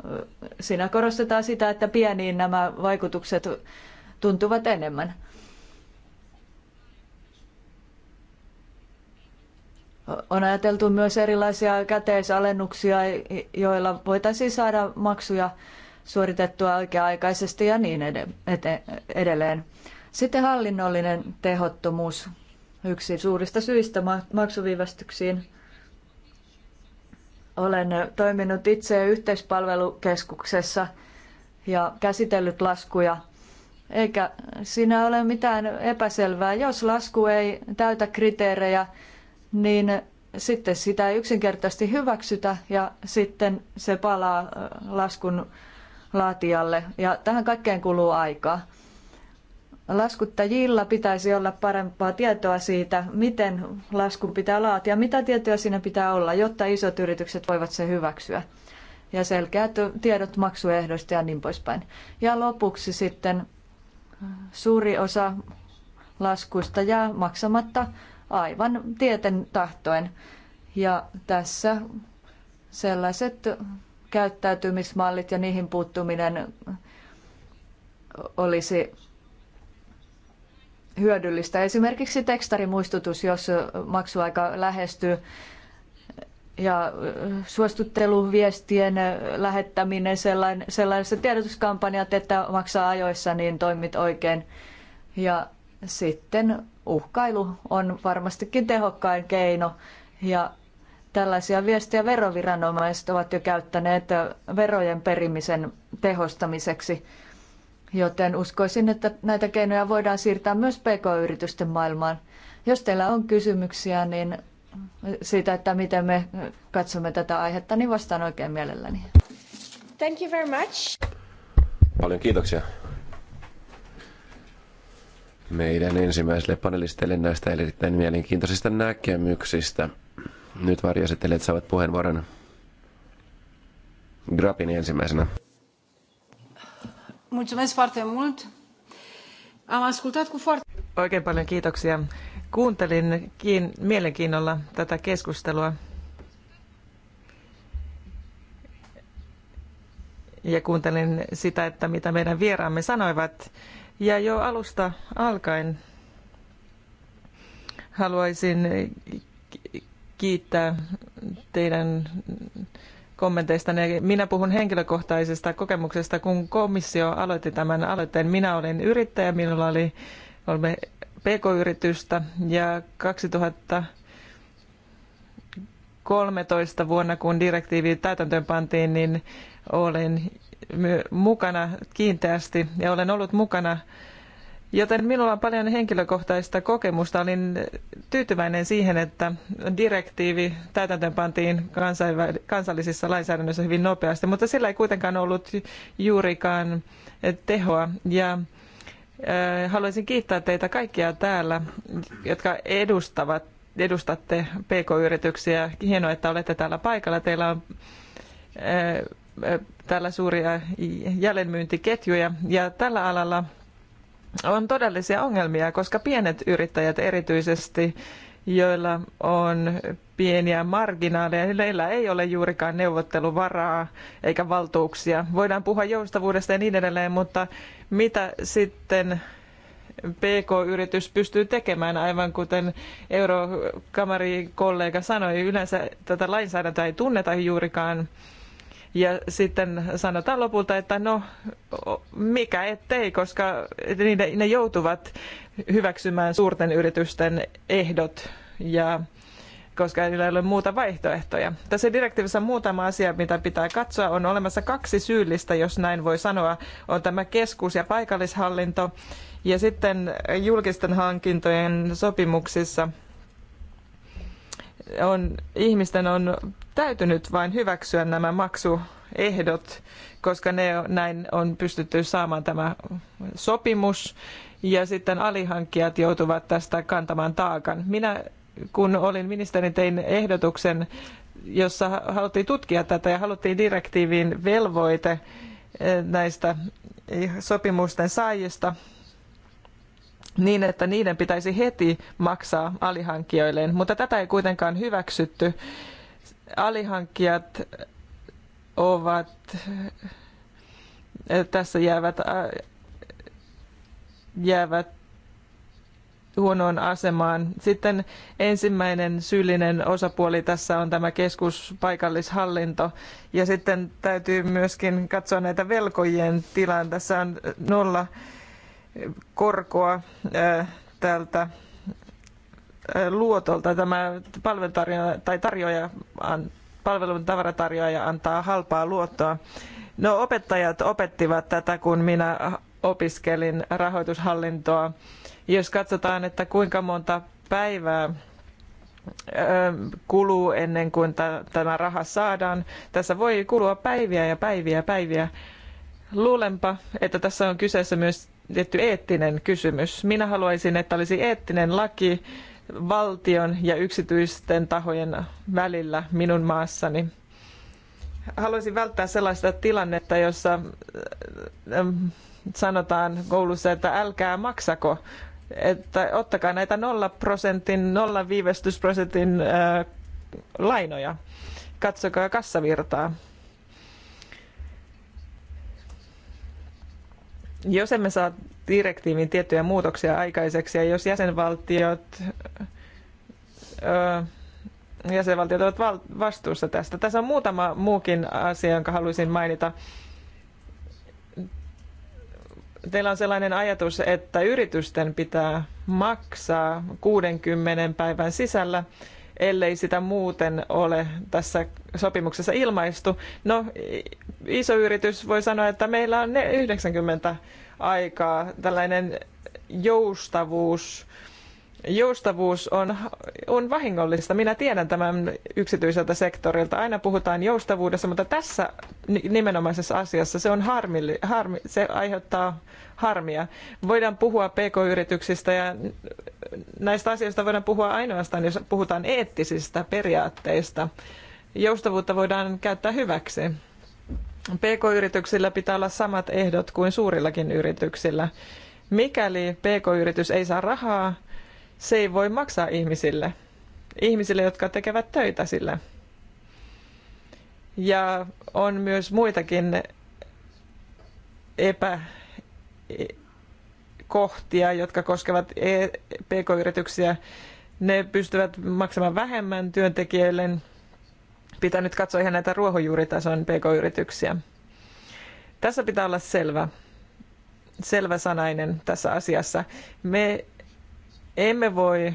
siinä korostetaan sitä, että pieniin nämä vaikutukset tuntuvat enemmän. On ajateltu myös erilaisia käteisalennuksia, joilla voitaisiin saada maksuja suoritettua oikea-aikaisesti ja niin edelleen. Sitten hallinnollinen tehottomuus yksi suurista syistä maksuviivästyksiin. Olen toiminut itse yhteispalvelukeskuksessa ja käsitellyt laskuja, eikä siinä ole mitään epäselvää. Jos lasku ei täytä kriteerejä, niin sitten sitä ei yksinkertaisesti hyväksytä ja sitten se palaa äh, laskun laatijalle. Ja tähän kaikkeen kuluu aikaa. Laskuttajilla pitäisi olla parempaa tietoa siitä, miten laskun pitää laatia, mitä tietoja siinä pitää olla, jotta isot yritykset voivat se hyväksyä. Ja selkeät tiedot maksuehdoista ja niin poispäin. Ja lopuksi sitten suuri osa laskuista jää maksamatta aivan tieten tahtoen. Ja tässä sellaiset käyttäytymismallit ja niihin puuttuminen olisi hyödyllistä. Esimerkiksi tekstarimuistutus, jos maksuaika lähestyy ja suostutteluviestien lähettäminen, sellainen, sellaiset tiedotuskampanjat, että maksaa ajoissa, niin toimit oikein. Ja sitten uhkailu on varmastikin tehokkain keino ja tällaisia viestejä veroviranomaiset ovat jo käyttäneet verojen perimisen tehostamiseksi. Joten uskoisin, että näitä keinoja voidaan siirtää myös pk-yritysten maailmaan. Jos teillä on kysymyksiä niin siitä, että miten me katsomme tätä aihetta, niin vastaan oikein mielelläni. Thank you very much. Paljon kiitoksia meidän ensimmäiselle panelisteille näistä erittäin mielenkiintoisista näkemyksistä. Nyt varjoesittelijät saavat puheenvuoron Grapin ensimmäisenä. Mulțumesc foarte mult. Am ascultat cu foarte... Oikein paljon kiitoksia. Kuuntelin kiin, mielenkiinnolla tätä keskustelua. Ja kuuntelin sitä, että mitä meidän vieraamme sanoivat. Ja jo alusta alkaen haluaisin kiittää teidän kommenteista. Niin minä puhun henkilökohtaisesta kokemuksesta, kun komissio aloitti tämän aloitteen. Minä olin yrittäjä, minulla oli kolme pk-yritystä ja 2013 vuonna, kun direktiivi täytäntöön pantiin, niin olin mukana kiinteästi ja olen ollut mukana Joten minulla on paljon henkilökohtaista kokemusta. Olin tyytyväinen siihen, että direktiivi täytäntöönpantiin kansallisissa lainsäädännössä hyvin nopeasti, mutta sillä ei kuitenkaan ollut juurikaan tehoa. Ja äh, haluaisin kiittää teitä kaikkia täällä, jotka edustavat, edustatte PK-yrityksiä. Hienoa, että olette täällä paikalla. Teillä on äh, äh, täällä suuria jäljenmyyntiketjuja ja tällä alalla – on todellisia ongelmia, koska pienet yrittäjät erityisesti, joilla on pieniä marginaaleja, niillä ei ole juurikaan neuvotteluvaraa eikä valtuuksia. Voidaan puhua joustavuudesta ja niin edelleen, mutta mitä sitten PK-yritys pystyy tekemään, aivan kuten eurokamarikollega sanoi, yleensä tätä lainsäädäntöä ei tunneta juurikaan ja sitten sanotaan lopulta, että no mikä ettei, koska ne, ne joutuvat hyväksymään suurten yritysten ehdot ja koska ei ole muuta vaihtoehtoja. Tässä direktiivissä on muutama asia, mitä pitää katsoa. On olemassa kaksi syyllistä, jos näin voi sanoa. On tämä keskus- ja paikallishallinto ja sitten julkisten hankintojen sopimuksissa – on, ihmisten on täytynyt vain hyväksyä nämä maksuehdot, koska ne näin on pystytty saamaan tämä sopimus ja sitten alihankkijat joutuvat tästä kantamaan taakan. Minä kun olin ministeri, tein ehdotuksen, jossa haluttiin tutkia tätä ja haluttiin direktiiviin velvoite eh, näistä sopimusten saajista niin, että niiden pitäisi heti maksaa alihankkijoilleen, mutta tätä ei kuitenkaan hyväksytty. Alihankkijat ovat eh, tässä jäävät, eh, jäävät huonoon asemaan. Sitten ensimmäinen syyllinen osapuoli tässä on tämä keskuspaikallishallinto. Ja sitten täytyy myöskin katsoa näitä velkojien tilaa. Tässä on nolla korkoa äh, tältä äh, luotolta. Tämä tai tarjoaja, palvelun tavaratarjoaja antaa halpaa luottoa. No opettajat opettivat tätä, kun minä opiskelin rahoitushallintoa. Jos katsotaan, että kuinka monta päivää äh, kuluu ennen kuin tämä raha saadaan. Tässä voi kulua päiviä ja päiviä ja päiviä. Luulenpa, että tässä on kyseessä myös tietty eettinen kysymys. Minä haluaisin, että olisi eettinen laki valtion ja yksityisten tahojen välillä minun maassani. Haluaisin välttää sellaista tilannetta, jossa äh, äh, sanotaan koulussa, että älkää maksako, että ottakaa näitä nolla prosentin, nolla viivästysprosentin äh, lainoja. Katsokaa kassavirtaa. Jos emme saa direktiivin tiettyjä muutoksia aikaiseksi ja jos jäsenvaltiot, ö, jäsenvaltiot ovat val- vastuussa tästä. Tässä on muutama muukin asia, jonka haluaisin mainita. Teillä on sellainen ajatus, että yritysten pitää maksaa 60 päivän sisällä ellei sitä muuten ole tässä sopimuksessa ilmaistu. No, iso yritys voi sanoa, että meillä on 90 aikaa tällainen joustavuus joustavuus on, on vahingollista. Minä tiedän tämän yksityiseltä sektorilta. Aina puhutaan joustavuudessa, mutta tässä nimenomaisessa asiassa se, on harmi, se aiheuttaa harmia. Voidaan puhua pk-yrityksistä ja näistä asioista voidaan puhua ainoastaan, jos puhutaan eettisistä periaatteista. Joustavuutta voidaan käyttää hyväksi. PK-yrityksillä pitää olla samat ehdot kuin suurillakin yrityksillä. Mikäli PK-yritys ei saa rahaa, se ei voi maksaa ihmisille, ihmisille, jotka tekevät töitä sillä. Ja on myös muitakin epäkohtia, jotka koskevat e-, pk-yrityksiä. Ne pystyvät maksamaan vähemmän työntekijöille. Pitää nyt katsoa ihan näitä ruohonjuuritason pk-yrityksiä. Tässä pitää olla selvä, sanainen tässä asiassa. Me emme voi,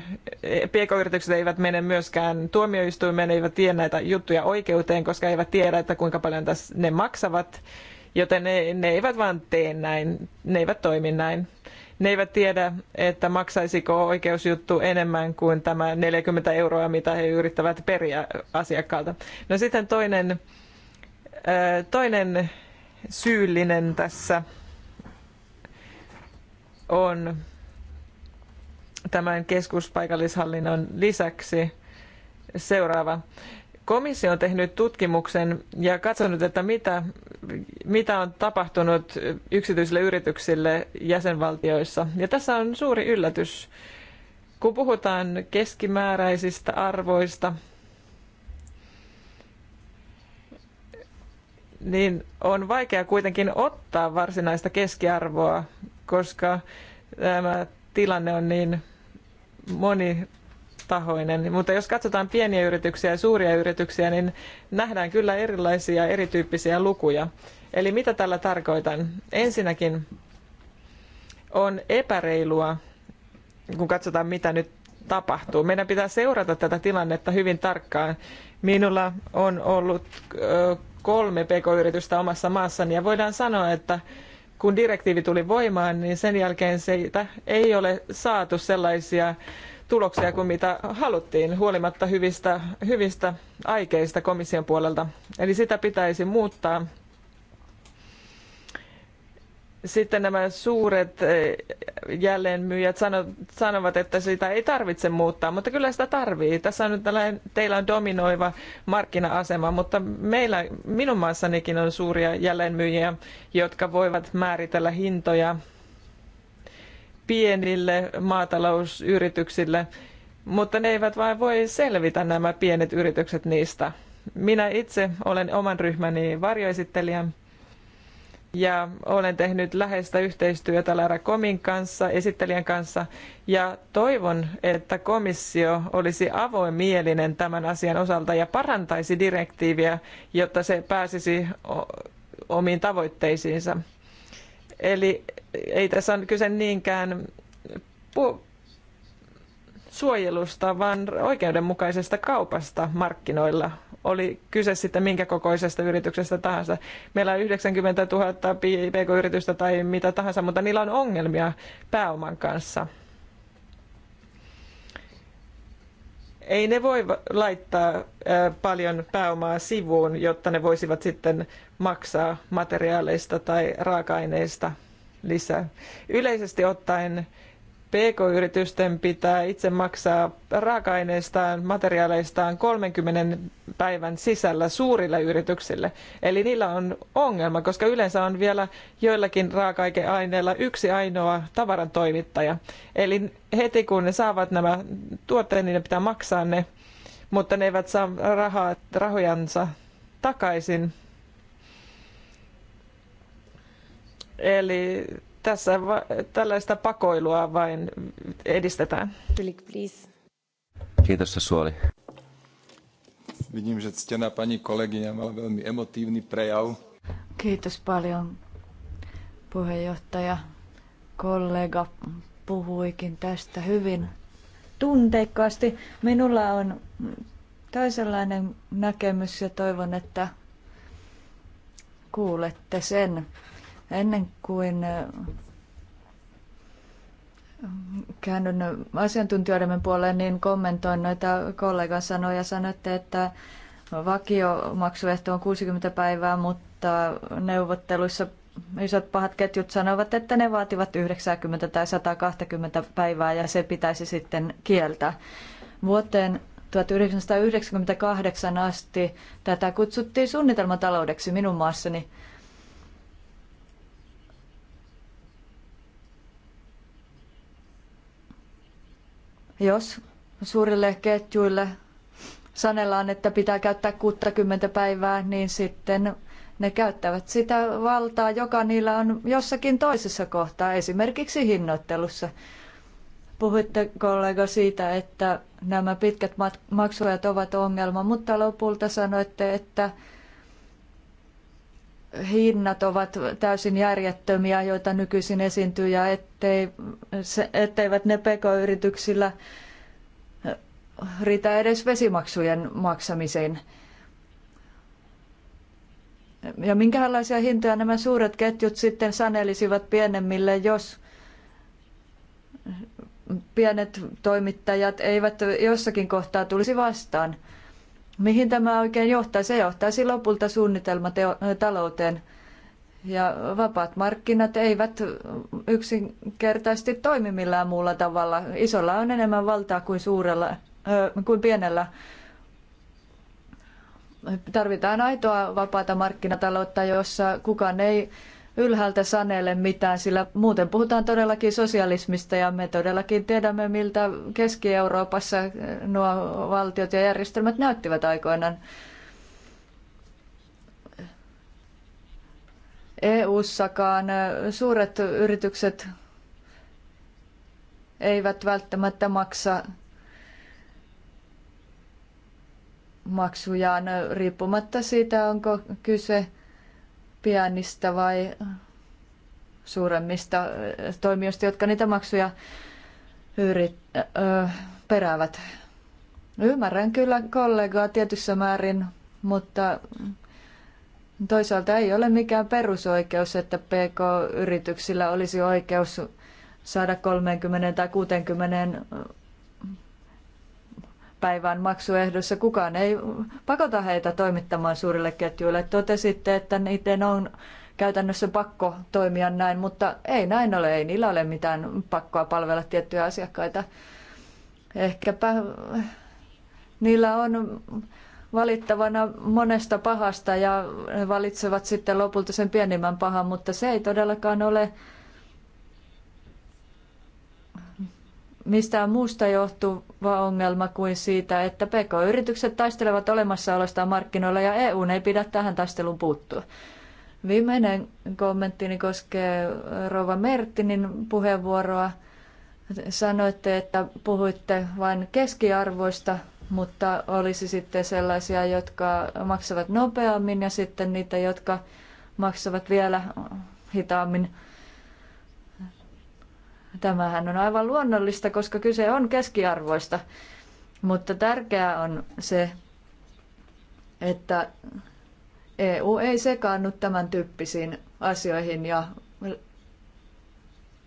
pk-yritykset eivät mene myöskään tuomioistuimeen, eivät tie näitä juttuja oikeuteen, koska eivät tiedä, että kuinka paljon tässä ne maksavat, joten ne, ne eivät vaan tee näin, ne eivät toimi näin. Ne eivät tiedä, että maksaisiko oikeusjuttu enemmän kuin tämä 40 euroa, mitä he yrittävät periä asiakkaalta. No sitten toinen, toinen syyllinen tässä on tämän keskuspaikallishallinnon lisäksi seuraava. Komissio on tehnyt tutkimuksen ja katsonut, että mitä, mitä on tapahtunut yksityisille yrityksille jäsenvaltioissa. Ja tässä on suuri yllätys. Kun puhutaan keskimääräisistä arvoista, niin on vaikea kuitenkin ottaa varsinaista keskiarvoa, koska tämä tilanne on niin moni tahoinen. Mutta jos katsotaan pieniä yrityksiä ja suuria yrityksiä, niin nähdään kyllä erilaisia erityyppisiä lukuja. Eli mitä tällä tarkoitan? Ensinnäkin on epäreilua, kun katsotaan mitä nyt tapahtuu. Meidän pitää seurata tätä tilannetta hyvin tarkkaan. Minulla on ollut kolme pk-yritystä omassa maassani ja voidaan sanoa, että kun direktiivi tuli voimaan, niin sen jälkeen siitä ei ole saatu sellaisia tuloksia kuin mitä haluttiin, huolimatta hyvistä, hyvistä aikeista komission puolelta. Eli sitä pitäisi muuttaa sitten nämä suuret eh, jälleenmyyjät sanovat, että sitä ei tarvitse muuttaa, mutta kyllä sitä tarvii. Tässä on nyt tällainen, teillä on dominoiva markkina-asema, mutta meillä, minun maassanikin on suuria jälleenmyyjiä, jotka voivat määritellä hintoja pienille maatalousyrityksille, mutta ne eivät vain voi selvitä nämä pienet yritykset niistä. Minä itse olen oman ryhmäni varjoesittelijä ja olen tehnyt läheistä yhteistyötä Lara Komin kanssa, esittelijän kanssa, ja toivon, että komissio olisi avoimielinen tämän asian osalta ja parantaisi direktiiviä, jotta se pääsisi omiin tavoitteisiinsa. Eli ei tässä ole kyse niinkään suojelusta, vaan oikeudenmukaisesta kaupasta markkinoilla oli kyse sitten minkä kokoisesta yrityksestä tahansa. Meillä on 90 000 pk-yritystä tai mitä tahansa, mutta niillä on ongelmia pääoman kanssa. Ei ne voi laittaa paljon pääomaa sivuun, jotta ne voisivat sitten maksaa materiaaleista tai raaka-aineista lisää. Yleisesti ottaen PK-yritysten pitää itse maksaa raaka-aineistaan, materiaaleistaan 30 päivän sisällä suurille yrityksille. Eli niillä on ongelma, koska yleensä on vielä joillakin raaka-aineilla yksi ainoa tavarantoimittaja. Eli heti kun ne saavat nämä tuotteet, niin ne pitää maksaa ne, mutta ne eivät saa rahaa, rahojansa takaisin. Eli tässä va- tällaista pakoilua vain edistetään. Kiitos, Suoli. Vidím, že ctená pani kolegyňa mala veľmi emotívny prejav. Kiitos paljon, puheenjohtaja. Kollega puhuikin tästä hyvin tunteikkaasti. Minulla on toisenlainen näkemys ja toivon, että kuulette sen. Ennen kuin äh, käännyn asiantuntijoiden puoleen, niin kommentoin noita kollegan sanoja. Sanoitte, että vakiomaksuehto on 60 päivää, mutta neuvotteluissa isot pahat ketjut sanovat, että ne vaativat 90 tai 120 päivää ja se pitäisi sitten kieltää. Vuoteen 1998 asti tätä kutsuttiin suunnitelmataloudeksi minun maassani. Jos suurille ketjuille sanellaan, että pitää käyttää 60 päivää, niin sitten ne käyttävät sitä valtaa, joka niillä on jossakin toisessa kohtaa, esimerkiksi hinnoittelussa. Puhuitte kollega siitä, että nämä pitkät maksuajat ovat ongelma, mutta lopulta sanoitte, että hinnat ovat täysin järjettömiä, joita nykyisin esiintyy, ja ettei, se, etteivät ne pk-yrityksillä riitä edes vesimaksujen maksamiseen. Ja minkälaisia hintoja nämä suuret ketjut sitten sanelisivat pienemmille, jos pienet toimittajat eivät jossakin kohtaa tulisi vastaan? Mihin tämä oikein johtaa? Se johtaisi siis lopulta suunnitelmatalouteen. Ja vapaat markkinat eivät yksinkertaisesti toimi millään muulla tavalla. Isolla on enemmän valtaa kuin, suurella, kuin pienellä. Tarvitaan aitoa vapaata markkinataloutta, jossa kukaan ei ylhäältä sanele mitään, sillä muuten puhutaan todellakin sosialismista ja me todellakin tiedämme, miltä Keski-Euroopassa nuo valtiot ja järjestelmät näyttivät aikoinaan. EU-sakaan suuret yritykset eivät välttämättä maksa maksujaan riippumatta siitä, onko kyse pienistä vai suuremmista toimijoista, jotka niitä maksuja yrit, ö, peräävät. Ymmärrän kyllä kollegaa tietyssä määrin, mutta toisaalta ei ole mikään perusoikeus, että PK-yrityksillä olisi oikeus saada 30 tai 60 päivän maksuehdossa kukaan ei pakota heitä toimittamaan suurille ketjuille. Totesitte, että niiden on käytännössä pakko toimia näin, mutta ei näin ole. Ei niillä ole mitään pakkoa palvella tiettyjä asiakkaita. Ehkäpä niillä on valittavana monesta pahasta ja he valitsevat sitten lopulta sen pienimmän pahan, mutta se ei todellakaan ole mistään muusta johtu, ongelma kuin siitä, että PK-yritykset taistelevat olemassaolostaan markkinoilla ja EU ei pidä tähän taisteluun puuttua. Viimeinen kommenttini koskee Rova Mertinin puheenvuoroa. Sanoitte, että puhuitte vain keskiarvoista, mutta olisi sitten sellaisia, jotka maksavat nopeammin ja sitten niitä, jotka maksavat vielä hitaammin. Tämähän on aivan luonnollista, koska kyse on keskiarvoista. Mutta tärkeää on se, että EU ei sekaannu tämän tyyppisiin asioihin ja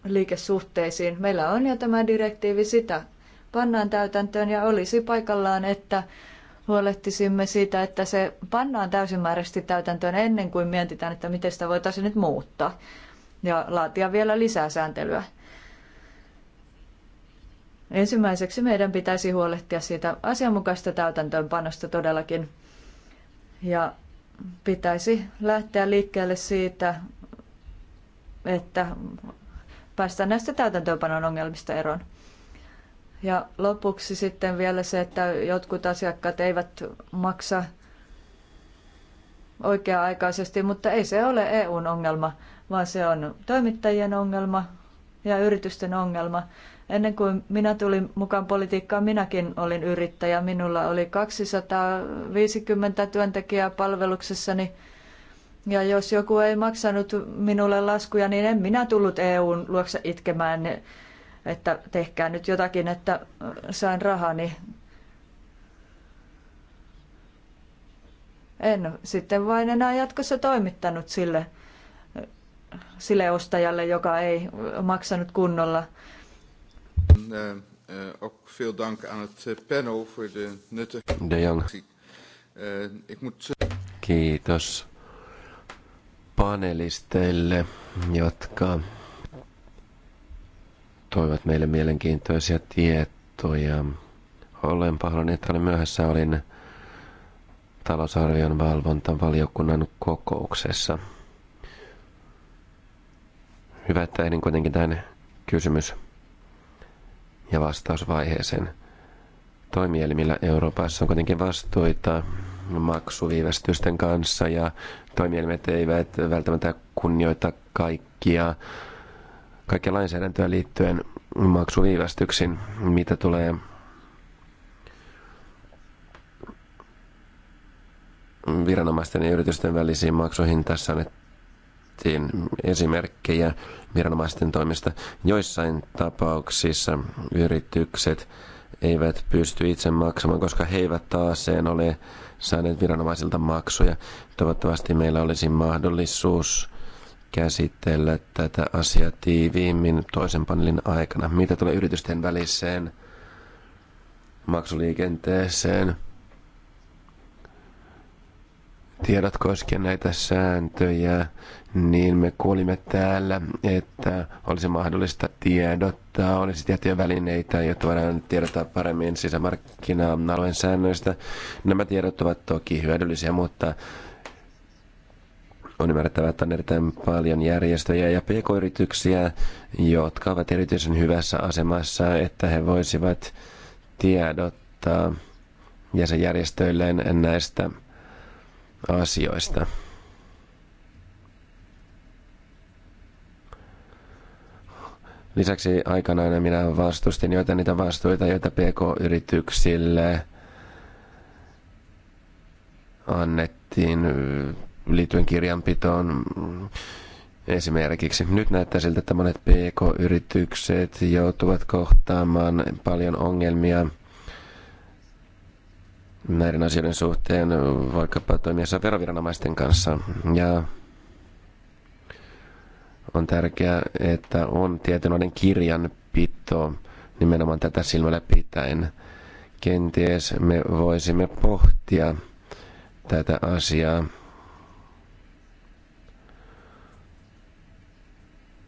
liikesuhteisiin. Meillä on jo tämä direktiivi, sitä pannaan täytäntöön ja olisi paikallaan, että huolehtisimme siitä, että se pannaan täysimääräisesti täytäntöön ennen kuin mietitään, että miten sitä voitaisiin nyt muuttaa ja laatia vielä lisää sääntelyä. Ensimmäiseksi meidän pitäisi huolehtia siitä asianmukaista täytäntöönpanosta todellakin. Ja pitäisi lähteä liikkeelle siitä, että päästään näistä täytäntöönpanon ongelmista eroon. Ja lopuksi sitten vielä se, että jotkut asiakkaat eivät maksa oikea-aikaisesti, mutta ei se ole EUn ongelma, vaan se on toimittajien ongelma ja yritysten ongelma. Ennen kuin minä tulin mukaan politiikkaan, minäkin olin yrittäjä. Minulla oli 250 työntekijää palveluksessani. Ja jos joku ei maksanut minulle laskuja, niin en minä tullut EUn luokse itkemään, että tehkää nyt jotakin, että sain rahani. En sitten vain enää jatkossa toimittanut sille, sille ostajalle, joka ei maksanut kunnolla – Eh, eh, ook veel dank aan het eh, panel voor de nuttige... De Jong. Ik moet... Kiitos panelisteille, jotka toivat meille mielenkiintoisia tietoja. Olen pahoillani, että olin myöhässä. Olin talousarvion valvontavaliokunnan kokouksessa. Hyvä, että ehdin kuitenkin tähän kysymys ja vastausvaiheeseen. Toimielimillä Euroopassa on kuitenkin vastuita maksuviivästysten kanssa ja toimielimet eivät välttämättä kunnioita kaikkia, kaikkia lainsäädäntöä liittyen maksuviivästyksiin, mitä tulee viranomaisten ja yritysten välisiin maksuihin. Tässä on, että annettiin esimerkkejä viranomaisten toimista. Joissain tapauksissa yritykset eivät pysty itse maksamaan, koska he eivät taaseen ole saaneet viranomaisilta maksuja. Toivottavasti meillä olisi mahdollisuus käsitellä tätä asiaa tiiviimmin toisen panelin aikana. Mitä tulee yritysten väliseen maksuliikenteeseen? Tiedot koskien näitä sääntöjä niin me kuulimme täällä, että olisi mahdollista tiedottaa, olisi tiettyjä välineitä, jotta voidaan tiedottaa paremmin sisämarkkina-alueen säännöistä. Nämä tiedot ovat toki hyödyllisiä, mutta on ymmärrettävä, että on erittäin paljon järjestöjä ja pk-yrityksiä, jotka ovat erityisen hyvässä asemassa, että he voisivat tiedottaa jäsenjärjestöilleen näistä asioista. Lisäksi aikanaan minä vastustin joita niitä vastuita, joita PK-yrityksille annettiin liittyen kirjanpitoon esimerkiksi. Nyt näyttää siltä, että monet PK-yritykset joutuvat kohtaamaan paljon ongelmia näiden asioiden suhteen, vaikkapa toimiessa veroviranomaisten kanssa. Ja on tärkeää, että on tietynlainen kirjanpito nimenomaan tätä silmällä pitäen. Kenties me voisimme pohtia tätä asiaa.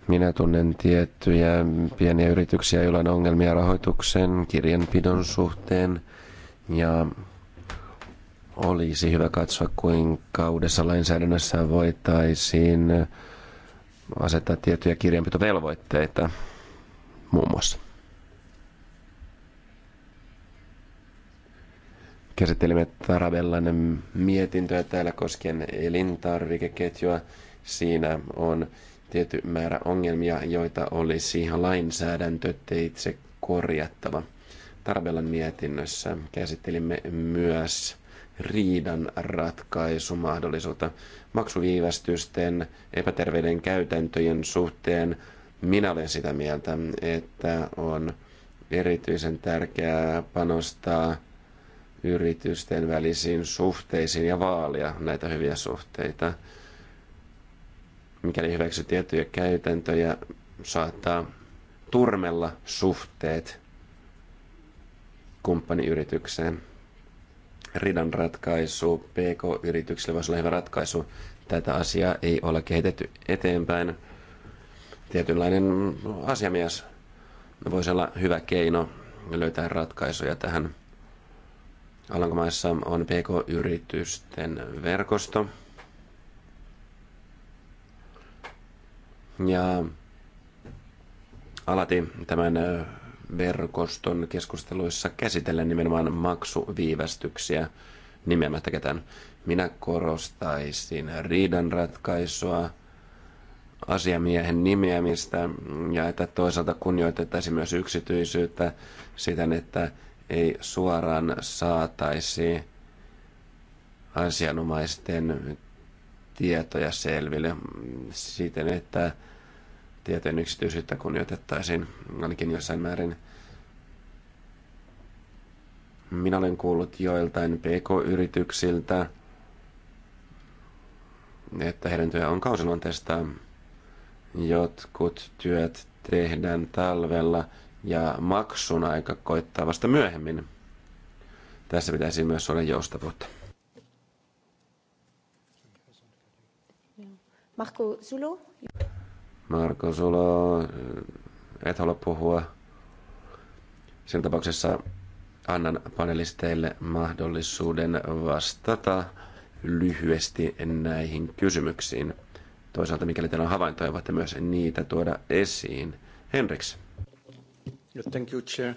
Minä tunnen tiettyjä pieniä yrityksiä, joilla on ongelmia rahoituksen, kirjanpidon suhteen ja olisi hyvä katsoa, kuinka uudessa lainsäädännössä voitaisiin asettaa tiettyjä kirjanpitovelvoitteita muun muassa. Käsittelimme Tarabellan mietintöä täällä koskien elintarvikeketjua. Siinä on tietty määrä ongelmia, joita olisi itse korjattava. Tarabellan mietinnössä käsittelimme myös riidan ratkaisumahdollisuutta maksuviivästysten, epäterveiden käytäntöjen suhteen. Minä olen sitä mieltä, että on erityisen tärkeää panostaa yritysten välisiin suhteisiin ja vaalia näitä hyviä suhteita. Mikäli hyväksy tiettyjä käytäntöjä, saattaa turmella suhteet kumppaniyritykseen ratkaisu PK-yrityksille voisi olla hyvä ratkaisu. Tätä asiaa ei ole kehitetty eteenpäin. Tietynlainen asiamies voisi olla hyvä keino löytää ratkaisuja tähän. Alankomaissa on PK-yritysten verkosto. Ja alati tämän verkoston keskusteluissa käsitellä nimenomaan maksuviivästyksiä nimeämättä ketään. Minä korostaisin riidanratkaisua, asiamiehen nimeämistä ja että toisaalta kunnioitettaisiin myös yksityisyyttä siten, että ei suoraan saataisi asianomaisten tietoja selville siten, että Tieteen yksityisyyttä kunnioitettaisiin ainakin jossain määrin. Minä olen kuullut joiltain PK-yrityksiltä, että heidän työ on kausiluonteista. Jotkut työt tehdään talvella ja maksun aika koittaa vasta myöhemmin. Tässä pitäisi myös olla joustavuutta. Marko Zulo. Marko Sulo, eh, et halua puhua. Sen tapauksessa annan panelisteille mahdollisuuden vastata lyhyesti näihin kysymyksiin. Toisaalta mikäli teillä on havaintoja, voitte myös niitä tuoda esiin. Henriks. Thank you, chair.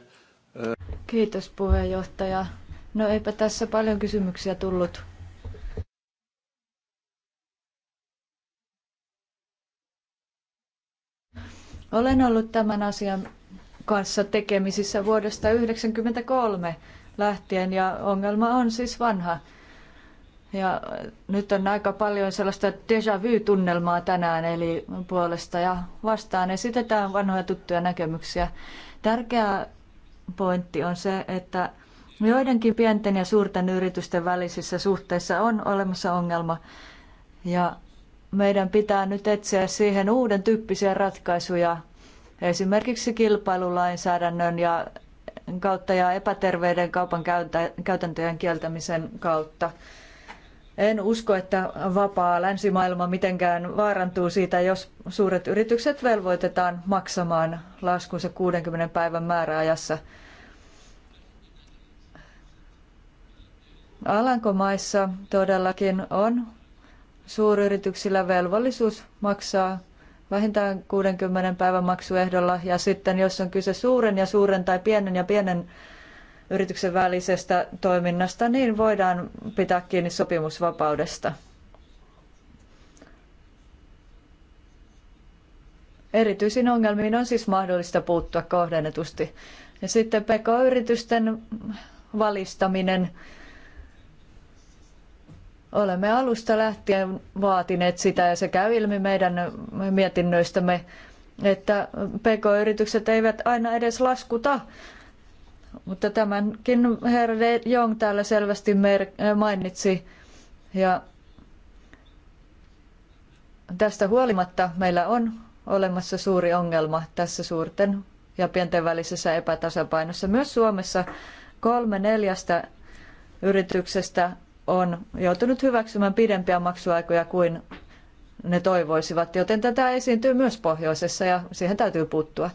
Kiitos puheenjohtaja. No eipä tässä paljon kysymyksiä tullut Olen ollut tämän asian kanssa tekemisissä vuodesta 1993 lähtien ja ongelma on siis vanha. Ja nyt on aika paljon sellaista déjà vu-tunnelmaa tänään, eli puolesta ja vastaan esitetään vanhoja tuttuja näkemyksiä. Tärkeä pointti on se, että joidenkin pienten ja suurten yritysten välisissä suhteissa on olemassa ongelma, ja meidän pitää nyt etsiä siihen uuden tyyppisiä ratkaisuja esimerkiksi kilpailulainsäädännön ja kautta ja epäterveiden kaupan käytäntöjen kieltämisen kautta. En usko, että vapaa länsimaailma mitenkään vaarantuu siitä, jos suuret yritykset velvoitetaan maksamaan laskunsa 60 päivän määräajassa. Alankomaissa todellakin on suuryrityksillä velvollisuus maksaa vähintään 60 päivän maksuehdolla ja sitten jos on kyse suuren ja suuren tai pienen ja pienen yrityksen välisestä toiminnasta, niin voidaan pitää kiinni sopimusvapaudesta. Erityisiin ongelmiin on siis mahdollista puuttua kohdennetusti. Ja sitten PK-yritysten valistaminen Olemme alusta lähtien vaatineet sitä ja se käy ilmi meidän mietinnöistämme, että pk-yritykset eivät aina edes laskuta mutta tämänkin herra De Jong täällä selvästi mainitsi. Ja tästä huolimatta meillä on olemassa suuri ongelma tässä suurten ja pienten välisessä epätasapainossa. Myös Suomessa kolme neljästä yrityksestä on joutunut hyväksymään pidempiä maksuaikoja kuin ne toivoisivat, joten tätä esiintyy myös pohjoisessa ja siihen täytyy puuttua.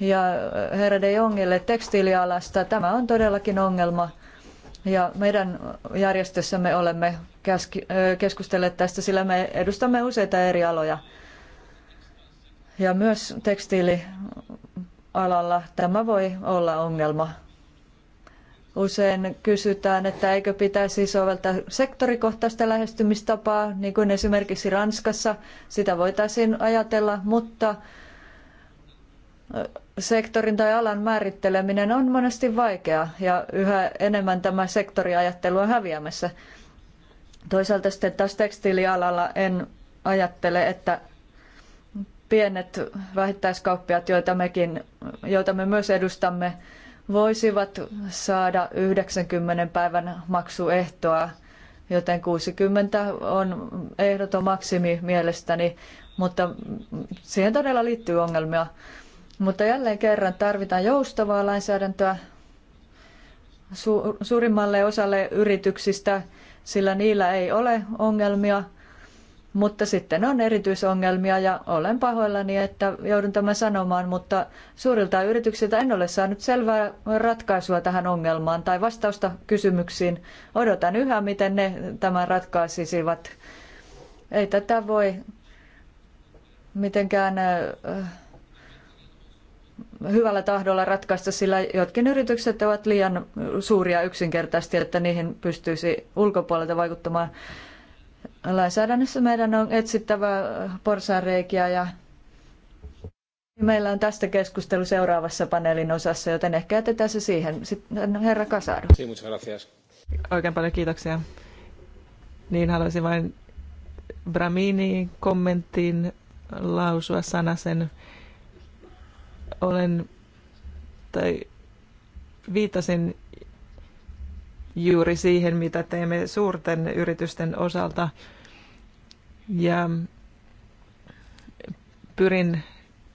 Ja herra de Jongille tekstiilialasta, tämä on todellakin ongelma. Ja meidän järjestössämme olemme keskustelleet tästä, sillä me edustamme useita eri aloja. Ja myös tekstiilialalla tämä voi olla ongelma. Usein kysytään, että eikö pitäisi soveltaa sektorikohtaista lähestymistapaa, niin kuin esimerkiksi Ranskassa. Sitä voitaisiin ajatella, mutta sektorin tai alan määritteleminen on monesti vaikeaa ja yhä enemmän tämä sektoriajattelu on häviämässä. Toisaalta sitten taas tekstiilialalla en ajattele, että pienet vähittäiskauppiat, joita, mekin, joita me myös edustamme, voisivat saada 90 päivän maksuehtoa, joten 60 on ehdoton maksimi mielestäni, mutta siihen todella liittyy ongelmia. Mutta jälleen kerran tarvitaan joustavaa lainsäädäntöä suurimmalle osalle yrityksistä, sillä niillä ei ole ongelmia – mutta sitten on erityisongelmia ja olen pahoillani, että joudun tämän sanomaan, mutta suurilta yrityksiltä en ole saanut selvää ratkaisua tähän ongelmaan tai vastausta kysymyksiin. Odotan yhä, miten ne tämän ratkaisisivat. Ei tätä voi mitenkään hyvällä tahdolla ratkaista, sillä jotkin yritykset ovat liian suuria yksinkertaisesti, että niihin pystyisi ulkopuolelta vaikuttamaan lainsäädännössä meidän on etsittävä porsareikiä ja meillä on tästä keskustelu seuraavassa paneelin osassa, joten ehkä jätetään se siihen. Sitten herra Kasaro. Oikein paljon kiitoksia. Niin haluaisin vain Bramini kommenttiin lausua sanasen. Olen tai viitasin juuri siihen, mitä teemme suurten yritysten osalta – ja pyrin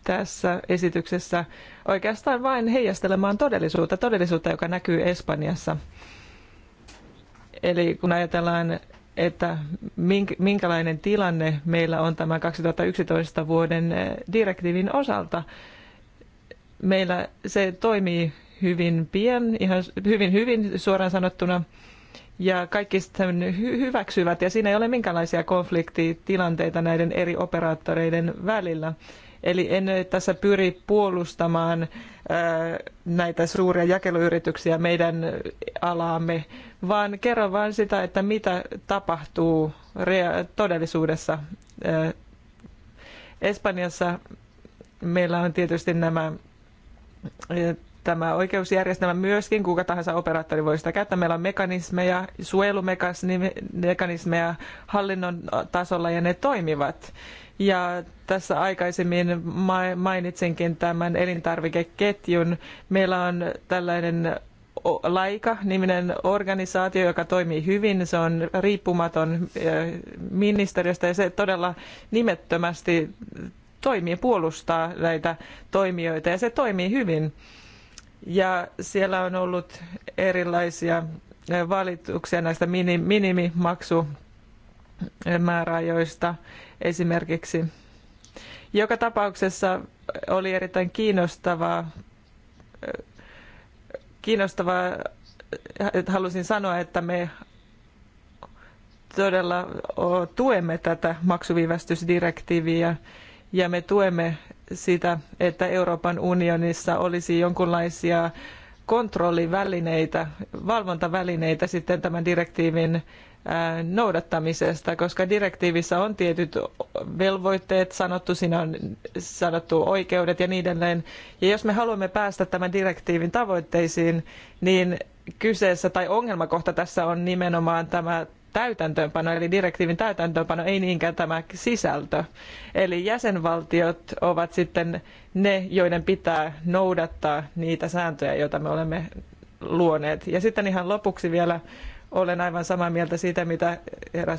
tässä esityksessä oikeastaan vain heijastelemaan todellisuutta, todellisuutta, joka näkyy Espanjassa. Eli kun ajatellaan, että minkälainen tilanne meillä on tämän 2011 vuoden eh, direktiivin osalta, meillä se toimii hyvin pian, ihan hyvin hyvin suoraan sanottuna – ja kaikki sen hy- hyväksyvät ja siinä ei ole minkäänlaisia konfliktitilanteita näiden eri operaattoreiden välillä. Eli en tässä pyri puolustamaan näitä suuria jakeluyrityksiä meidän alaamme, vaan kerron vain sitä, että mitä tapahtuu todellisuudessa. Espanjassa meillä on tietysti nämä tämä oikeusjärjestelmä myöskin, kuka tahansa operaattori voi sitä käyttää. Meillä on mekanismeja, suojelumekanismeja hallinnon tasolla ja ne toimivat. Ja tässä aikaisemmin mainitsinkin tämän elintarvikeketjun. Meillä on tällainen Laika-niminen organisaatio, joka toimii hyvin. Se on riippumaton ministeriöstä ja se todella nimettömästi toimii, puolustaa näitä toimijoita ja se toimii hyvin ja siellä on ollut erilaisia valituksia näistä minimimaksumääräajoista esimerkiksi. Joka tapauksessa oli erittäin kiinnostavaa, kiinnostavaa että halusin sanoa, että me todella tuemme tätä maksuviivästysdirektiiviä ja me tuemme sitä, että Euroopan unionissa olisi jonkinlaisia kontrollivälineitä, valvontavälineitä sitten tämän direktiivin noudattamisesta, koska direktiivissä on tietyt velvoitteet sanottu, siinä on sanottu oikeudet ja niin edelleen. Ja jos me haluamme päästä tämän direktiivin tavoitteisiin, niin kyseessä tai ongelmakohta tässä on nimenomaan tämä täytäntöönpano, eli direktiivin täytäntöönpano, ei niinkään tämä sisältö. Eli jäsenvaltiot ovat sitten ne, joiden pitää noudattaa niitä sääntöjä, joita me olemme luoneet. Ja sitten ihan lopuksi vielä olen aivan samaa mieltä siitä, mitä herra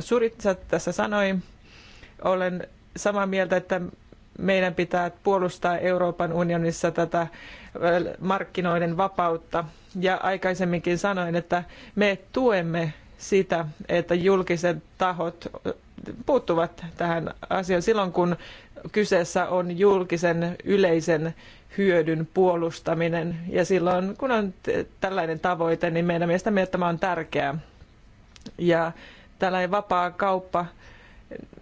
Suritsa tässä sanoi. Olen samaa mieltä, että meidän pitää puolustaa Euroopan unionissa tätä markkinoiden vapautta. Ja aikaisemminkin sanoin, että me tuemme sitä, että julkiset tahot puuttuvat tähän asiaan silloin, kun kyseessä on julkisen yleisen hyödyn puolustaminen. Ja silloin, kun on tällainen tavoite, niin meidän mielestämme tämä on tärkeää. Ja tällainen vapaa kauppa,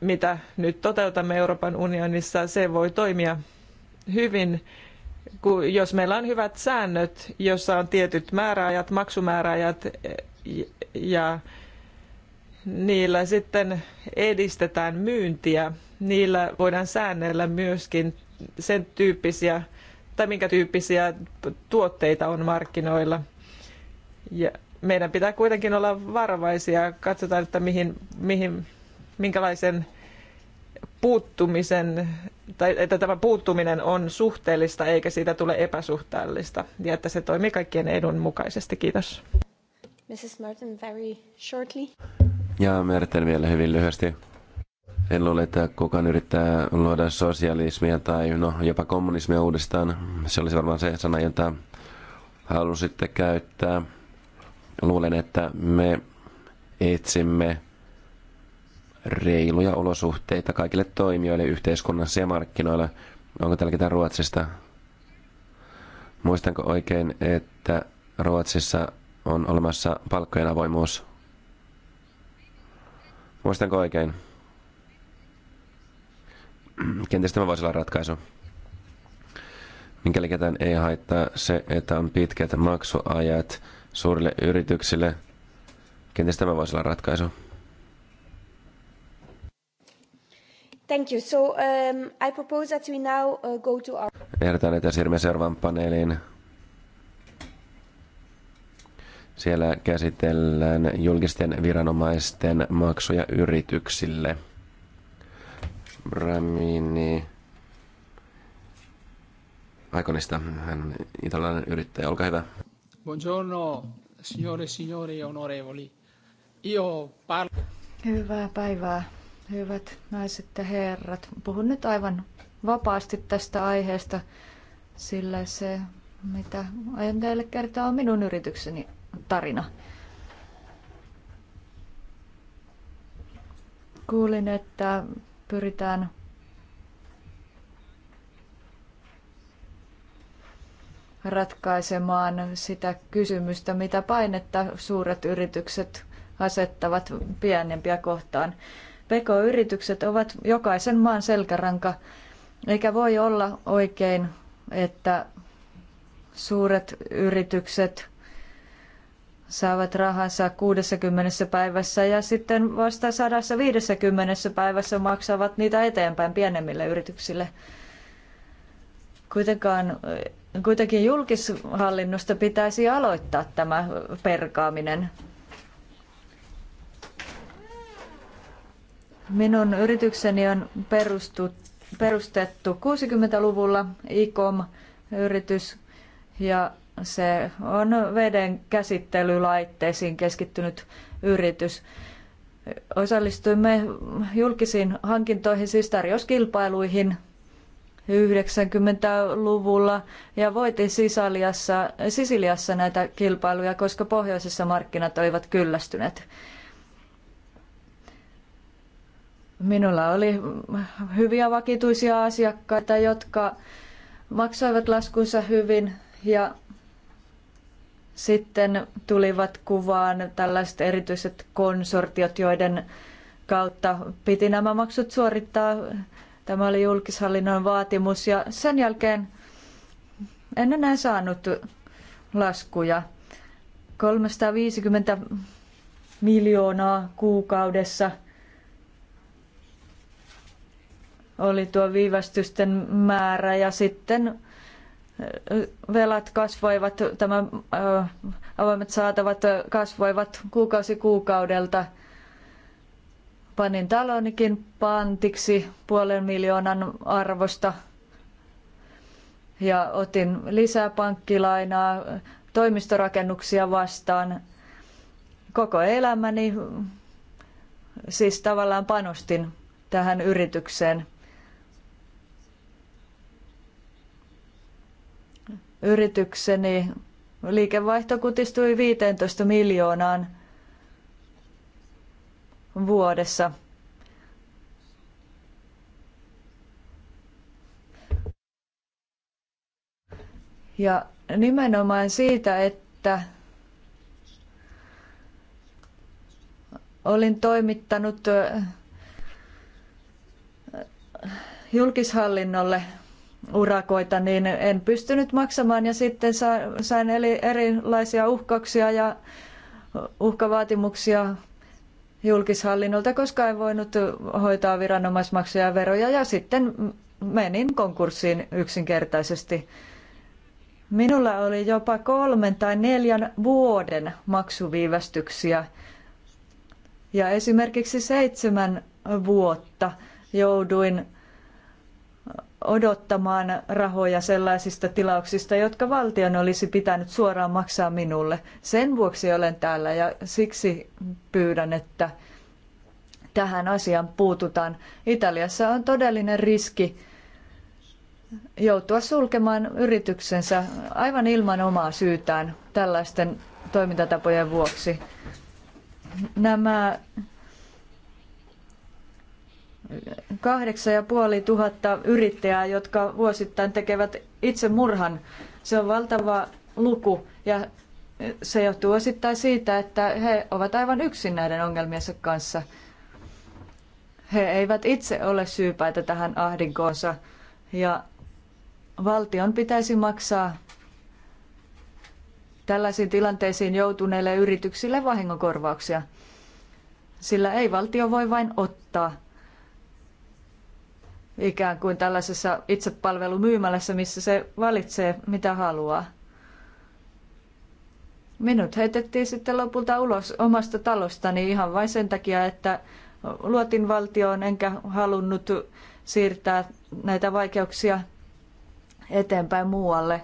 mitä nyt toteutamme Euroopan unionissa, se voi toimia hyvin, jos meillä on hyvät säännöt, jossa on tietyt määräajat, maksumääräajat, ja niillä sitten edistetään myyntiä. Niillä voidaan säännellä myöskin sen tyyppisiä tai minkä tyyppisiä tuotteita on markkinoilla. Ja meidän pitää kuitenkin olla varovaisia. Katsotaan, että mihin, mihin, minkälaisen puuttumisen, tai että tämä puuttuminen on suhteellista eikä siitä tule epäsuhteellista ja että se toimii kaikkien edun mukaisesti. Kiitos. Mrs. Merton, very shortly. Ja Merton vielä hyvin lyhyesti. En luule, että kukaan yrittää luoda sosialismia tai no, jopa kommunismia uudestaan. Se olisi varmaan se sana, jota halusitte käyttää. Luulen, että me etsimme reiluja olosuhteita kaikille toimijoille yhteiskunnassa ja markkinoilla. Onko tällä ketään Ruotsista? Muistanko oikein, että Ruotsissa on olemassa palkkojen avoimuus. Muistanko oikein? Kenties tämä voisi olla ratkaisu. Mikäli ketään ei haittaa se, että on pitkät maksuajat suurille yrityksille, kenties tämä voisi olla ratkaisu. Thank you. So um, I propose that we now uh, go to our... Ehdotan, että siirrymme seuraavaan paneeliin. Siellä käsitellään julkisten viranomaisten maksuja yrityksille. Bramini. Aikonista, hän italialainen yrittäjä, olkaa hyvä. Buongiorno, signore, signori, onorevoli. Io parlo... Hyvää päivää, hyvät naiset ja herrat. Puhun nyt aivan vapaasti tästä aiheesta, sillä se, mitä aion teille kertoa, on minun yritykseni tarina. Kuulin, että pyritään ratkaisemaan sitä kysymystä, mitä painetta suuret yritykset asettavat pienempiä kohtaan. PK-yritykset ovat jokaisen maan selkäranka, eikä voi olla oikein, että suuret yritykset saavat rahansa 60 päivässä ja sitten vasta 150 päivässä maksavat niitä eteenpäin pienemmille yrityksille. Kuitenkaan, kuitenkin julkishallinnosta pitäisi aloittaa tämä perkaaminen. Minun yritykseni on perustu, perustettu 60-luvulla, ICOM-yritys, ja se on veden käsittelylaitteisiin keskittynyt yritys. Osallistuimme julkisiin hankintoihin, siis tarjouskilpailuihin 90-luvulla ja voitin Sisaliassa, Sisiliassa näitä kilpailuja, koska pohjoisessa markkinat olivat kyllästyneet. Minulla oli hyviä vakituisia asiakkaita, jotka maksoivat laskunsa hyvin ja sitten tulivat kuvaan tällaiset erityiset konsortiot, joiden kautta piti nämä maksut suorittaa. Tämä oli julkishallinnon vaatimus ja sen jälkeen en enää saanut laskuja. 350 miljoonaa kuukaudessa oli tuo viivästysten määrä ja sitten velat kasvoivat, tämä avoimet saatavat kasvoivat kuukausi kuukaudelta. Panin talonikin pantiksi puolen miljoonan arvosta ja otin lisää pankkilainaa toimistorakennuksia vastaan. Koko elämäni siis tavallaan panostin tähän yritykseen – yritykseni liikevaihto kutistui 15 miljoonaan vuodessa. Ja nimenomaan siitä, että olin toimittanut julkishallinnolle urakoita, niin en pystynyt maksamaan ja sitten sain erilaisia uhkauksia ja uhkavaatimuksia julkishallinnolta, koska en voinut hoitaa viranomaismaksuja ja veroja ja sitten menin konkurssiin yksinkertaisesti. Minulla oli jopa kolmen tai neljän vuoden maksuviivästyksiä ja esimerkiksi seitsemän vuotta jouduin odottamaan rahoja sellaisista tilauksista, jotka valtion olisi pitänyt suoraan maksaa minulle. Sen vuoksi olen täällä ja siksi pyydän, että tähän asiaan puututaan. Italiassa on todellinen riski joutua sulkemaan yrityksensä aivan ilman omaa syytään tällaisten toimintatapojen vuoksi. Nämä ja puoli tuhatta yrittäjää, jotka vuosittain tekevät itse murhan, Se on valtava luku ja se johtuu osittain siitä, että he ovat aivan yksin näiden ongelmiensa kanssa. He eivät itse ole syypäitä tähän ahdinkoonsa ja valtion pitäisi maksaa tällaisiin tilanteisiin joutuneille yrityksille vahingonkorvauksia. Sillä ei valtio voi vain ottaa ikään kuin tällaisessa itsepalvelumyymälässä, missä se valitsee mitä haluaa. Minut heitettiin sitten lopulta ulos omasta talostani ihan vain sen takia, että luotin valtioon enkä halunnut siirtää näitä vaikeuksia eteenpäin muualle.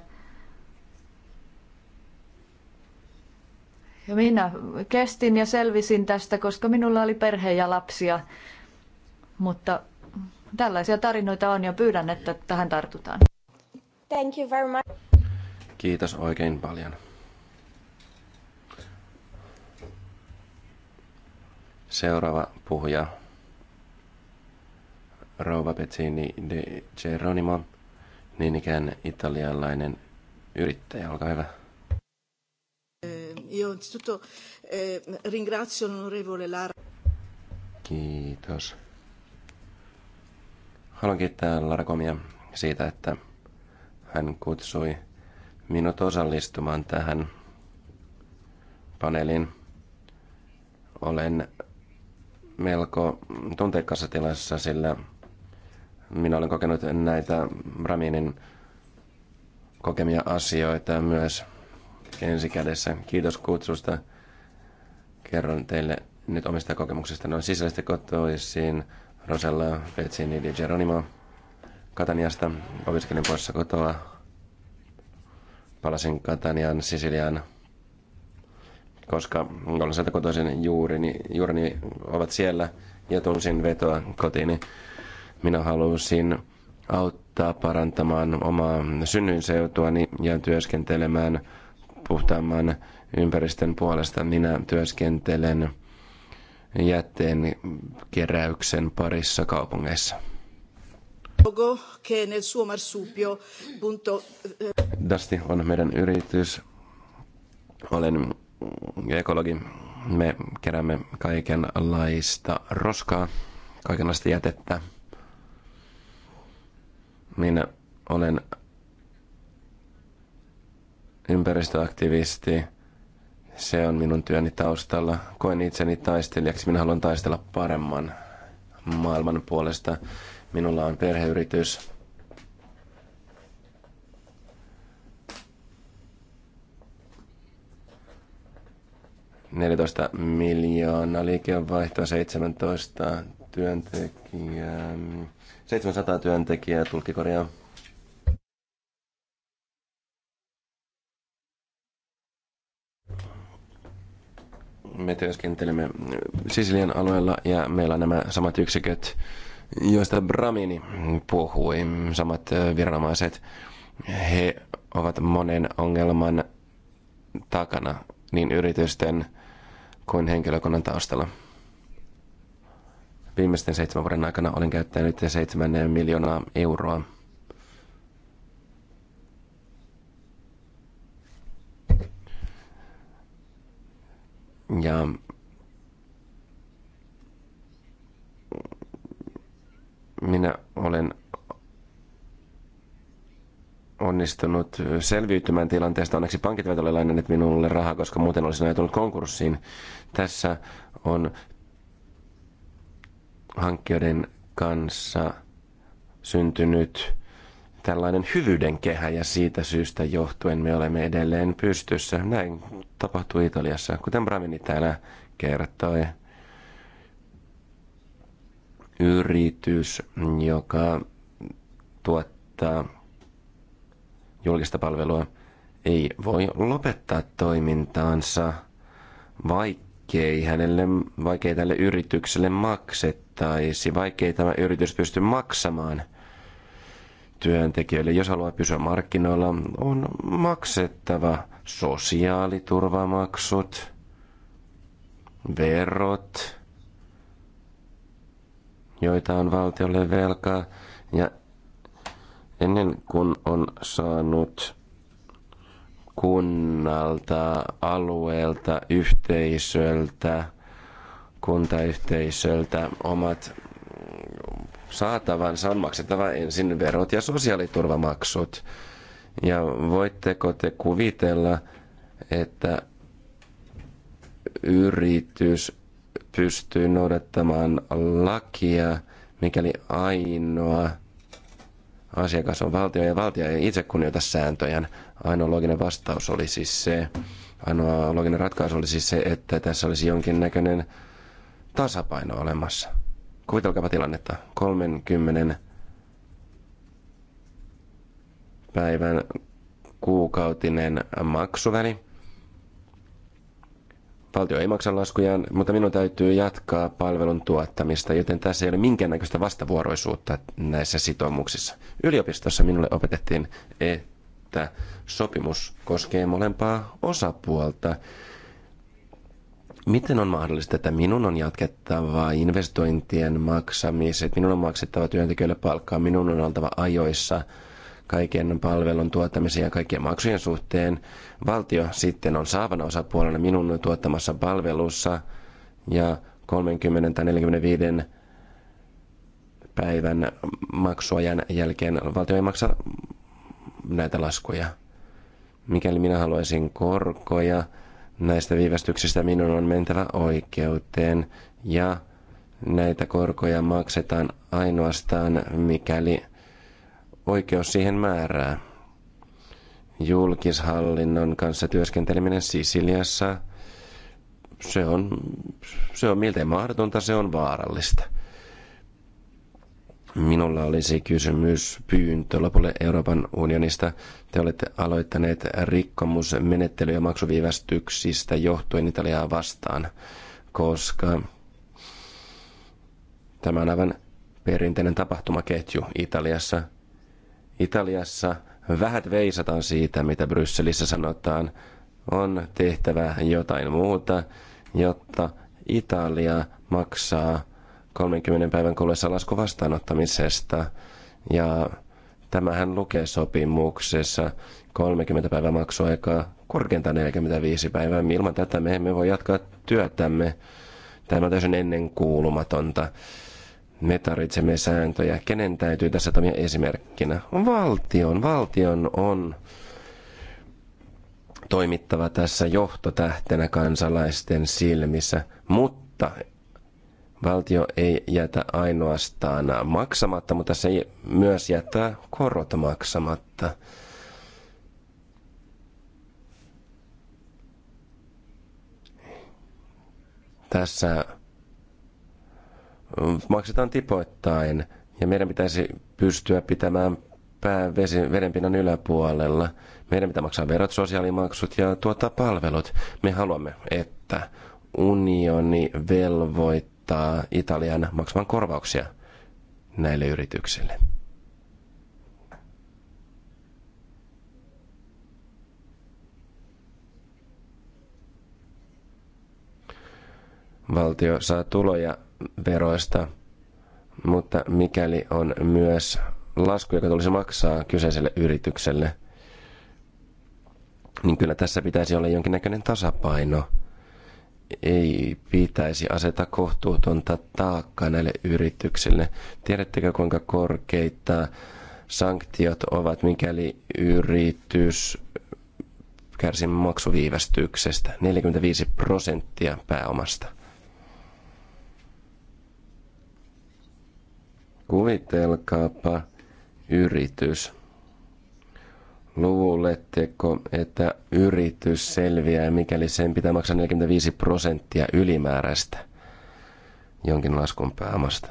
Ja minä kestin ja selvisin tästä, koska minulla oli perhe ja lapsia, mutta Tällaisia tarinoita on ja pyydän, että tähän tartutaan. Thank you very much. Kiitos oikein paljon. Seuraava puhuja, Rouva Pezzini de Geronimo, niin ikään italialainen yrittäjä. Olkaa hyvä. Eh, io innanzitutto eh, ringrazio l'onorevole Lara. Kiitos. Haluan kiittää Larkomia siitä, että hän kutsui minut osallistumaan tähän paneeliin. Olen melko tunteikkaassa tilassa, sillä minä olen kokenut näitä Raminin kokemia asioita myös ensikädessä. Kiitos kutsusta. Kerron teille nyt omista kokemuksista. Noin on sisäisesti kotoisin Rosella, Petsini di Geronimo Kataniasta. Opiskelin poissa kotoa. Palasin Katanian, Sisiliaan, koska olen sieltä kotoisin juuri juurini ovat siellä ja tunsin vetoa kotiini. Minä halusin auttaa parantamaan omaa synnyinseutuani ja työskentelemään puhtaamman ympäristön puolesta. Minä työskentelen jätteen keräyksen parissa kaupungeissa. Eh, Dusty on meidän yritys. Olen ekologi. Me keräämme kaikenlaista roskaa, kaikenlaista jätettä. Minä olen ympäristöaktivisti se on minun työni taustalla. Koen itseni taistelijaksi. Minä haluan taistella paremman maailman puolesta. Minulla on perheyritys, Neljätoista miljoonaa liikevaihtoa, 17 työntekijää, 700 työntekijää tulkikorjaa. Me työskentelemme Sisilian alueella ja meillä on nämä samat yksiköt, joista Bramini puhui, samat viranomaiset. He ovat monen ongelman takana niin yritysten kuin henkilökunnan taustalla. Viimeisten seitsemän vuoden aikana olen käyttänyt 7 miljoonaa euroa Ja minä olen onnistunut selviytymään tilanteesta. Onneksi pankit eivät ole lainanneet minulle rahaa, koska muuten olisin ajatellut konkurssiin. Tässä on hankkijoiden kanssa syntynyt tällainen hyvyyden kehä ja siitä syystä johtuen me olemme edelleen pystyssä. Näin tapahtui Italiassa, kuten Bramini täällä kertoi. Yritys, joka tuottaa julkista palvelua, ei voi lopettaa toimintaansa, vaikkei, hänelle, vaikkei tälle yritykselle maksettaisi, vaikkei tämä yritys pysty maksamaan – työntekijöille. Jos haluaa pysyä markkinoilla, on maksettava sosiaaliturvamaksut, verot, joita on valtiolle velkaa. Ja ennen kuin on saanut kunnalta, alueelta, yhteisöltä, kuntayhteisöltä omat saatavansa on maksettava ensin verot ja sosiaaliturvamaksut. Ja voitteko te kuvitella, että yritys pystyy noudattamaan lakia, mikäli ainoa asiakas on valtio ja valtio ei itse kunnioita sääntöjä. Ainoa loginen vastaus oli siis se, ainoa loginen ratkaisu oli siis se, että tässä olisi jonkinnäköinen tasapaino olemassa. Kuvitelkaapa tilannetta. 30 päivän kuukautinen maksuväli. Valtio ei maksa laskujaan, mutta minun täytyy jatkaa palvelun tuottamista, joten tässä ei ole minkäännäköistä vastavuoroisuutta näissä sitoumuksissa. Yliopistossa minulle opetettiin, että sopimus koskee molempaa osapuolta Miten on mahdollista, että minun on jatkettava investointien maksamiset, minun on maksettava työntekijöille palkkaa, minun on oltava ajoissa kaiken palvelun tuottamisen ja kaikkien maksujen suhteen. Valtio sitten on saavana osapuolena minun tuottamassa palvelussa ja 30 tai 45 päivän maksuajan jälkeen valtio ei maksa näitä laskuja. Mikäli minä haluaisin korkoja, Näistä viivästyksistä minun on mentävä oikeuteen ja näitä korkoja maksetaan ainoastaan, mikäli oikeus siihen määrää. Julkishallinnon kanssa työskenteleminen Sisiliassa, se on, se on miltei mahdotonta, se on vaarallista – Minulla olisi kysymys pyyntö lopulle Euroopan unionista. Te olette aloittaneet rikkomusmenettelyä maksuviivästyksistä johtuen Italiaa vastaan, koska tämä on aivan perinteinen tapahtumaketju Italiassa. Italiassa vähät veisataan siitä, mitä Brysselissä sanotaan. On tehtävä jotain muuta, jotta Italia maksaa 30 päivän kuluessa lasku vastaanottamisesta. Ja tämähän lukee sopimuksessa 30 päivän maksuaikaa, korkeinta 45 päivää. Ilman tätä me emme voi jatkaa työtämme. Tämä on täysin ennenkuulumatonta. Me tarvitsemme sääntöjä. Kenen täytyy tässä toimia esimerkkinä? Valtion. Valtion on toimittava tässä johtotähtenä kansalaisten silmissä, mutta valtio ei jätä ainoastaan maksamatta, mutta se ei myös jättää korot maksamatta. Tässä maksetaan tipoittain ja meidän pitäisi pystyä pitämään pää vedenpinnan yläpuolella. Meidän pitää maksaa verot, sosiaalimaksut ja tuottaa palvelut. Me haluamme, että unioni velvoittaa pakottaa Italian maksamaan korvauksia näille yrityksille. Valtio saa tuloja veroista, mutta mikäli on myös lasku, joka tulisi maksaa kyseiselle yritykselle, niin kyllä tässä pitäisi olla jonkinnäköinen tasapaino – ei pitäisi aseta kohtuutonta taakkaa näille yrityksille. Tiedättekö kuinka korkeita sanktiot ovat, mikäli yritys kärsii maksuviivästyksestä 45 prosenttia pääomasta? Kuvitelkaapa yritys, Luuletteko, että yritys selviää, mikäli sen pitää maksaa 45 prosenttia ylimääräistä jonkin laskun pääomasta?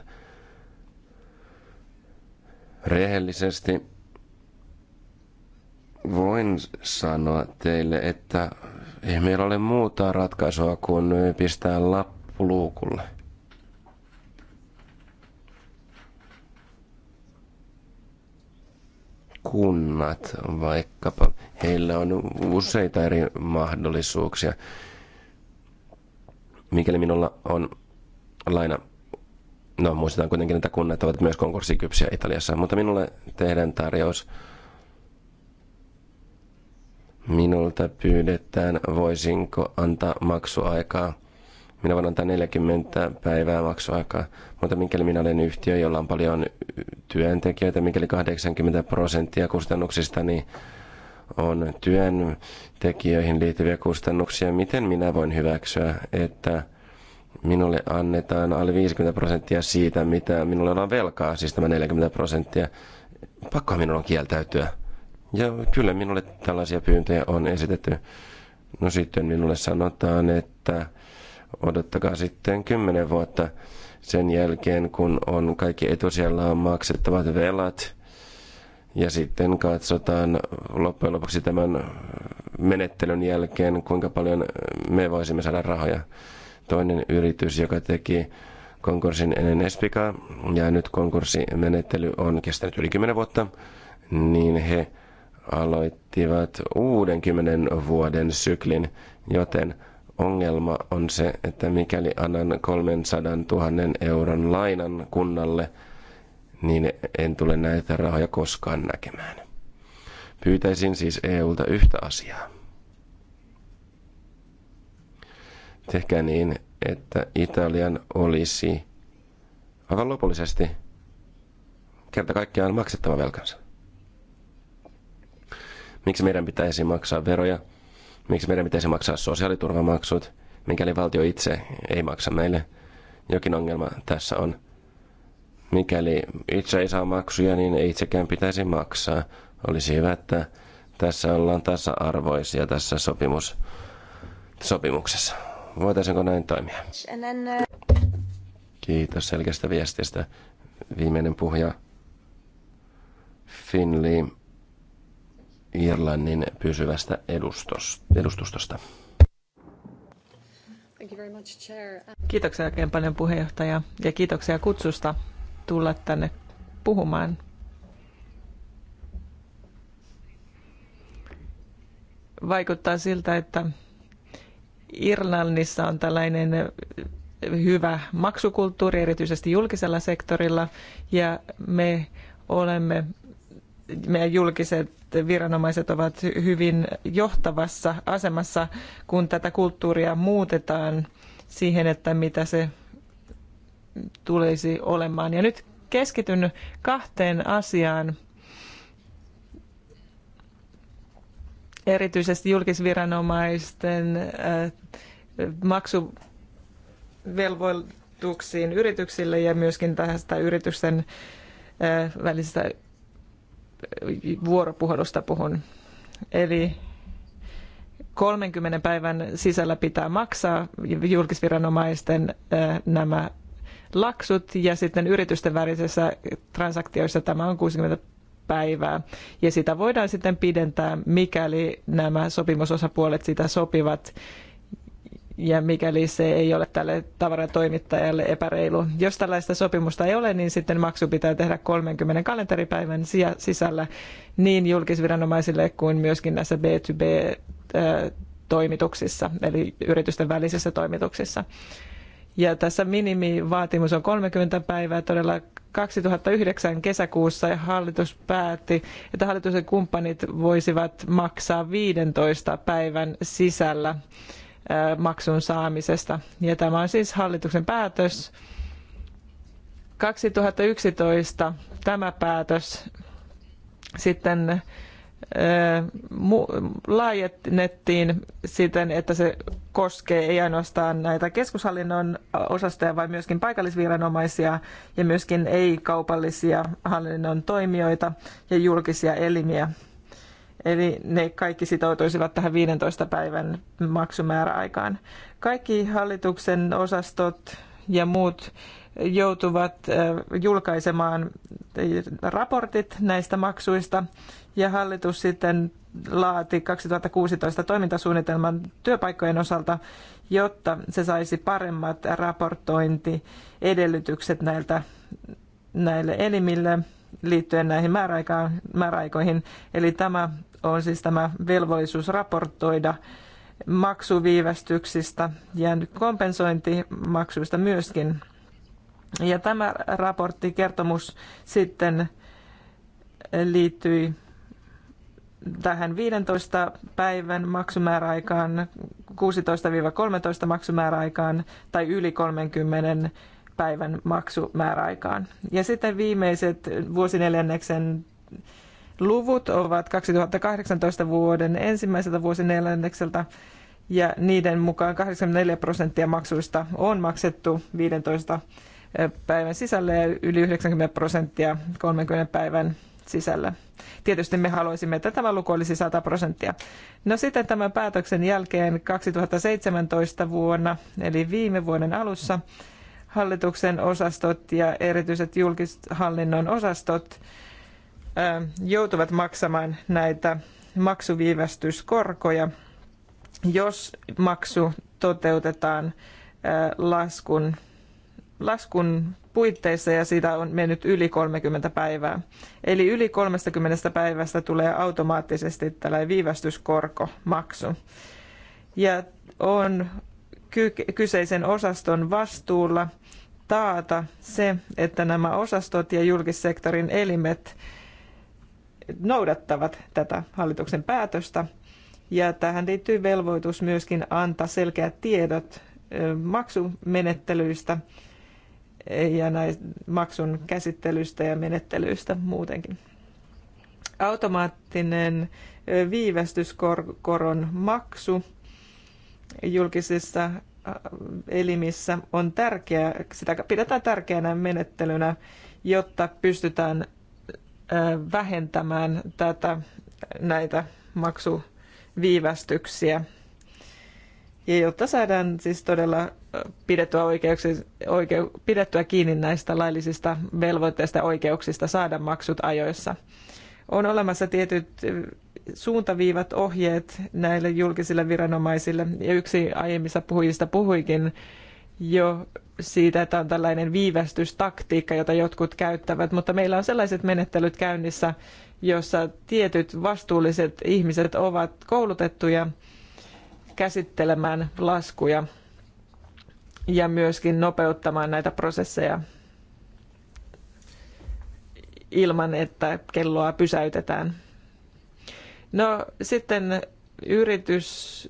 Rehellisesti voin sanoa teille, että ei meillä ole muuta ratkaisua kuin pistää lappu luukulle – kunnat vaikkapa. Heillä on useita eri mahdollisuuksia. Mikäli minulla on laina, no muistetaan kuitenkin, että kunnat ovat myös konkurssikypsiä Italiassa, mutta minulle tehdään tarjous. Minulta pyydetään, voisinko antaa maksuaikaa minä voin antaa 40 päivää maksuaikaa. Mutta mikäli minä olen yhtiö, jolla on paljon työntekijöitä, mikäli 80 prosenttia kustannuksista niin on työntekijöihin liittyviä kustannuksia, miten minä voin hyväksyä, että minulle annetaan alle 50 prosenttia siitä, mitä minulle on velkaa, siis tämä 40 prosenttia. Pakko minun on kieltäytyä. Ja kyllä minulle tällaisia pyyntöjä on esitetty. No sitten minulle sanotaan, että odottakaa sitten kymmenen vuotta sen jälkeen, kun on kaikki etusijalla on maksettavat velat. Ja sitten katsotaan loppujen lopuksi tämän menettelyn jälkeen, kuinka paljon me voisimme saada rahoja. Toinen yritys, joka teki konkurssin ennen Espikaa, ja nyt konkurssimenettely on kestänyt yli 10 vuotta, niin he aloittivat uuden 10 vuoden syklin, joten Ongelma on se, että mikäli annan 300 000 euron lainan kunnalle, niin en tule näitä rahoja koskaan näkemään. Pyytäisin siis EUlta yhtä asiaa. Tehkää niin, että Italian olisi aivan lopullisesti kerta kaikkiaan maksettava velkansa. Miksi meidän pitäisi maksaa veroja? Miksi meidän pitäisi maksaa sosiaaliturvamaksut, mikäli valtio itse ei maksa meille? Jokin ongelma tässä on. Mikäli itse ei saa maksuja, niin ei itsekään pitäisi maksaa. Olisi hyvä, että tässä ollaan tasa-arvoisia tässä sopimus, sopimuksessa. Voitaisinko näin toimia? Uh, Kiitos selkeästä viestistä. Viimeinen puhuja Finley Irlannin pysyvästä edustustosta. Kiitoksia oikein paljon puheenjohtaja ja kiitoksia kutsusta tulla tänne puhumaan. Vaikuttaa siltä, että Irlannissa on tällainen hyvä maksukulttuuri, erityisesti julkisella sektorilla, ja me olemme meidän julkiset viranomaiset ovat hyvin johtavassa asemassa, kun tätä kulttuuria muutetaan siihen, että mitä se tulisi olemaan. Ja nyt keskityn kahteen asiaan. Erityisesti julkisviranomaisten äh, maksuvelvoituksiin yrityksille ja myöskin tästä yritysten äh, välisestä vuoropuhelusta puhun. Eli 30 päivän sisällä pitää maksaa julkisviranomaisten äh, nämä laksut ja sitten yritysten välisissä transaktioissa tämä on 60 päivää. Ja sitä voidaan sitten pidentää, mikäli nämä sopimusosapuolet sitä sopivat ja mikäli se ei ole tälle tavaratoimittajalle epäreilu. Jos tällaista sopimusta ei ole, niin sitten maksu pitää tehdä 30 kalenteripäivän sisällä niin julkisviranomaisille kuin myöskin näissä B2B-toimituksissa, eli yritysten välisissä toimituksissa. Ja tässä minimivaatimus on 30 päivää. Todella 2009 kesäkuussa hallitus päätti, että hallituksen kumppanit voisivat maksaa 15 päivän sisällä maksun saamisesta. Ja tämä on siis hallituksen päätös. 2011 tämä päätös sitten laajennettiin siten, että se koskee ei ainoastaan näitä keskushallinnon osastoja, vaan myöskin paikallisviranomaisia ja myöskin ei-kaupallisia hallinnon toimijoita ja julkisia elimiä. Eli ne kaikki sitoutuisivat tähän 15 päivän maksumääräaikaan. Kaikki hallituksen osastot ja muut joutuvat julkaisemaan raportit näistä maksuista ja hallitus sitten laati 2016 toimintasuunnitelman työpaikkojen osalta, jotta se saisi paremmat raportointiedellytykset näiltä, näille elimille liittyen näihin määräaikoihin. Eli tämä on siis tämä velvollisuus raportoida maksuviivästyksistä ja kompensointimaksuista myöskin. Ja tämä raportti, kertomus sitten liittyi tähän 15 päivän maksumääräaikaan, 16-13 maksumääräaikaan tai yli 30 päivän maksumääräaikaan. Ja sitten viimeiset vuosineljänneksen Luvut ovat 2018 vuoden ensimmäiseltä vuosineljännekseltä ja niiden mukaan 84 prosenttia maksuista on maksettu 15 eh, päivän sisällä ja yli 90 prosenttia 30 päivän sisällä. Tietysti me haluaisimme, että tämä luku olisi 100 prosenttia. No sitten tämän päätöksen jälkeen 2017 vuonna, eli viime vuoden alussa, hallituksen osastot ja erityiset julkishallinnon osastot joutuvat maksamaan näitä maksuviivästyskorkoja, jos maksu toteutetaan laskun, laskun puitteissa ja siitä on mennyt yli 30 päivää. Eli yli 30 päivästä tulee automaattisesti tällainen viivästyskorkomaksu. Ja on kyseisen osaston vastuulla taata se, että nämä osastot ja julkissektorin elimet noudattavat tätä hallituksen päätöstä. Ja tähän liittyy velvoitus myöskin antaa selkeät tiedot maksumenettelyistä ja maksun käsittelystä ja menettelyistä muutenkin. Automaattinen viivästyskoron maksu julkisissa elimissä on tärkeä, sitä pidetään tärkeänä menettelynä, jotta pystytään vähentämään tätä, näitä maksuviivästyksiä. Ja jotta saadaan siis todella pidettyä, oikeu, pidettyä kiinni näistä laillisista velvoitteista ja oikeuksista saada maksut ajoissa. On olemassa tietyt suuntaviivat ohjeet näille julkisille viranomaisille, ja yksi aiemmista puhujista puhuikin jo siitä, että on tällainen viivästystaktiikka, jota jotkut käyttävät, mutta meillä on sellaiset menettelyt käynnissä, jossa tietyt vastuulliset ihmiset ovat koulutettuja käsittelemään laskuja ja myöskin nopeuttamaan näitä prosesseja ilman, että kelloa pysäytetään. No sitten yritys,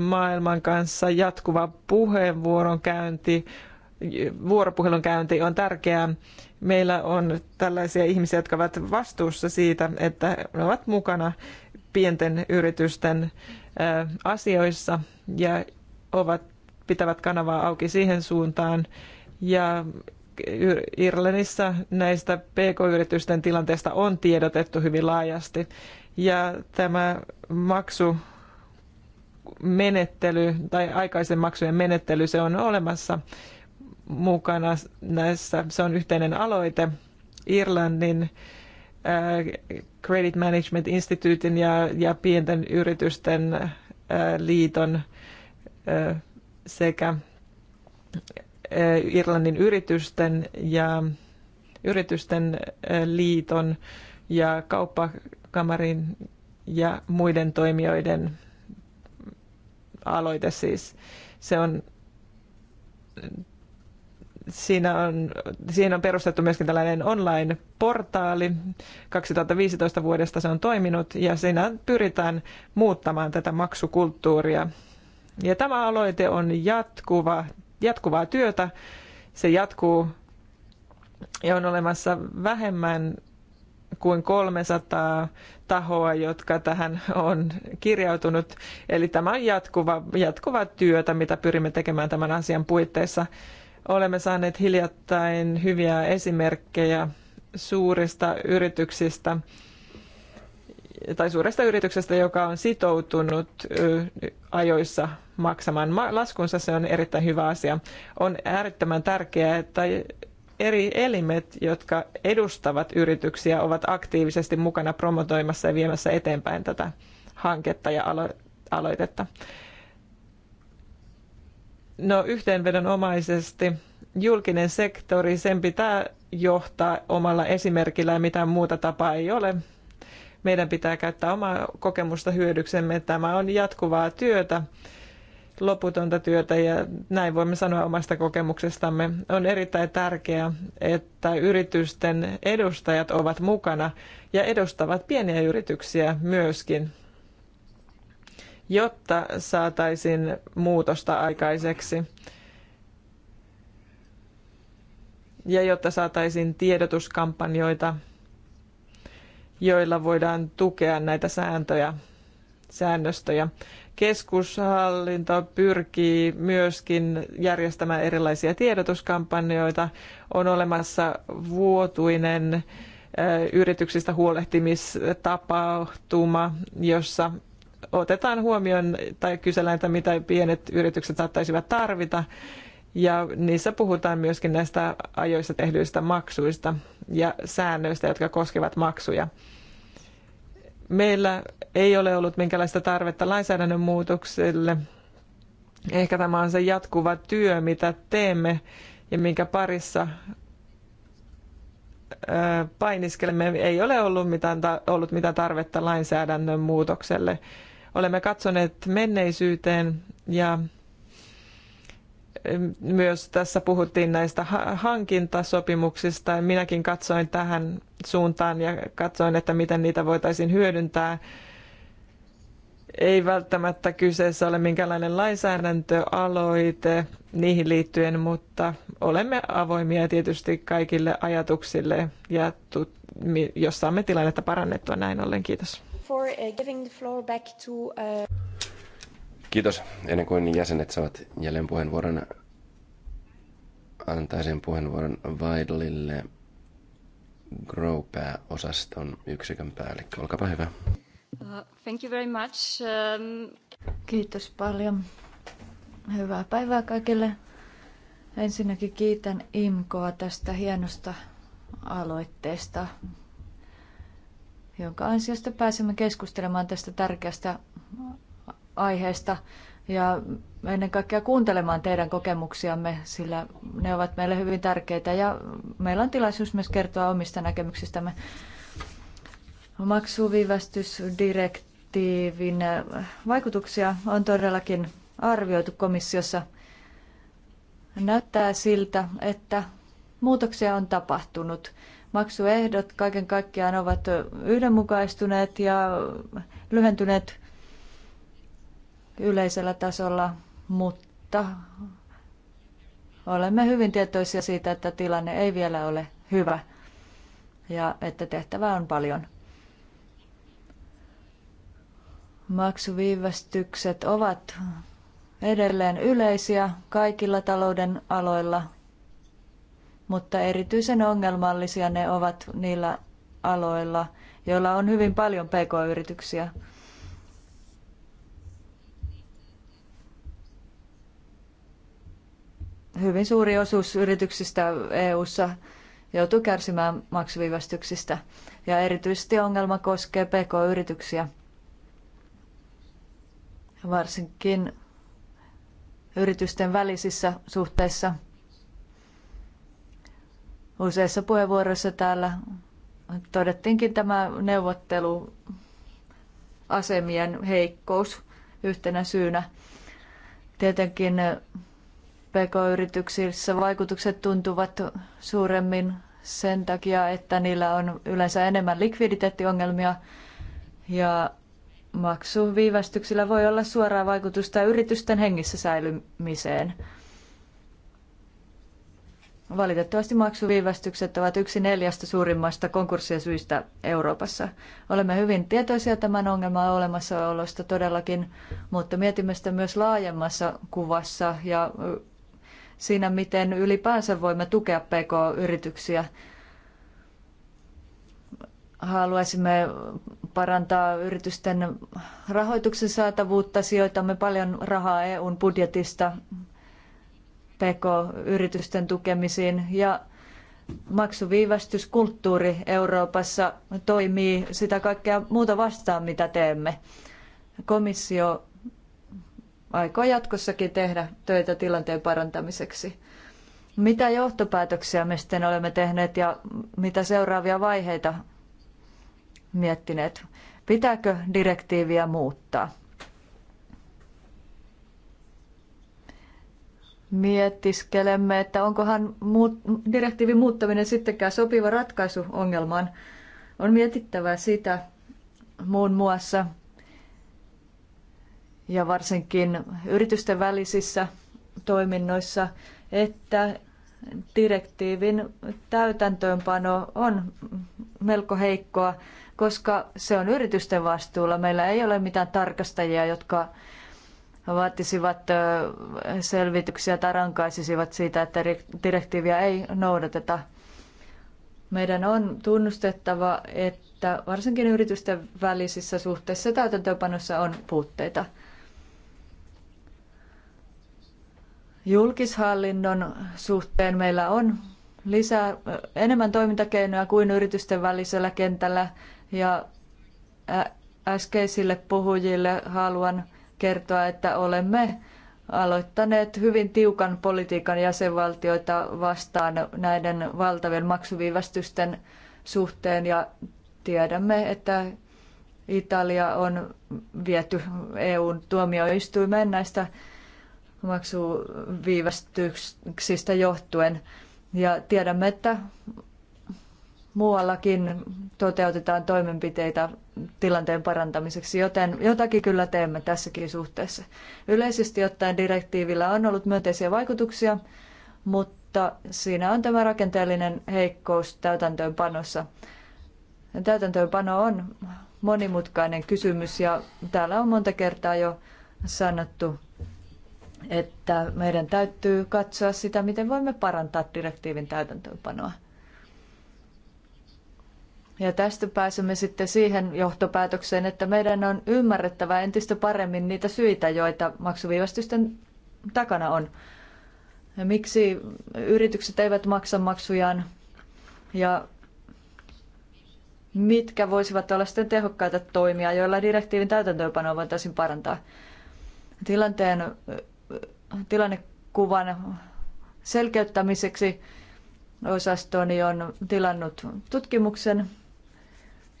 maailman kanssa jatkuva puheenvuoron käynti, vuoropuhelun käynti on tärkeää. Meillä on tällaisia ihmisiä, jotka ovat vastuussa siitä, että ne ovat mukana pienten yritysten äh, asioissa ja ovat, pitävät kanavaa auki siihen suuntaan. Ja Irlannissa näistä pk-yritysten tilanteesta on tiedotettu hyvin laajasti. Ja tämä maksu menettely tai aikaisen maksujen menettely, se on olemassa mukana näissä. Se on yhteinen aloite Irlannin äh, Credit Management Instituutin ja, ja pienten yritysten äh, liiton äh, sekä Irlannin yritysten ja yritysten liiton ja kauppakamarin ja muiden toimijoiden aloite siis. Se on, siinä, on, siinä on perustettu myöskin tällainen online-portaali. 2015 vuodesta se on toiminut ja siinä pyritään muuttamaan tätä maksukulttuuria. Ja tämä aloite on jatkuva, jatkuvaa työtä. Se jatkuu ja on olemassa vähemmän kuin 300 tahoa, jotka tähän on kirjautunut. Eli tämä on jatkuva, jatkuvaa työtä, mitä pyrimme tekemään tämän asian puitteissa. Olemme saaneet hiljattain hyviä esimerkkejä suurista yrityksistä tai suuresta yrityksestä, joka on sitoutunut ajoissa maksamaan laskunsa. Se on erittäin hyvä asia. On äärettömän tärkeää, että eri elimet, jotka edustavat yrityksiä, ovat aktiivisesti mukana promotoimassa ja viemässä eteenpäin tätä hanketta ja alo- aloitetta. No yhteenvedonomaisesti julkinen sektori, sen pitää johtaa omalla esimerkillä ja mitään muuta tapaa ei ole. Meidän pitää käyttää omaa kokemusta hyödyksemme. Tämä on jatkuvaa työtä loputonta työtä ja näin voimme sanoa omasta kokemuksestamme. On erittäin tärkeää, että yritysten edustajat ovat mukana ja edustavat pieniä yrityksiä myöskin, jotta saataisiin muutosta aikaiseksi. Ja jotta saataisiin tiedotuskampanjoita, joilla voidaan tukea näitä sääntöjä, säännöstöjä keskushallinto pyrkii myöskin järjestämään erilaisia tiedotuskampanjoita. On olemassa vuotuinen yrityksistä huolehtimistapahtuma, jossa otetaan huomioon tai kysellään, että mitä pienet yritykset saattaisivat tarvita. Ja niissä puhutaan myöskin näistä ajoissa tehdyistä maksuista ja säännöistä, jotka koskevat maksuja meillä ei ole ollut minkäänlaista tarvetta lainsäädännön muutokselle. Ehkä tämä on se jatkuva työ, mitä teemme ja minkä parissa painiskelemme. Ei ole ollut mitään, ollut mitään tarvetta lainsäädännön muutokselle. Olemme katsoneet menneisyyteen ja myös tässä puhuttiin näistä hankintasopimuksista. Minäkin katsoin tähän suuntaan ja katsoin, että miten niitä voitaisiin hyödyntää. Ei välttämättä kyseessä ole minkälainen lainsäädäntöaloite niihin liittyen, mutta olemme avoimia tietysti kaikille ajatuksille ja jos saamme tilannetta parannettua näin ollen. Kiitos. For, uh, Kiitos. Ennen kuin jäsenet saavat jälleen puheenvuoron, antaisin puheenvuoron Vaidlille grow osaston yksikön päällikkö. Olkaapa hyvä. Uh, thank you very much. Um... Kiitos paljon. Hyvää päivää kaikille. Ensinnäkin kiitän Imkoa tästä hienosta aloitteesta, jonka ansiosta pääsemme keskustelemaan tästä tärkeästä aiheesta ja ennen kaikkea kuuntelemaan teidän kokemuksiamme, sillä ne ovat meille hyvin tärkeitä ja meillä on tilaisuus myös kertoa omista näkemyksistämme. Maksuviivästysdirektiivin vaikutuksia on todellakin arvioitu komissiossa. Näyttää siltä, että muutoksia on tapahtunut. Maksuehdot kaiken kaikkiaan ovat yhdenmukaistuneet ja lyhentyneet yleisellä tasolla, mutta olemme hyvin tietoisia siitä, että tilanne ei vielä ole hyvä ja että tehtävää on paljon. Maksuviivästykset ovat edelleen yleisiä kaikilla talouden aloilla, mutta erityisen ongelmallisia ne ovat niillä aloilla, joilla on hyvin paljon pk-yrityksiä. hyvin suuri osuus yrityksistä EU:ssa joutuu kärsimään maksuviivästyksistä ja erityisesti ongelma koskee pk-yrityksiä. Varsinkin yritysten välisissä suhteissa. Useissa puheenvuoroissa täällä todettiinkin tämä neuvotteluasemien heikkous yhtenä syynä. Tietenkin PK-yrityksissä vaikutukset tuntuvat suuremmin sen takia, että niillä on yleensä enemmän likviditeettiongelmia ja maksuviivästyksillä voi olla suoraa vaikutusta yritysten hengissä säilymiseen. Valitettavasti maksuviivästykset ovat yksi neljästä suurimmasta konkurssien syistä Euroopassa. Olemme hyvin tietoisia tämän ongelman olemassaolosta todellakin, mutta mietimme sitä myös laajemmassa kuvassa ja siinä, miten ylipäänsä voimme tukea PK-yrityksiä. Haluaisimme parantaa yritysten rahoituksen saatavuutta, sijoitamme paljon rahaa EUn budjetista PK-yritysten tukemisiin ja maksuviivästyskulttuuri Euroopassa toimii sitä kaikkea muuta vastaan, mitä teemme. Komissio aikoo jatkossakin tehdä töitä tilanteen parantamiseksi. Mitä johtopäätöksiä me sitten olemme tehneet ja mitä seuraavia vaiheita miettineet? Pitääkö direktiiviä muuttaa? Mietiskelemme, että onkohan muut, direktiivin muuttaminen sittenkään sopiva ratkaisu ongelmaan. On mietittävä sitä muun muassa, ja varsinkin yritysten välisissä toiminnoissa, että direktiivin täytäntöönpano on melko heikkoa, koska se on yritysten vastuulla. Meillä ei ole mitään tarkastajia, jotka vaatisivat selvityksiä tai rankaisisivat siitä, että direktiiviä ei noudateta. Meidän on tunnustettava, että varsinkin yritysten välisissä suhteissa täytäntöönpanossa on puutteita. Julkishallinnon suhteen meillä on lisää, enemmän toimintakeinoja kuin yritysten välisellä kentällä ja äskeisille puhujille haluan kertoa, että olemme aloittaneet hyvin tiukan politiikan jäsenvaltioita vastaan näiden valtavien maksuviivästysten suhteen ja tiedämme, että Italia on viety EUn tuomioistuimeen näistä maksuviivästyksistä johtuen. Ja tiedämme, että muuallakin toteutetaan toimenpiteitä tilanteen parantamiseksi, joten jotakin kyllä teemme tässäkin suhteessa. Yleisesti ottaen direktiivillä on ollut myönteisiä vaikutuksia, mutta siinä on tämä rakenteellinen heikkous täytäntöönpanossa. Täytäntöönpano on monimutkainen kysymys ja täällä on monta kertaa jo sanottu, että meidän täytyy katsoa sitä, miten voimme parantaa direktiivin täytäntöönpanoa. Ja tästä pääsemme sitten siihen johtopäätökseen, että meidän on ymmärrettävä entistä paremmin niitä syitä, joita maksuviivästysten takana on. Ja miksi yritykset eivät maksa maksujaan ja mitkä voisivat olla sitten tehokkaita toimia, joilla direktiivin täytäntöönpanoa voitaisiin parantaa. Tilanteen tilannekuvan selkeyttämiseksi osastoni on tilannut tutkimuksen,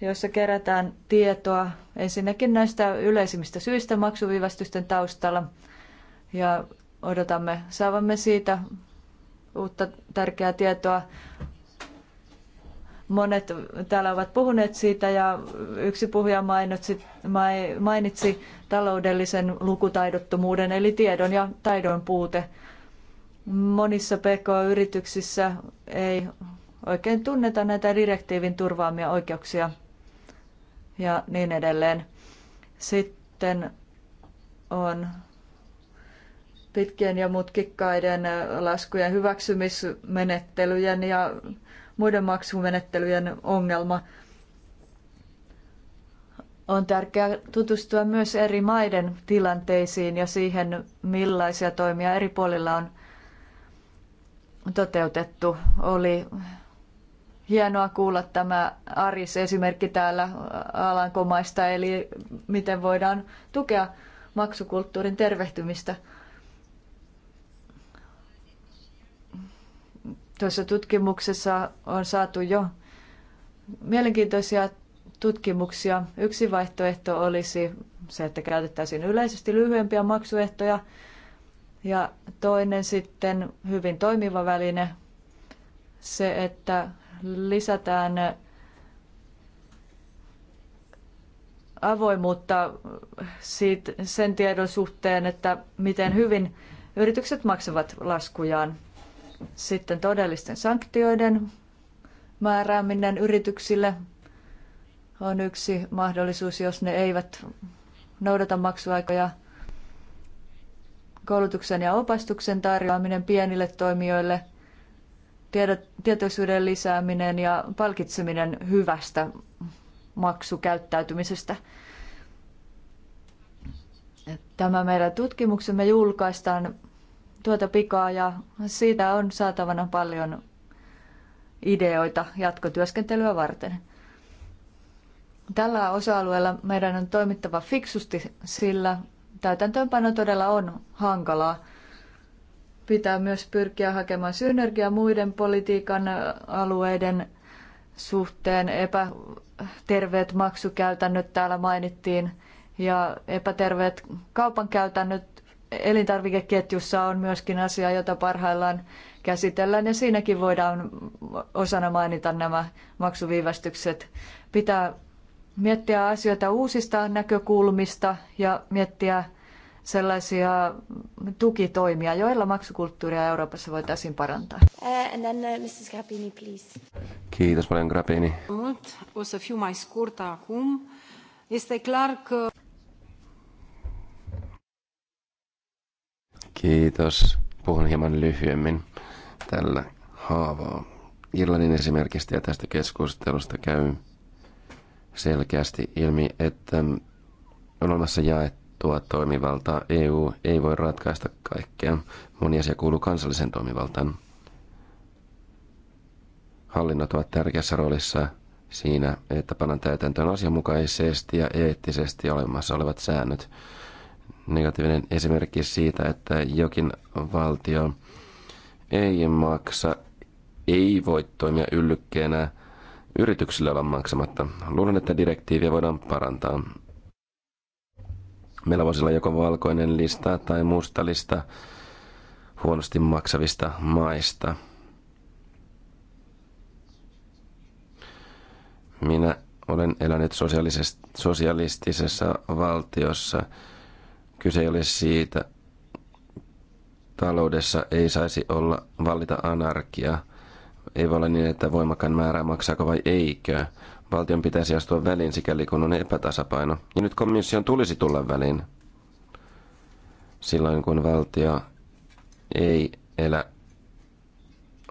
jossa kerätään tietoa ensinnäkin näistä yleisimmistä syistä maksuviivästysten taustalla ja odotamme saavamme siitä uutta tärkeää tietoa Monet täällä ovat puhuneet siitä ja yksi puhuja mainitsi, mainitsi taloudellisen lukutaidottomuuden eli tiedon ja taidon puute. Monissa PK-yrityksissä ei oikein tunneta näitä direktiivin turvaamia oikeuksia ja niin edelleen. Sitten on pitkien ja mutkikkaiden laskujen hyväksymismenettelyjen ja muiden maksumenettelyjen ongelma. On tärkeää tutustua myös eri maiden tilanteisiin ja siihen, millaisia toimia eri puolilla on toteutettu. Oli hienoa kuulla tämä Aris esimerkki täällä Alankomaista, eli miten voidaan tukea maksukulttuurin tervehtymistä – Tuossa tutkimuksessa on saatu jo mielenkiintoisia tutkimuksia. Yksi vaihtoehto olisi se, että käytettäisiin yleisesti lyhyempiä maksuehtoja ja toinen sitten hyvin toimiva väline se, että lisätään avoimuutta siitä, sen tiedon suhteen, että miten hyvin yritykset maksavat laskujaan. Sitten todellisten sanktioiden määrääminen yrityksille on yksi mahdollisuus, jos ne eivät noudata maksuaikoja. Koulutuksen ja opastuksen tarjoaminen pienille toimijoille, tietoisuuden lisääminen ja palkitseminen hyvästä maksukäyttäytymisestä. Tämä meidän tutkimuksemme julkaistaan tuota pikaa ja siitä on saatavana paljon ideoita jatkotyöskentelyä varten. Tällä osa-alueella meidän on toimittava fiksusti, sillä täytäntöönpano todella on hankalaa. Pitää myös pyrkiä hakemaan synergia muiden politiikan alueiden suhteen. Epäterveet maksukäytännöt täällä mainittiin ja epäterveet kaupankäytännöt elintarvikeketjussa on myöskin asia, jota parhaillaan käsitellään ja siinäkin voidaan osana mainita nämä maksuviivästykset. Pitää miettiä asioita uusista näkökulmista ja miettiä sellaisia tukitoimia, joilla maksukulttuuria Euroopassa voitaisiin parantaa. Eh, and then, eh, Mrs. Grappini, please. Kiitos paljon, Grappini. Kiitos. Puhun hieman lyhyemmin tällä haavaa. Irlannin esimerkistä ja tästä keskustelusta käy selkeästi ilmi, että on olemassa jaettua toimivaltaa. EU ei voi ratkaista kaikkea. Moni asia kuuluu kansallisen toimivaltaan. Hallinnot ovat tärkeässä roolissa siinä, että panan täytäntöön asianmukaisesti ja eettisesti olemassa olevat säännöt negatiivinen esimerkki siitä, että jokin valtio ei maksa, ei voi toimia yllykkeenä yrityksille olla maksamatta. Luulen, että direktiiviä voidaan parantaa. Meillä voisi olla joko valkoinen lista tai musta lista huonosti maksavista maista. Minä olen elänyt sosiaalisessa valtiossa, Kyse ei ole siitä, taloudessa ei saisi olla vallita anarkia. Ei voi olla niin, että voimakkaan määrää maksaako vai eikö. Valtion pitäisi astua väliin sikäli kun on epätasapaino. Ja nyt komission tulisi tulla väliin. Silloin kun valtio ei elä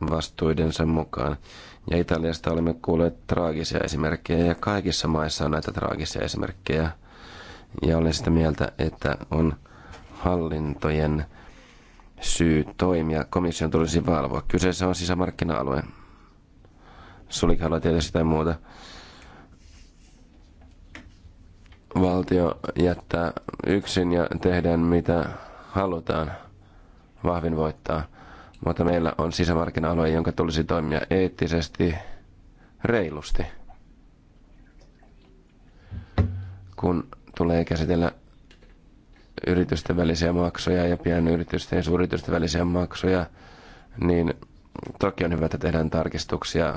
vastuidensa mukaan. Ja Italiasta olemme kuulleet traagisia esimerkkejä ja kaikissa maissa on näitä traagisia esimerkkejä – ja olen sitä mieltä, että on hallintojen syy toimia. Komission tulisi valvoa. Kyseessä on sisämarkkina-alue. tietää sitä muuta. Valtio jättää yksin ja tehdään mitä halutaan. Vahvin voittaa. Mutta meillä on sisämarkkina-alue, jonka tulisi toimia eettisesti, reilusti. Kun tulee käsitellä yritysten välisiä maksuja ja pienyritysten ja suuryritysten välisiä maksuja, niin toki on hyvä, että tehdään tarkistuksia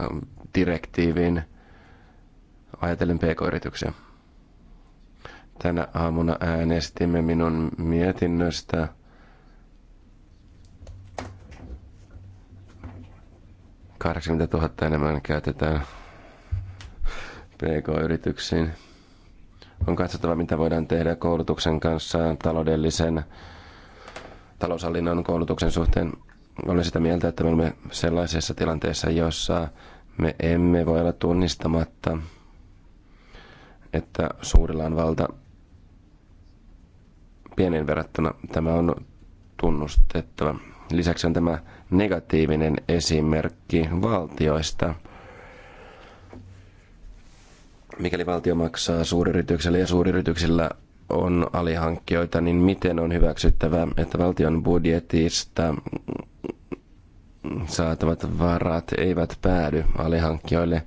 direktiiviin ajatellen pk-yrityksiä. Tänä aamuna äänestimme minun mietinnöstä. Kahdeksankymmentä tuhatta enemmän käytetään pk-yrityksiin. On katsottava, mitä voidaan tehdä koulutuksen kanssa, taloudellisen, taloushallinnon koulutuksen suhteen. Olen sitä mieltä, että me olemme sellaisessa tilanteessa, jossa me emme voi olla tunnistamatta, että suurilla on valta pienen verrattuna. Tämä on tunnustettava. Lisäksi on tämä negatiivinen esimerkki valtioista – mikäli valtio maksaa suuryrityksille ja suuryrityksillä on alihankkijoita, niin miten on hyväksyttävää, että valtion budjetista saatavat varat eivät päädy alihankkijoille?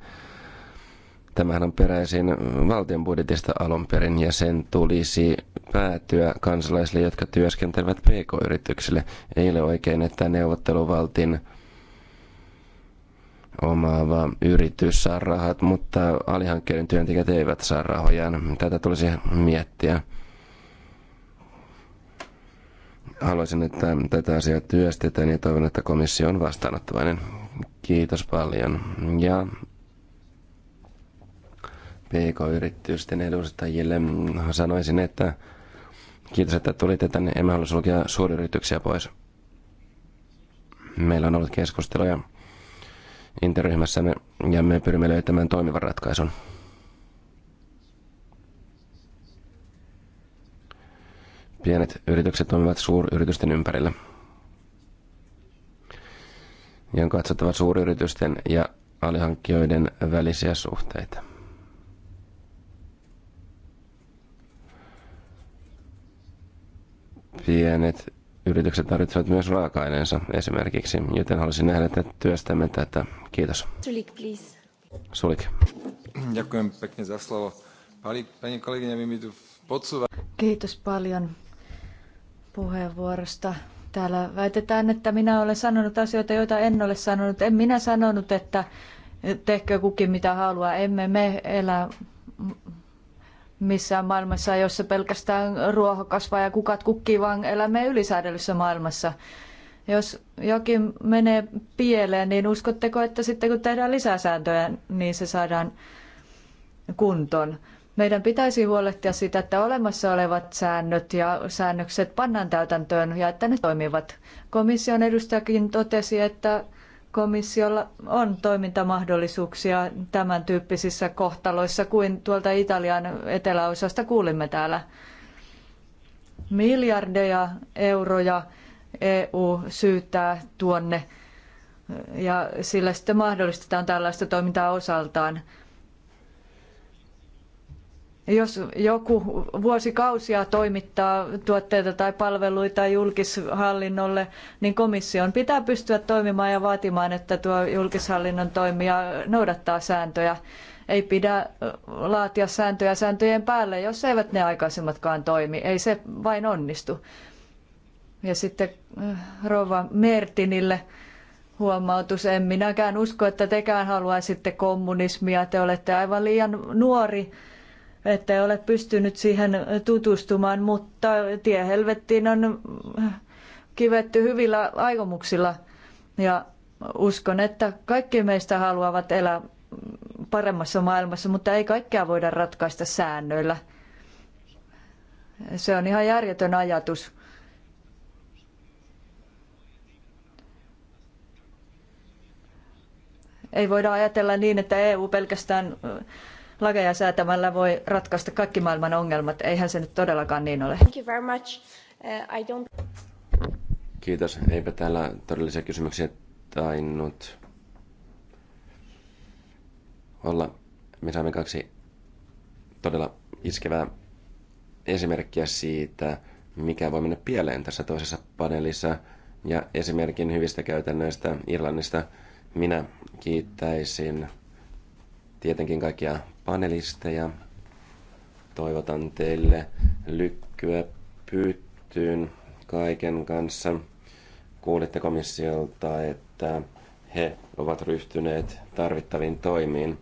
Tämähän on peräisin valtion budjetista alun perin ja sen tulisi päätyä kansalaisille, jotka työskentelevät pk-yrityksille. Ei ole oikein, että neuvotteluvaltin omaava yritys saa rahat, mutta alihankkeiden työntekijät eivät saa rahojaan. Tätä tulisi miettiä. Haluaisin, että tätä asiaa työstetään ja toivon, että komissio on vastaanottavainen. Kiitos paljon. Ja PK-yritysten edustajille sanoisin, että kiitos, että tulitte tänne. Emme halua sulkea suuryrityksiä pois. Meillä on ollut keskusteluja interryhmässämme ja me pyrimme löytämään toimivan ratkaisun. Pienet yritykset toimivat suuryritysten ympärillä. Ja on katsottava suuryritysten ja alihankkijoiden välisiä suhteita. Pienet yritykset tarvitsevat myös raaka-aineensa esimerkiksi, joten haluaisin nähdä, että työstämme tätä. Kiitos. Sulik, please. Sulik. Ďakujem pekne za slovo. Pani kolegyňa, mi tu Kiitos paljon puheenvuorosta. Täällä väitetään, että minä olen sanonut asioita, joita en ole sanonut. En minä sanonut, että tehkö kukin mitä haluaa. Emme me elä missään maailmassa, jossa pelkästään ruoho kasvaa ja kukat kukkii, vaan elämme ylisäädellyssä maailmassa. Jos jokin menee pieleen, niin uskotteko, että sitten kun tehdään lisää sääntöjä, niin se saadaan kuntoon? Meidän pitäisi huolehtia siitä, että olemassa olevat säännöt ja säännökset pannaan täytäntöön ja että ne toimivat. Komission edustajakin totesi, että komissiolla on toimintamahdollisuuksia tämän tyyppisissä kohtaloissa kuin tuolta Italian eteläosasta kuulimme täällä. Miljardeja euroja EU syytää tuonne ja sillä sitten mahdollistetaan tällaista toimintaa osaltaan. Jos joku vuosikausia toimittaa tuotteita tai palveluita julkishallinnolle, niin komission pitää pystyä toimimaan ja vaatimaan, että tuo julkishallinnon toimija noudattaa sääntöjä. Ei pidä laatia sääntöjä sääntöjen päälle, jos eivät ne aikaisemmatkaan toimi. Ei se vain onnistu. Ja sitten rouva Mertinille huomautus. En minäkään usko, että tekään haluaisitte kommunismia. Te olette aivan liian nuori että ole pystynyt siihen tutustumaan, mutta tie helvettiin on kivetty hyvillä aikomuksilla ja uskon, että kaikki meistä haluavat elää paremmassa maailmassa, mutta ei kaikkea voida ratkaista säännöillä. Se on ihan järjetön ajatus. Ei voida ajatella niin, että EU pelkästään lakeja säätämällä voi ratkaista kaikki maailman ongelmat. Eihän se nyt todellakaan niin ole. Thank you very much. Uh, I don't... Kiitos. Eipä täällä todellisia kysymyksiä tainnut olla. Me saamme kaksi todella iskevää esimerkkiä siitä, mikä voi mennä pieleen tässä toisessa paneelissa ja esimerkin hyvistä käytännöistä Irlannista. Minä kiittäisin tietenkin kaikkia panelisteja. Toivotan teille lykkyä pyyttyyn kaiken kanssa. Kuulitte komissiolta, että he ovat ryhtyneet tarvittaviin toimiin.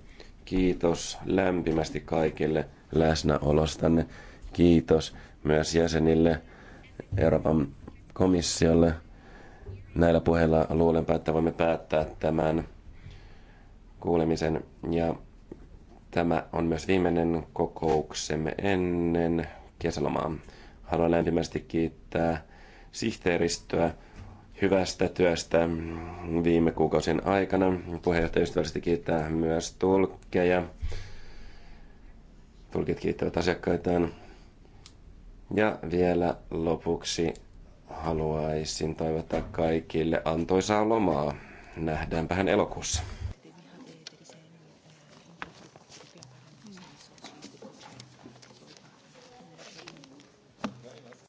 Kiitos lämpimästi kaikille läsnäolostanne. Kiitos myös jäsenille Euroopan komissiolle. Näillä puheilla luulenpa, että voimme päättää tämän kuulemisen ja Tämä on myös viimeinen kokouksemme ennen kesälomaa. Haluan lämpimästi kiittää sihteeristöä hyvästä työstä viime kuukausien aikana. Puheenjohtaja ystävällisesti kiittää myös tulkkeja. Tulkit kiittävät asiakkaitaan. Ja vielä lopuksi haluaisin toivottaa kaikille antoisaa lomaa. hän elokuussa.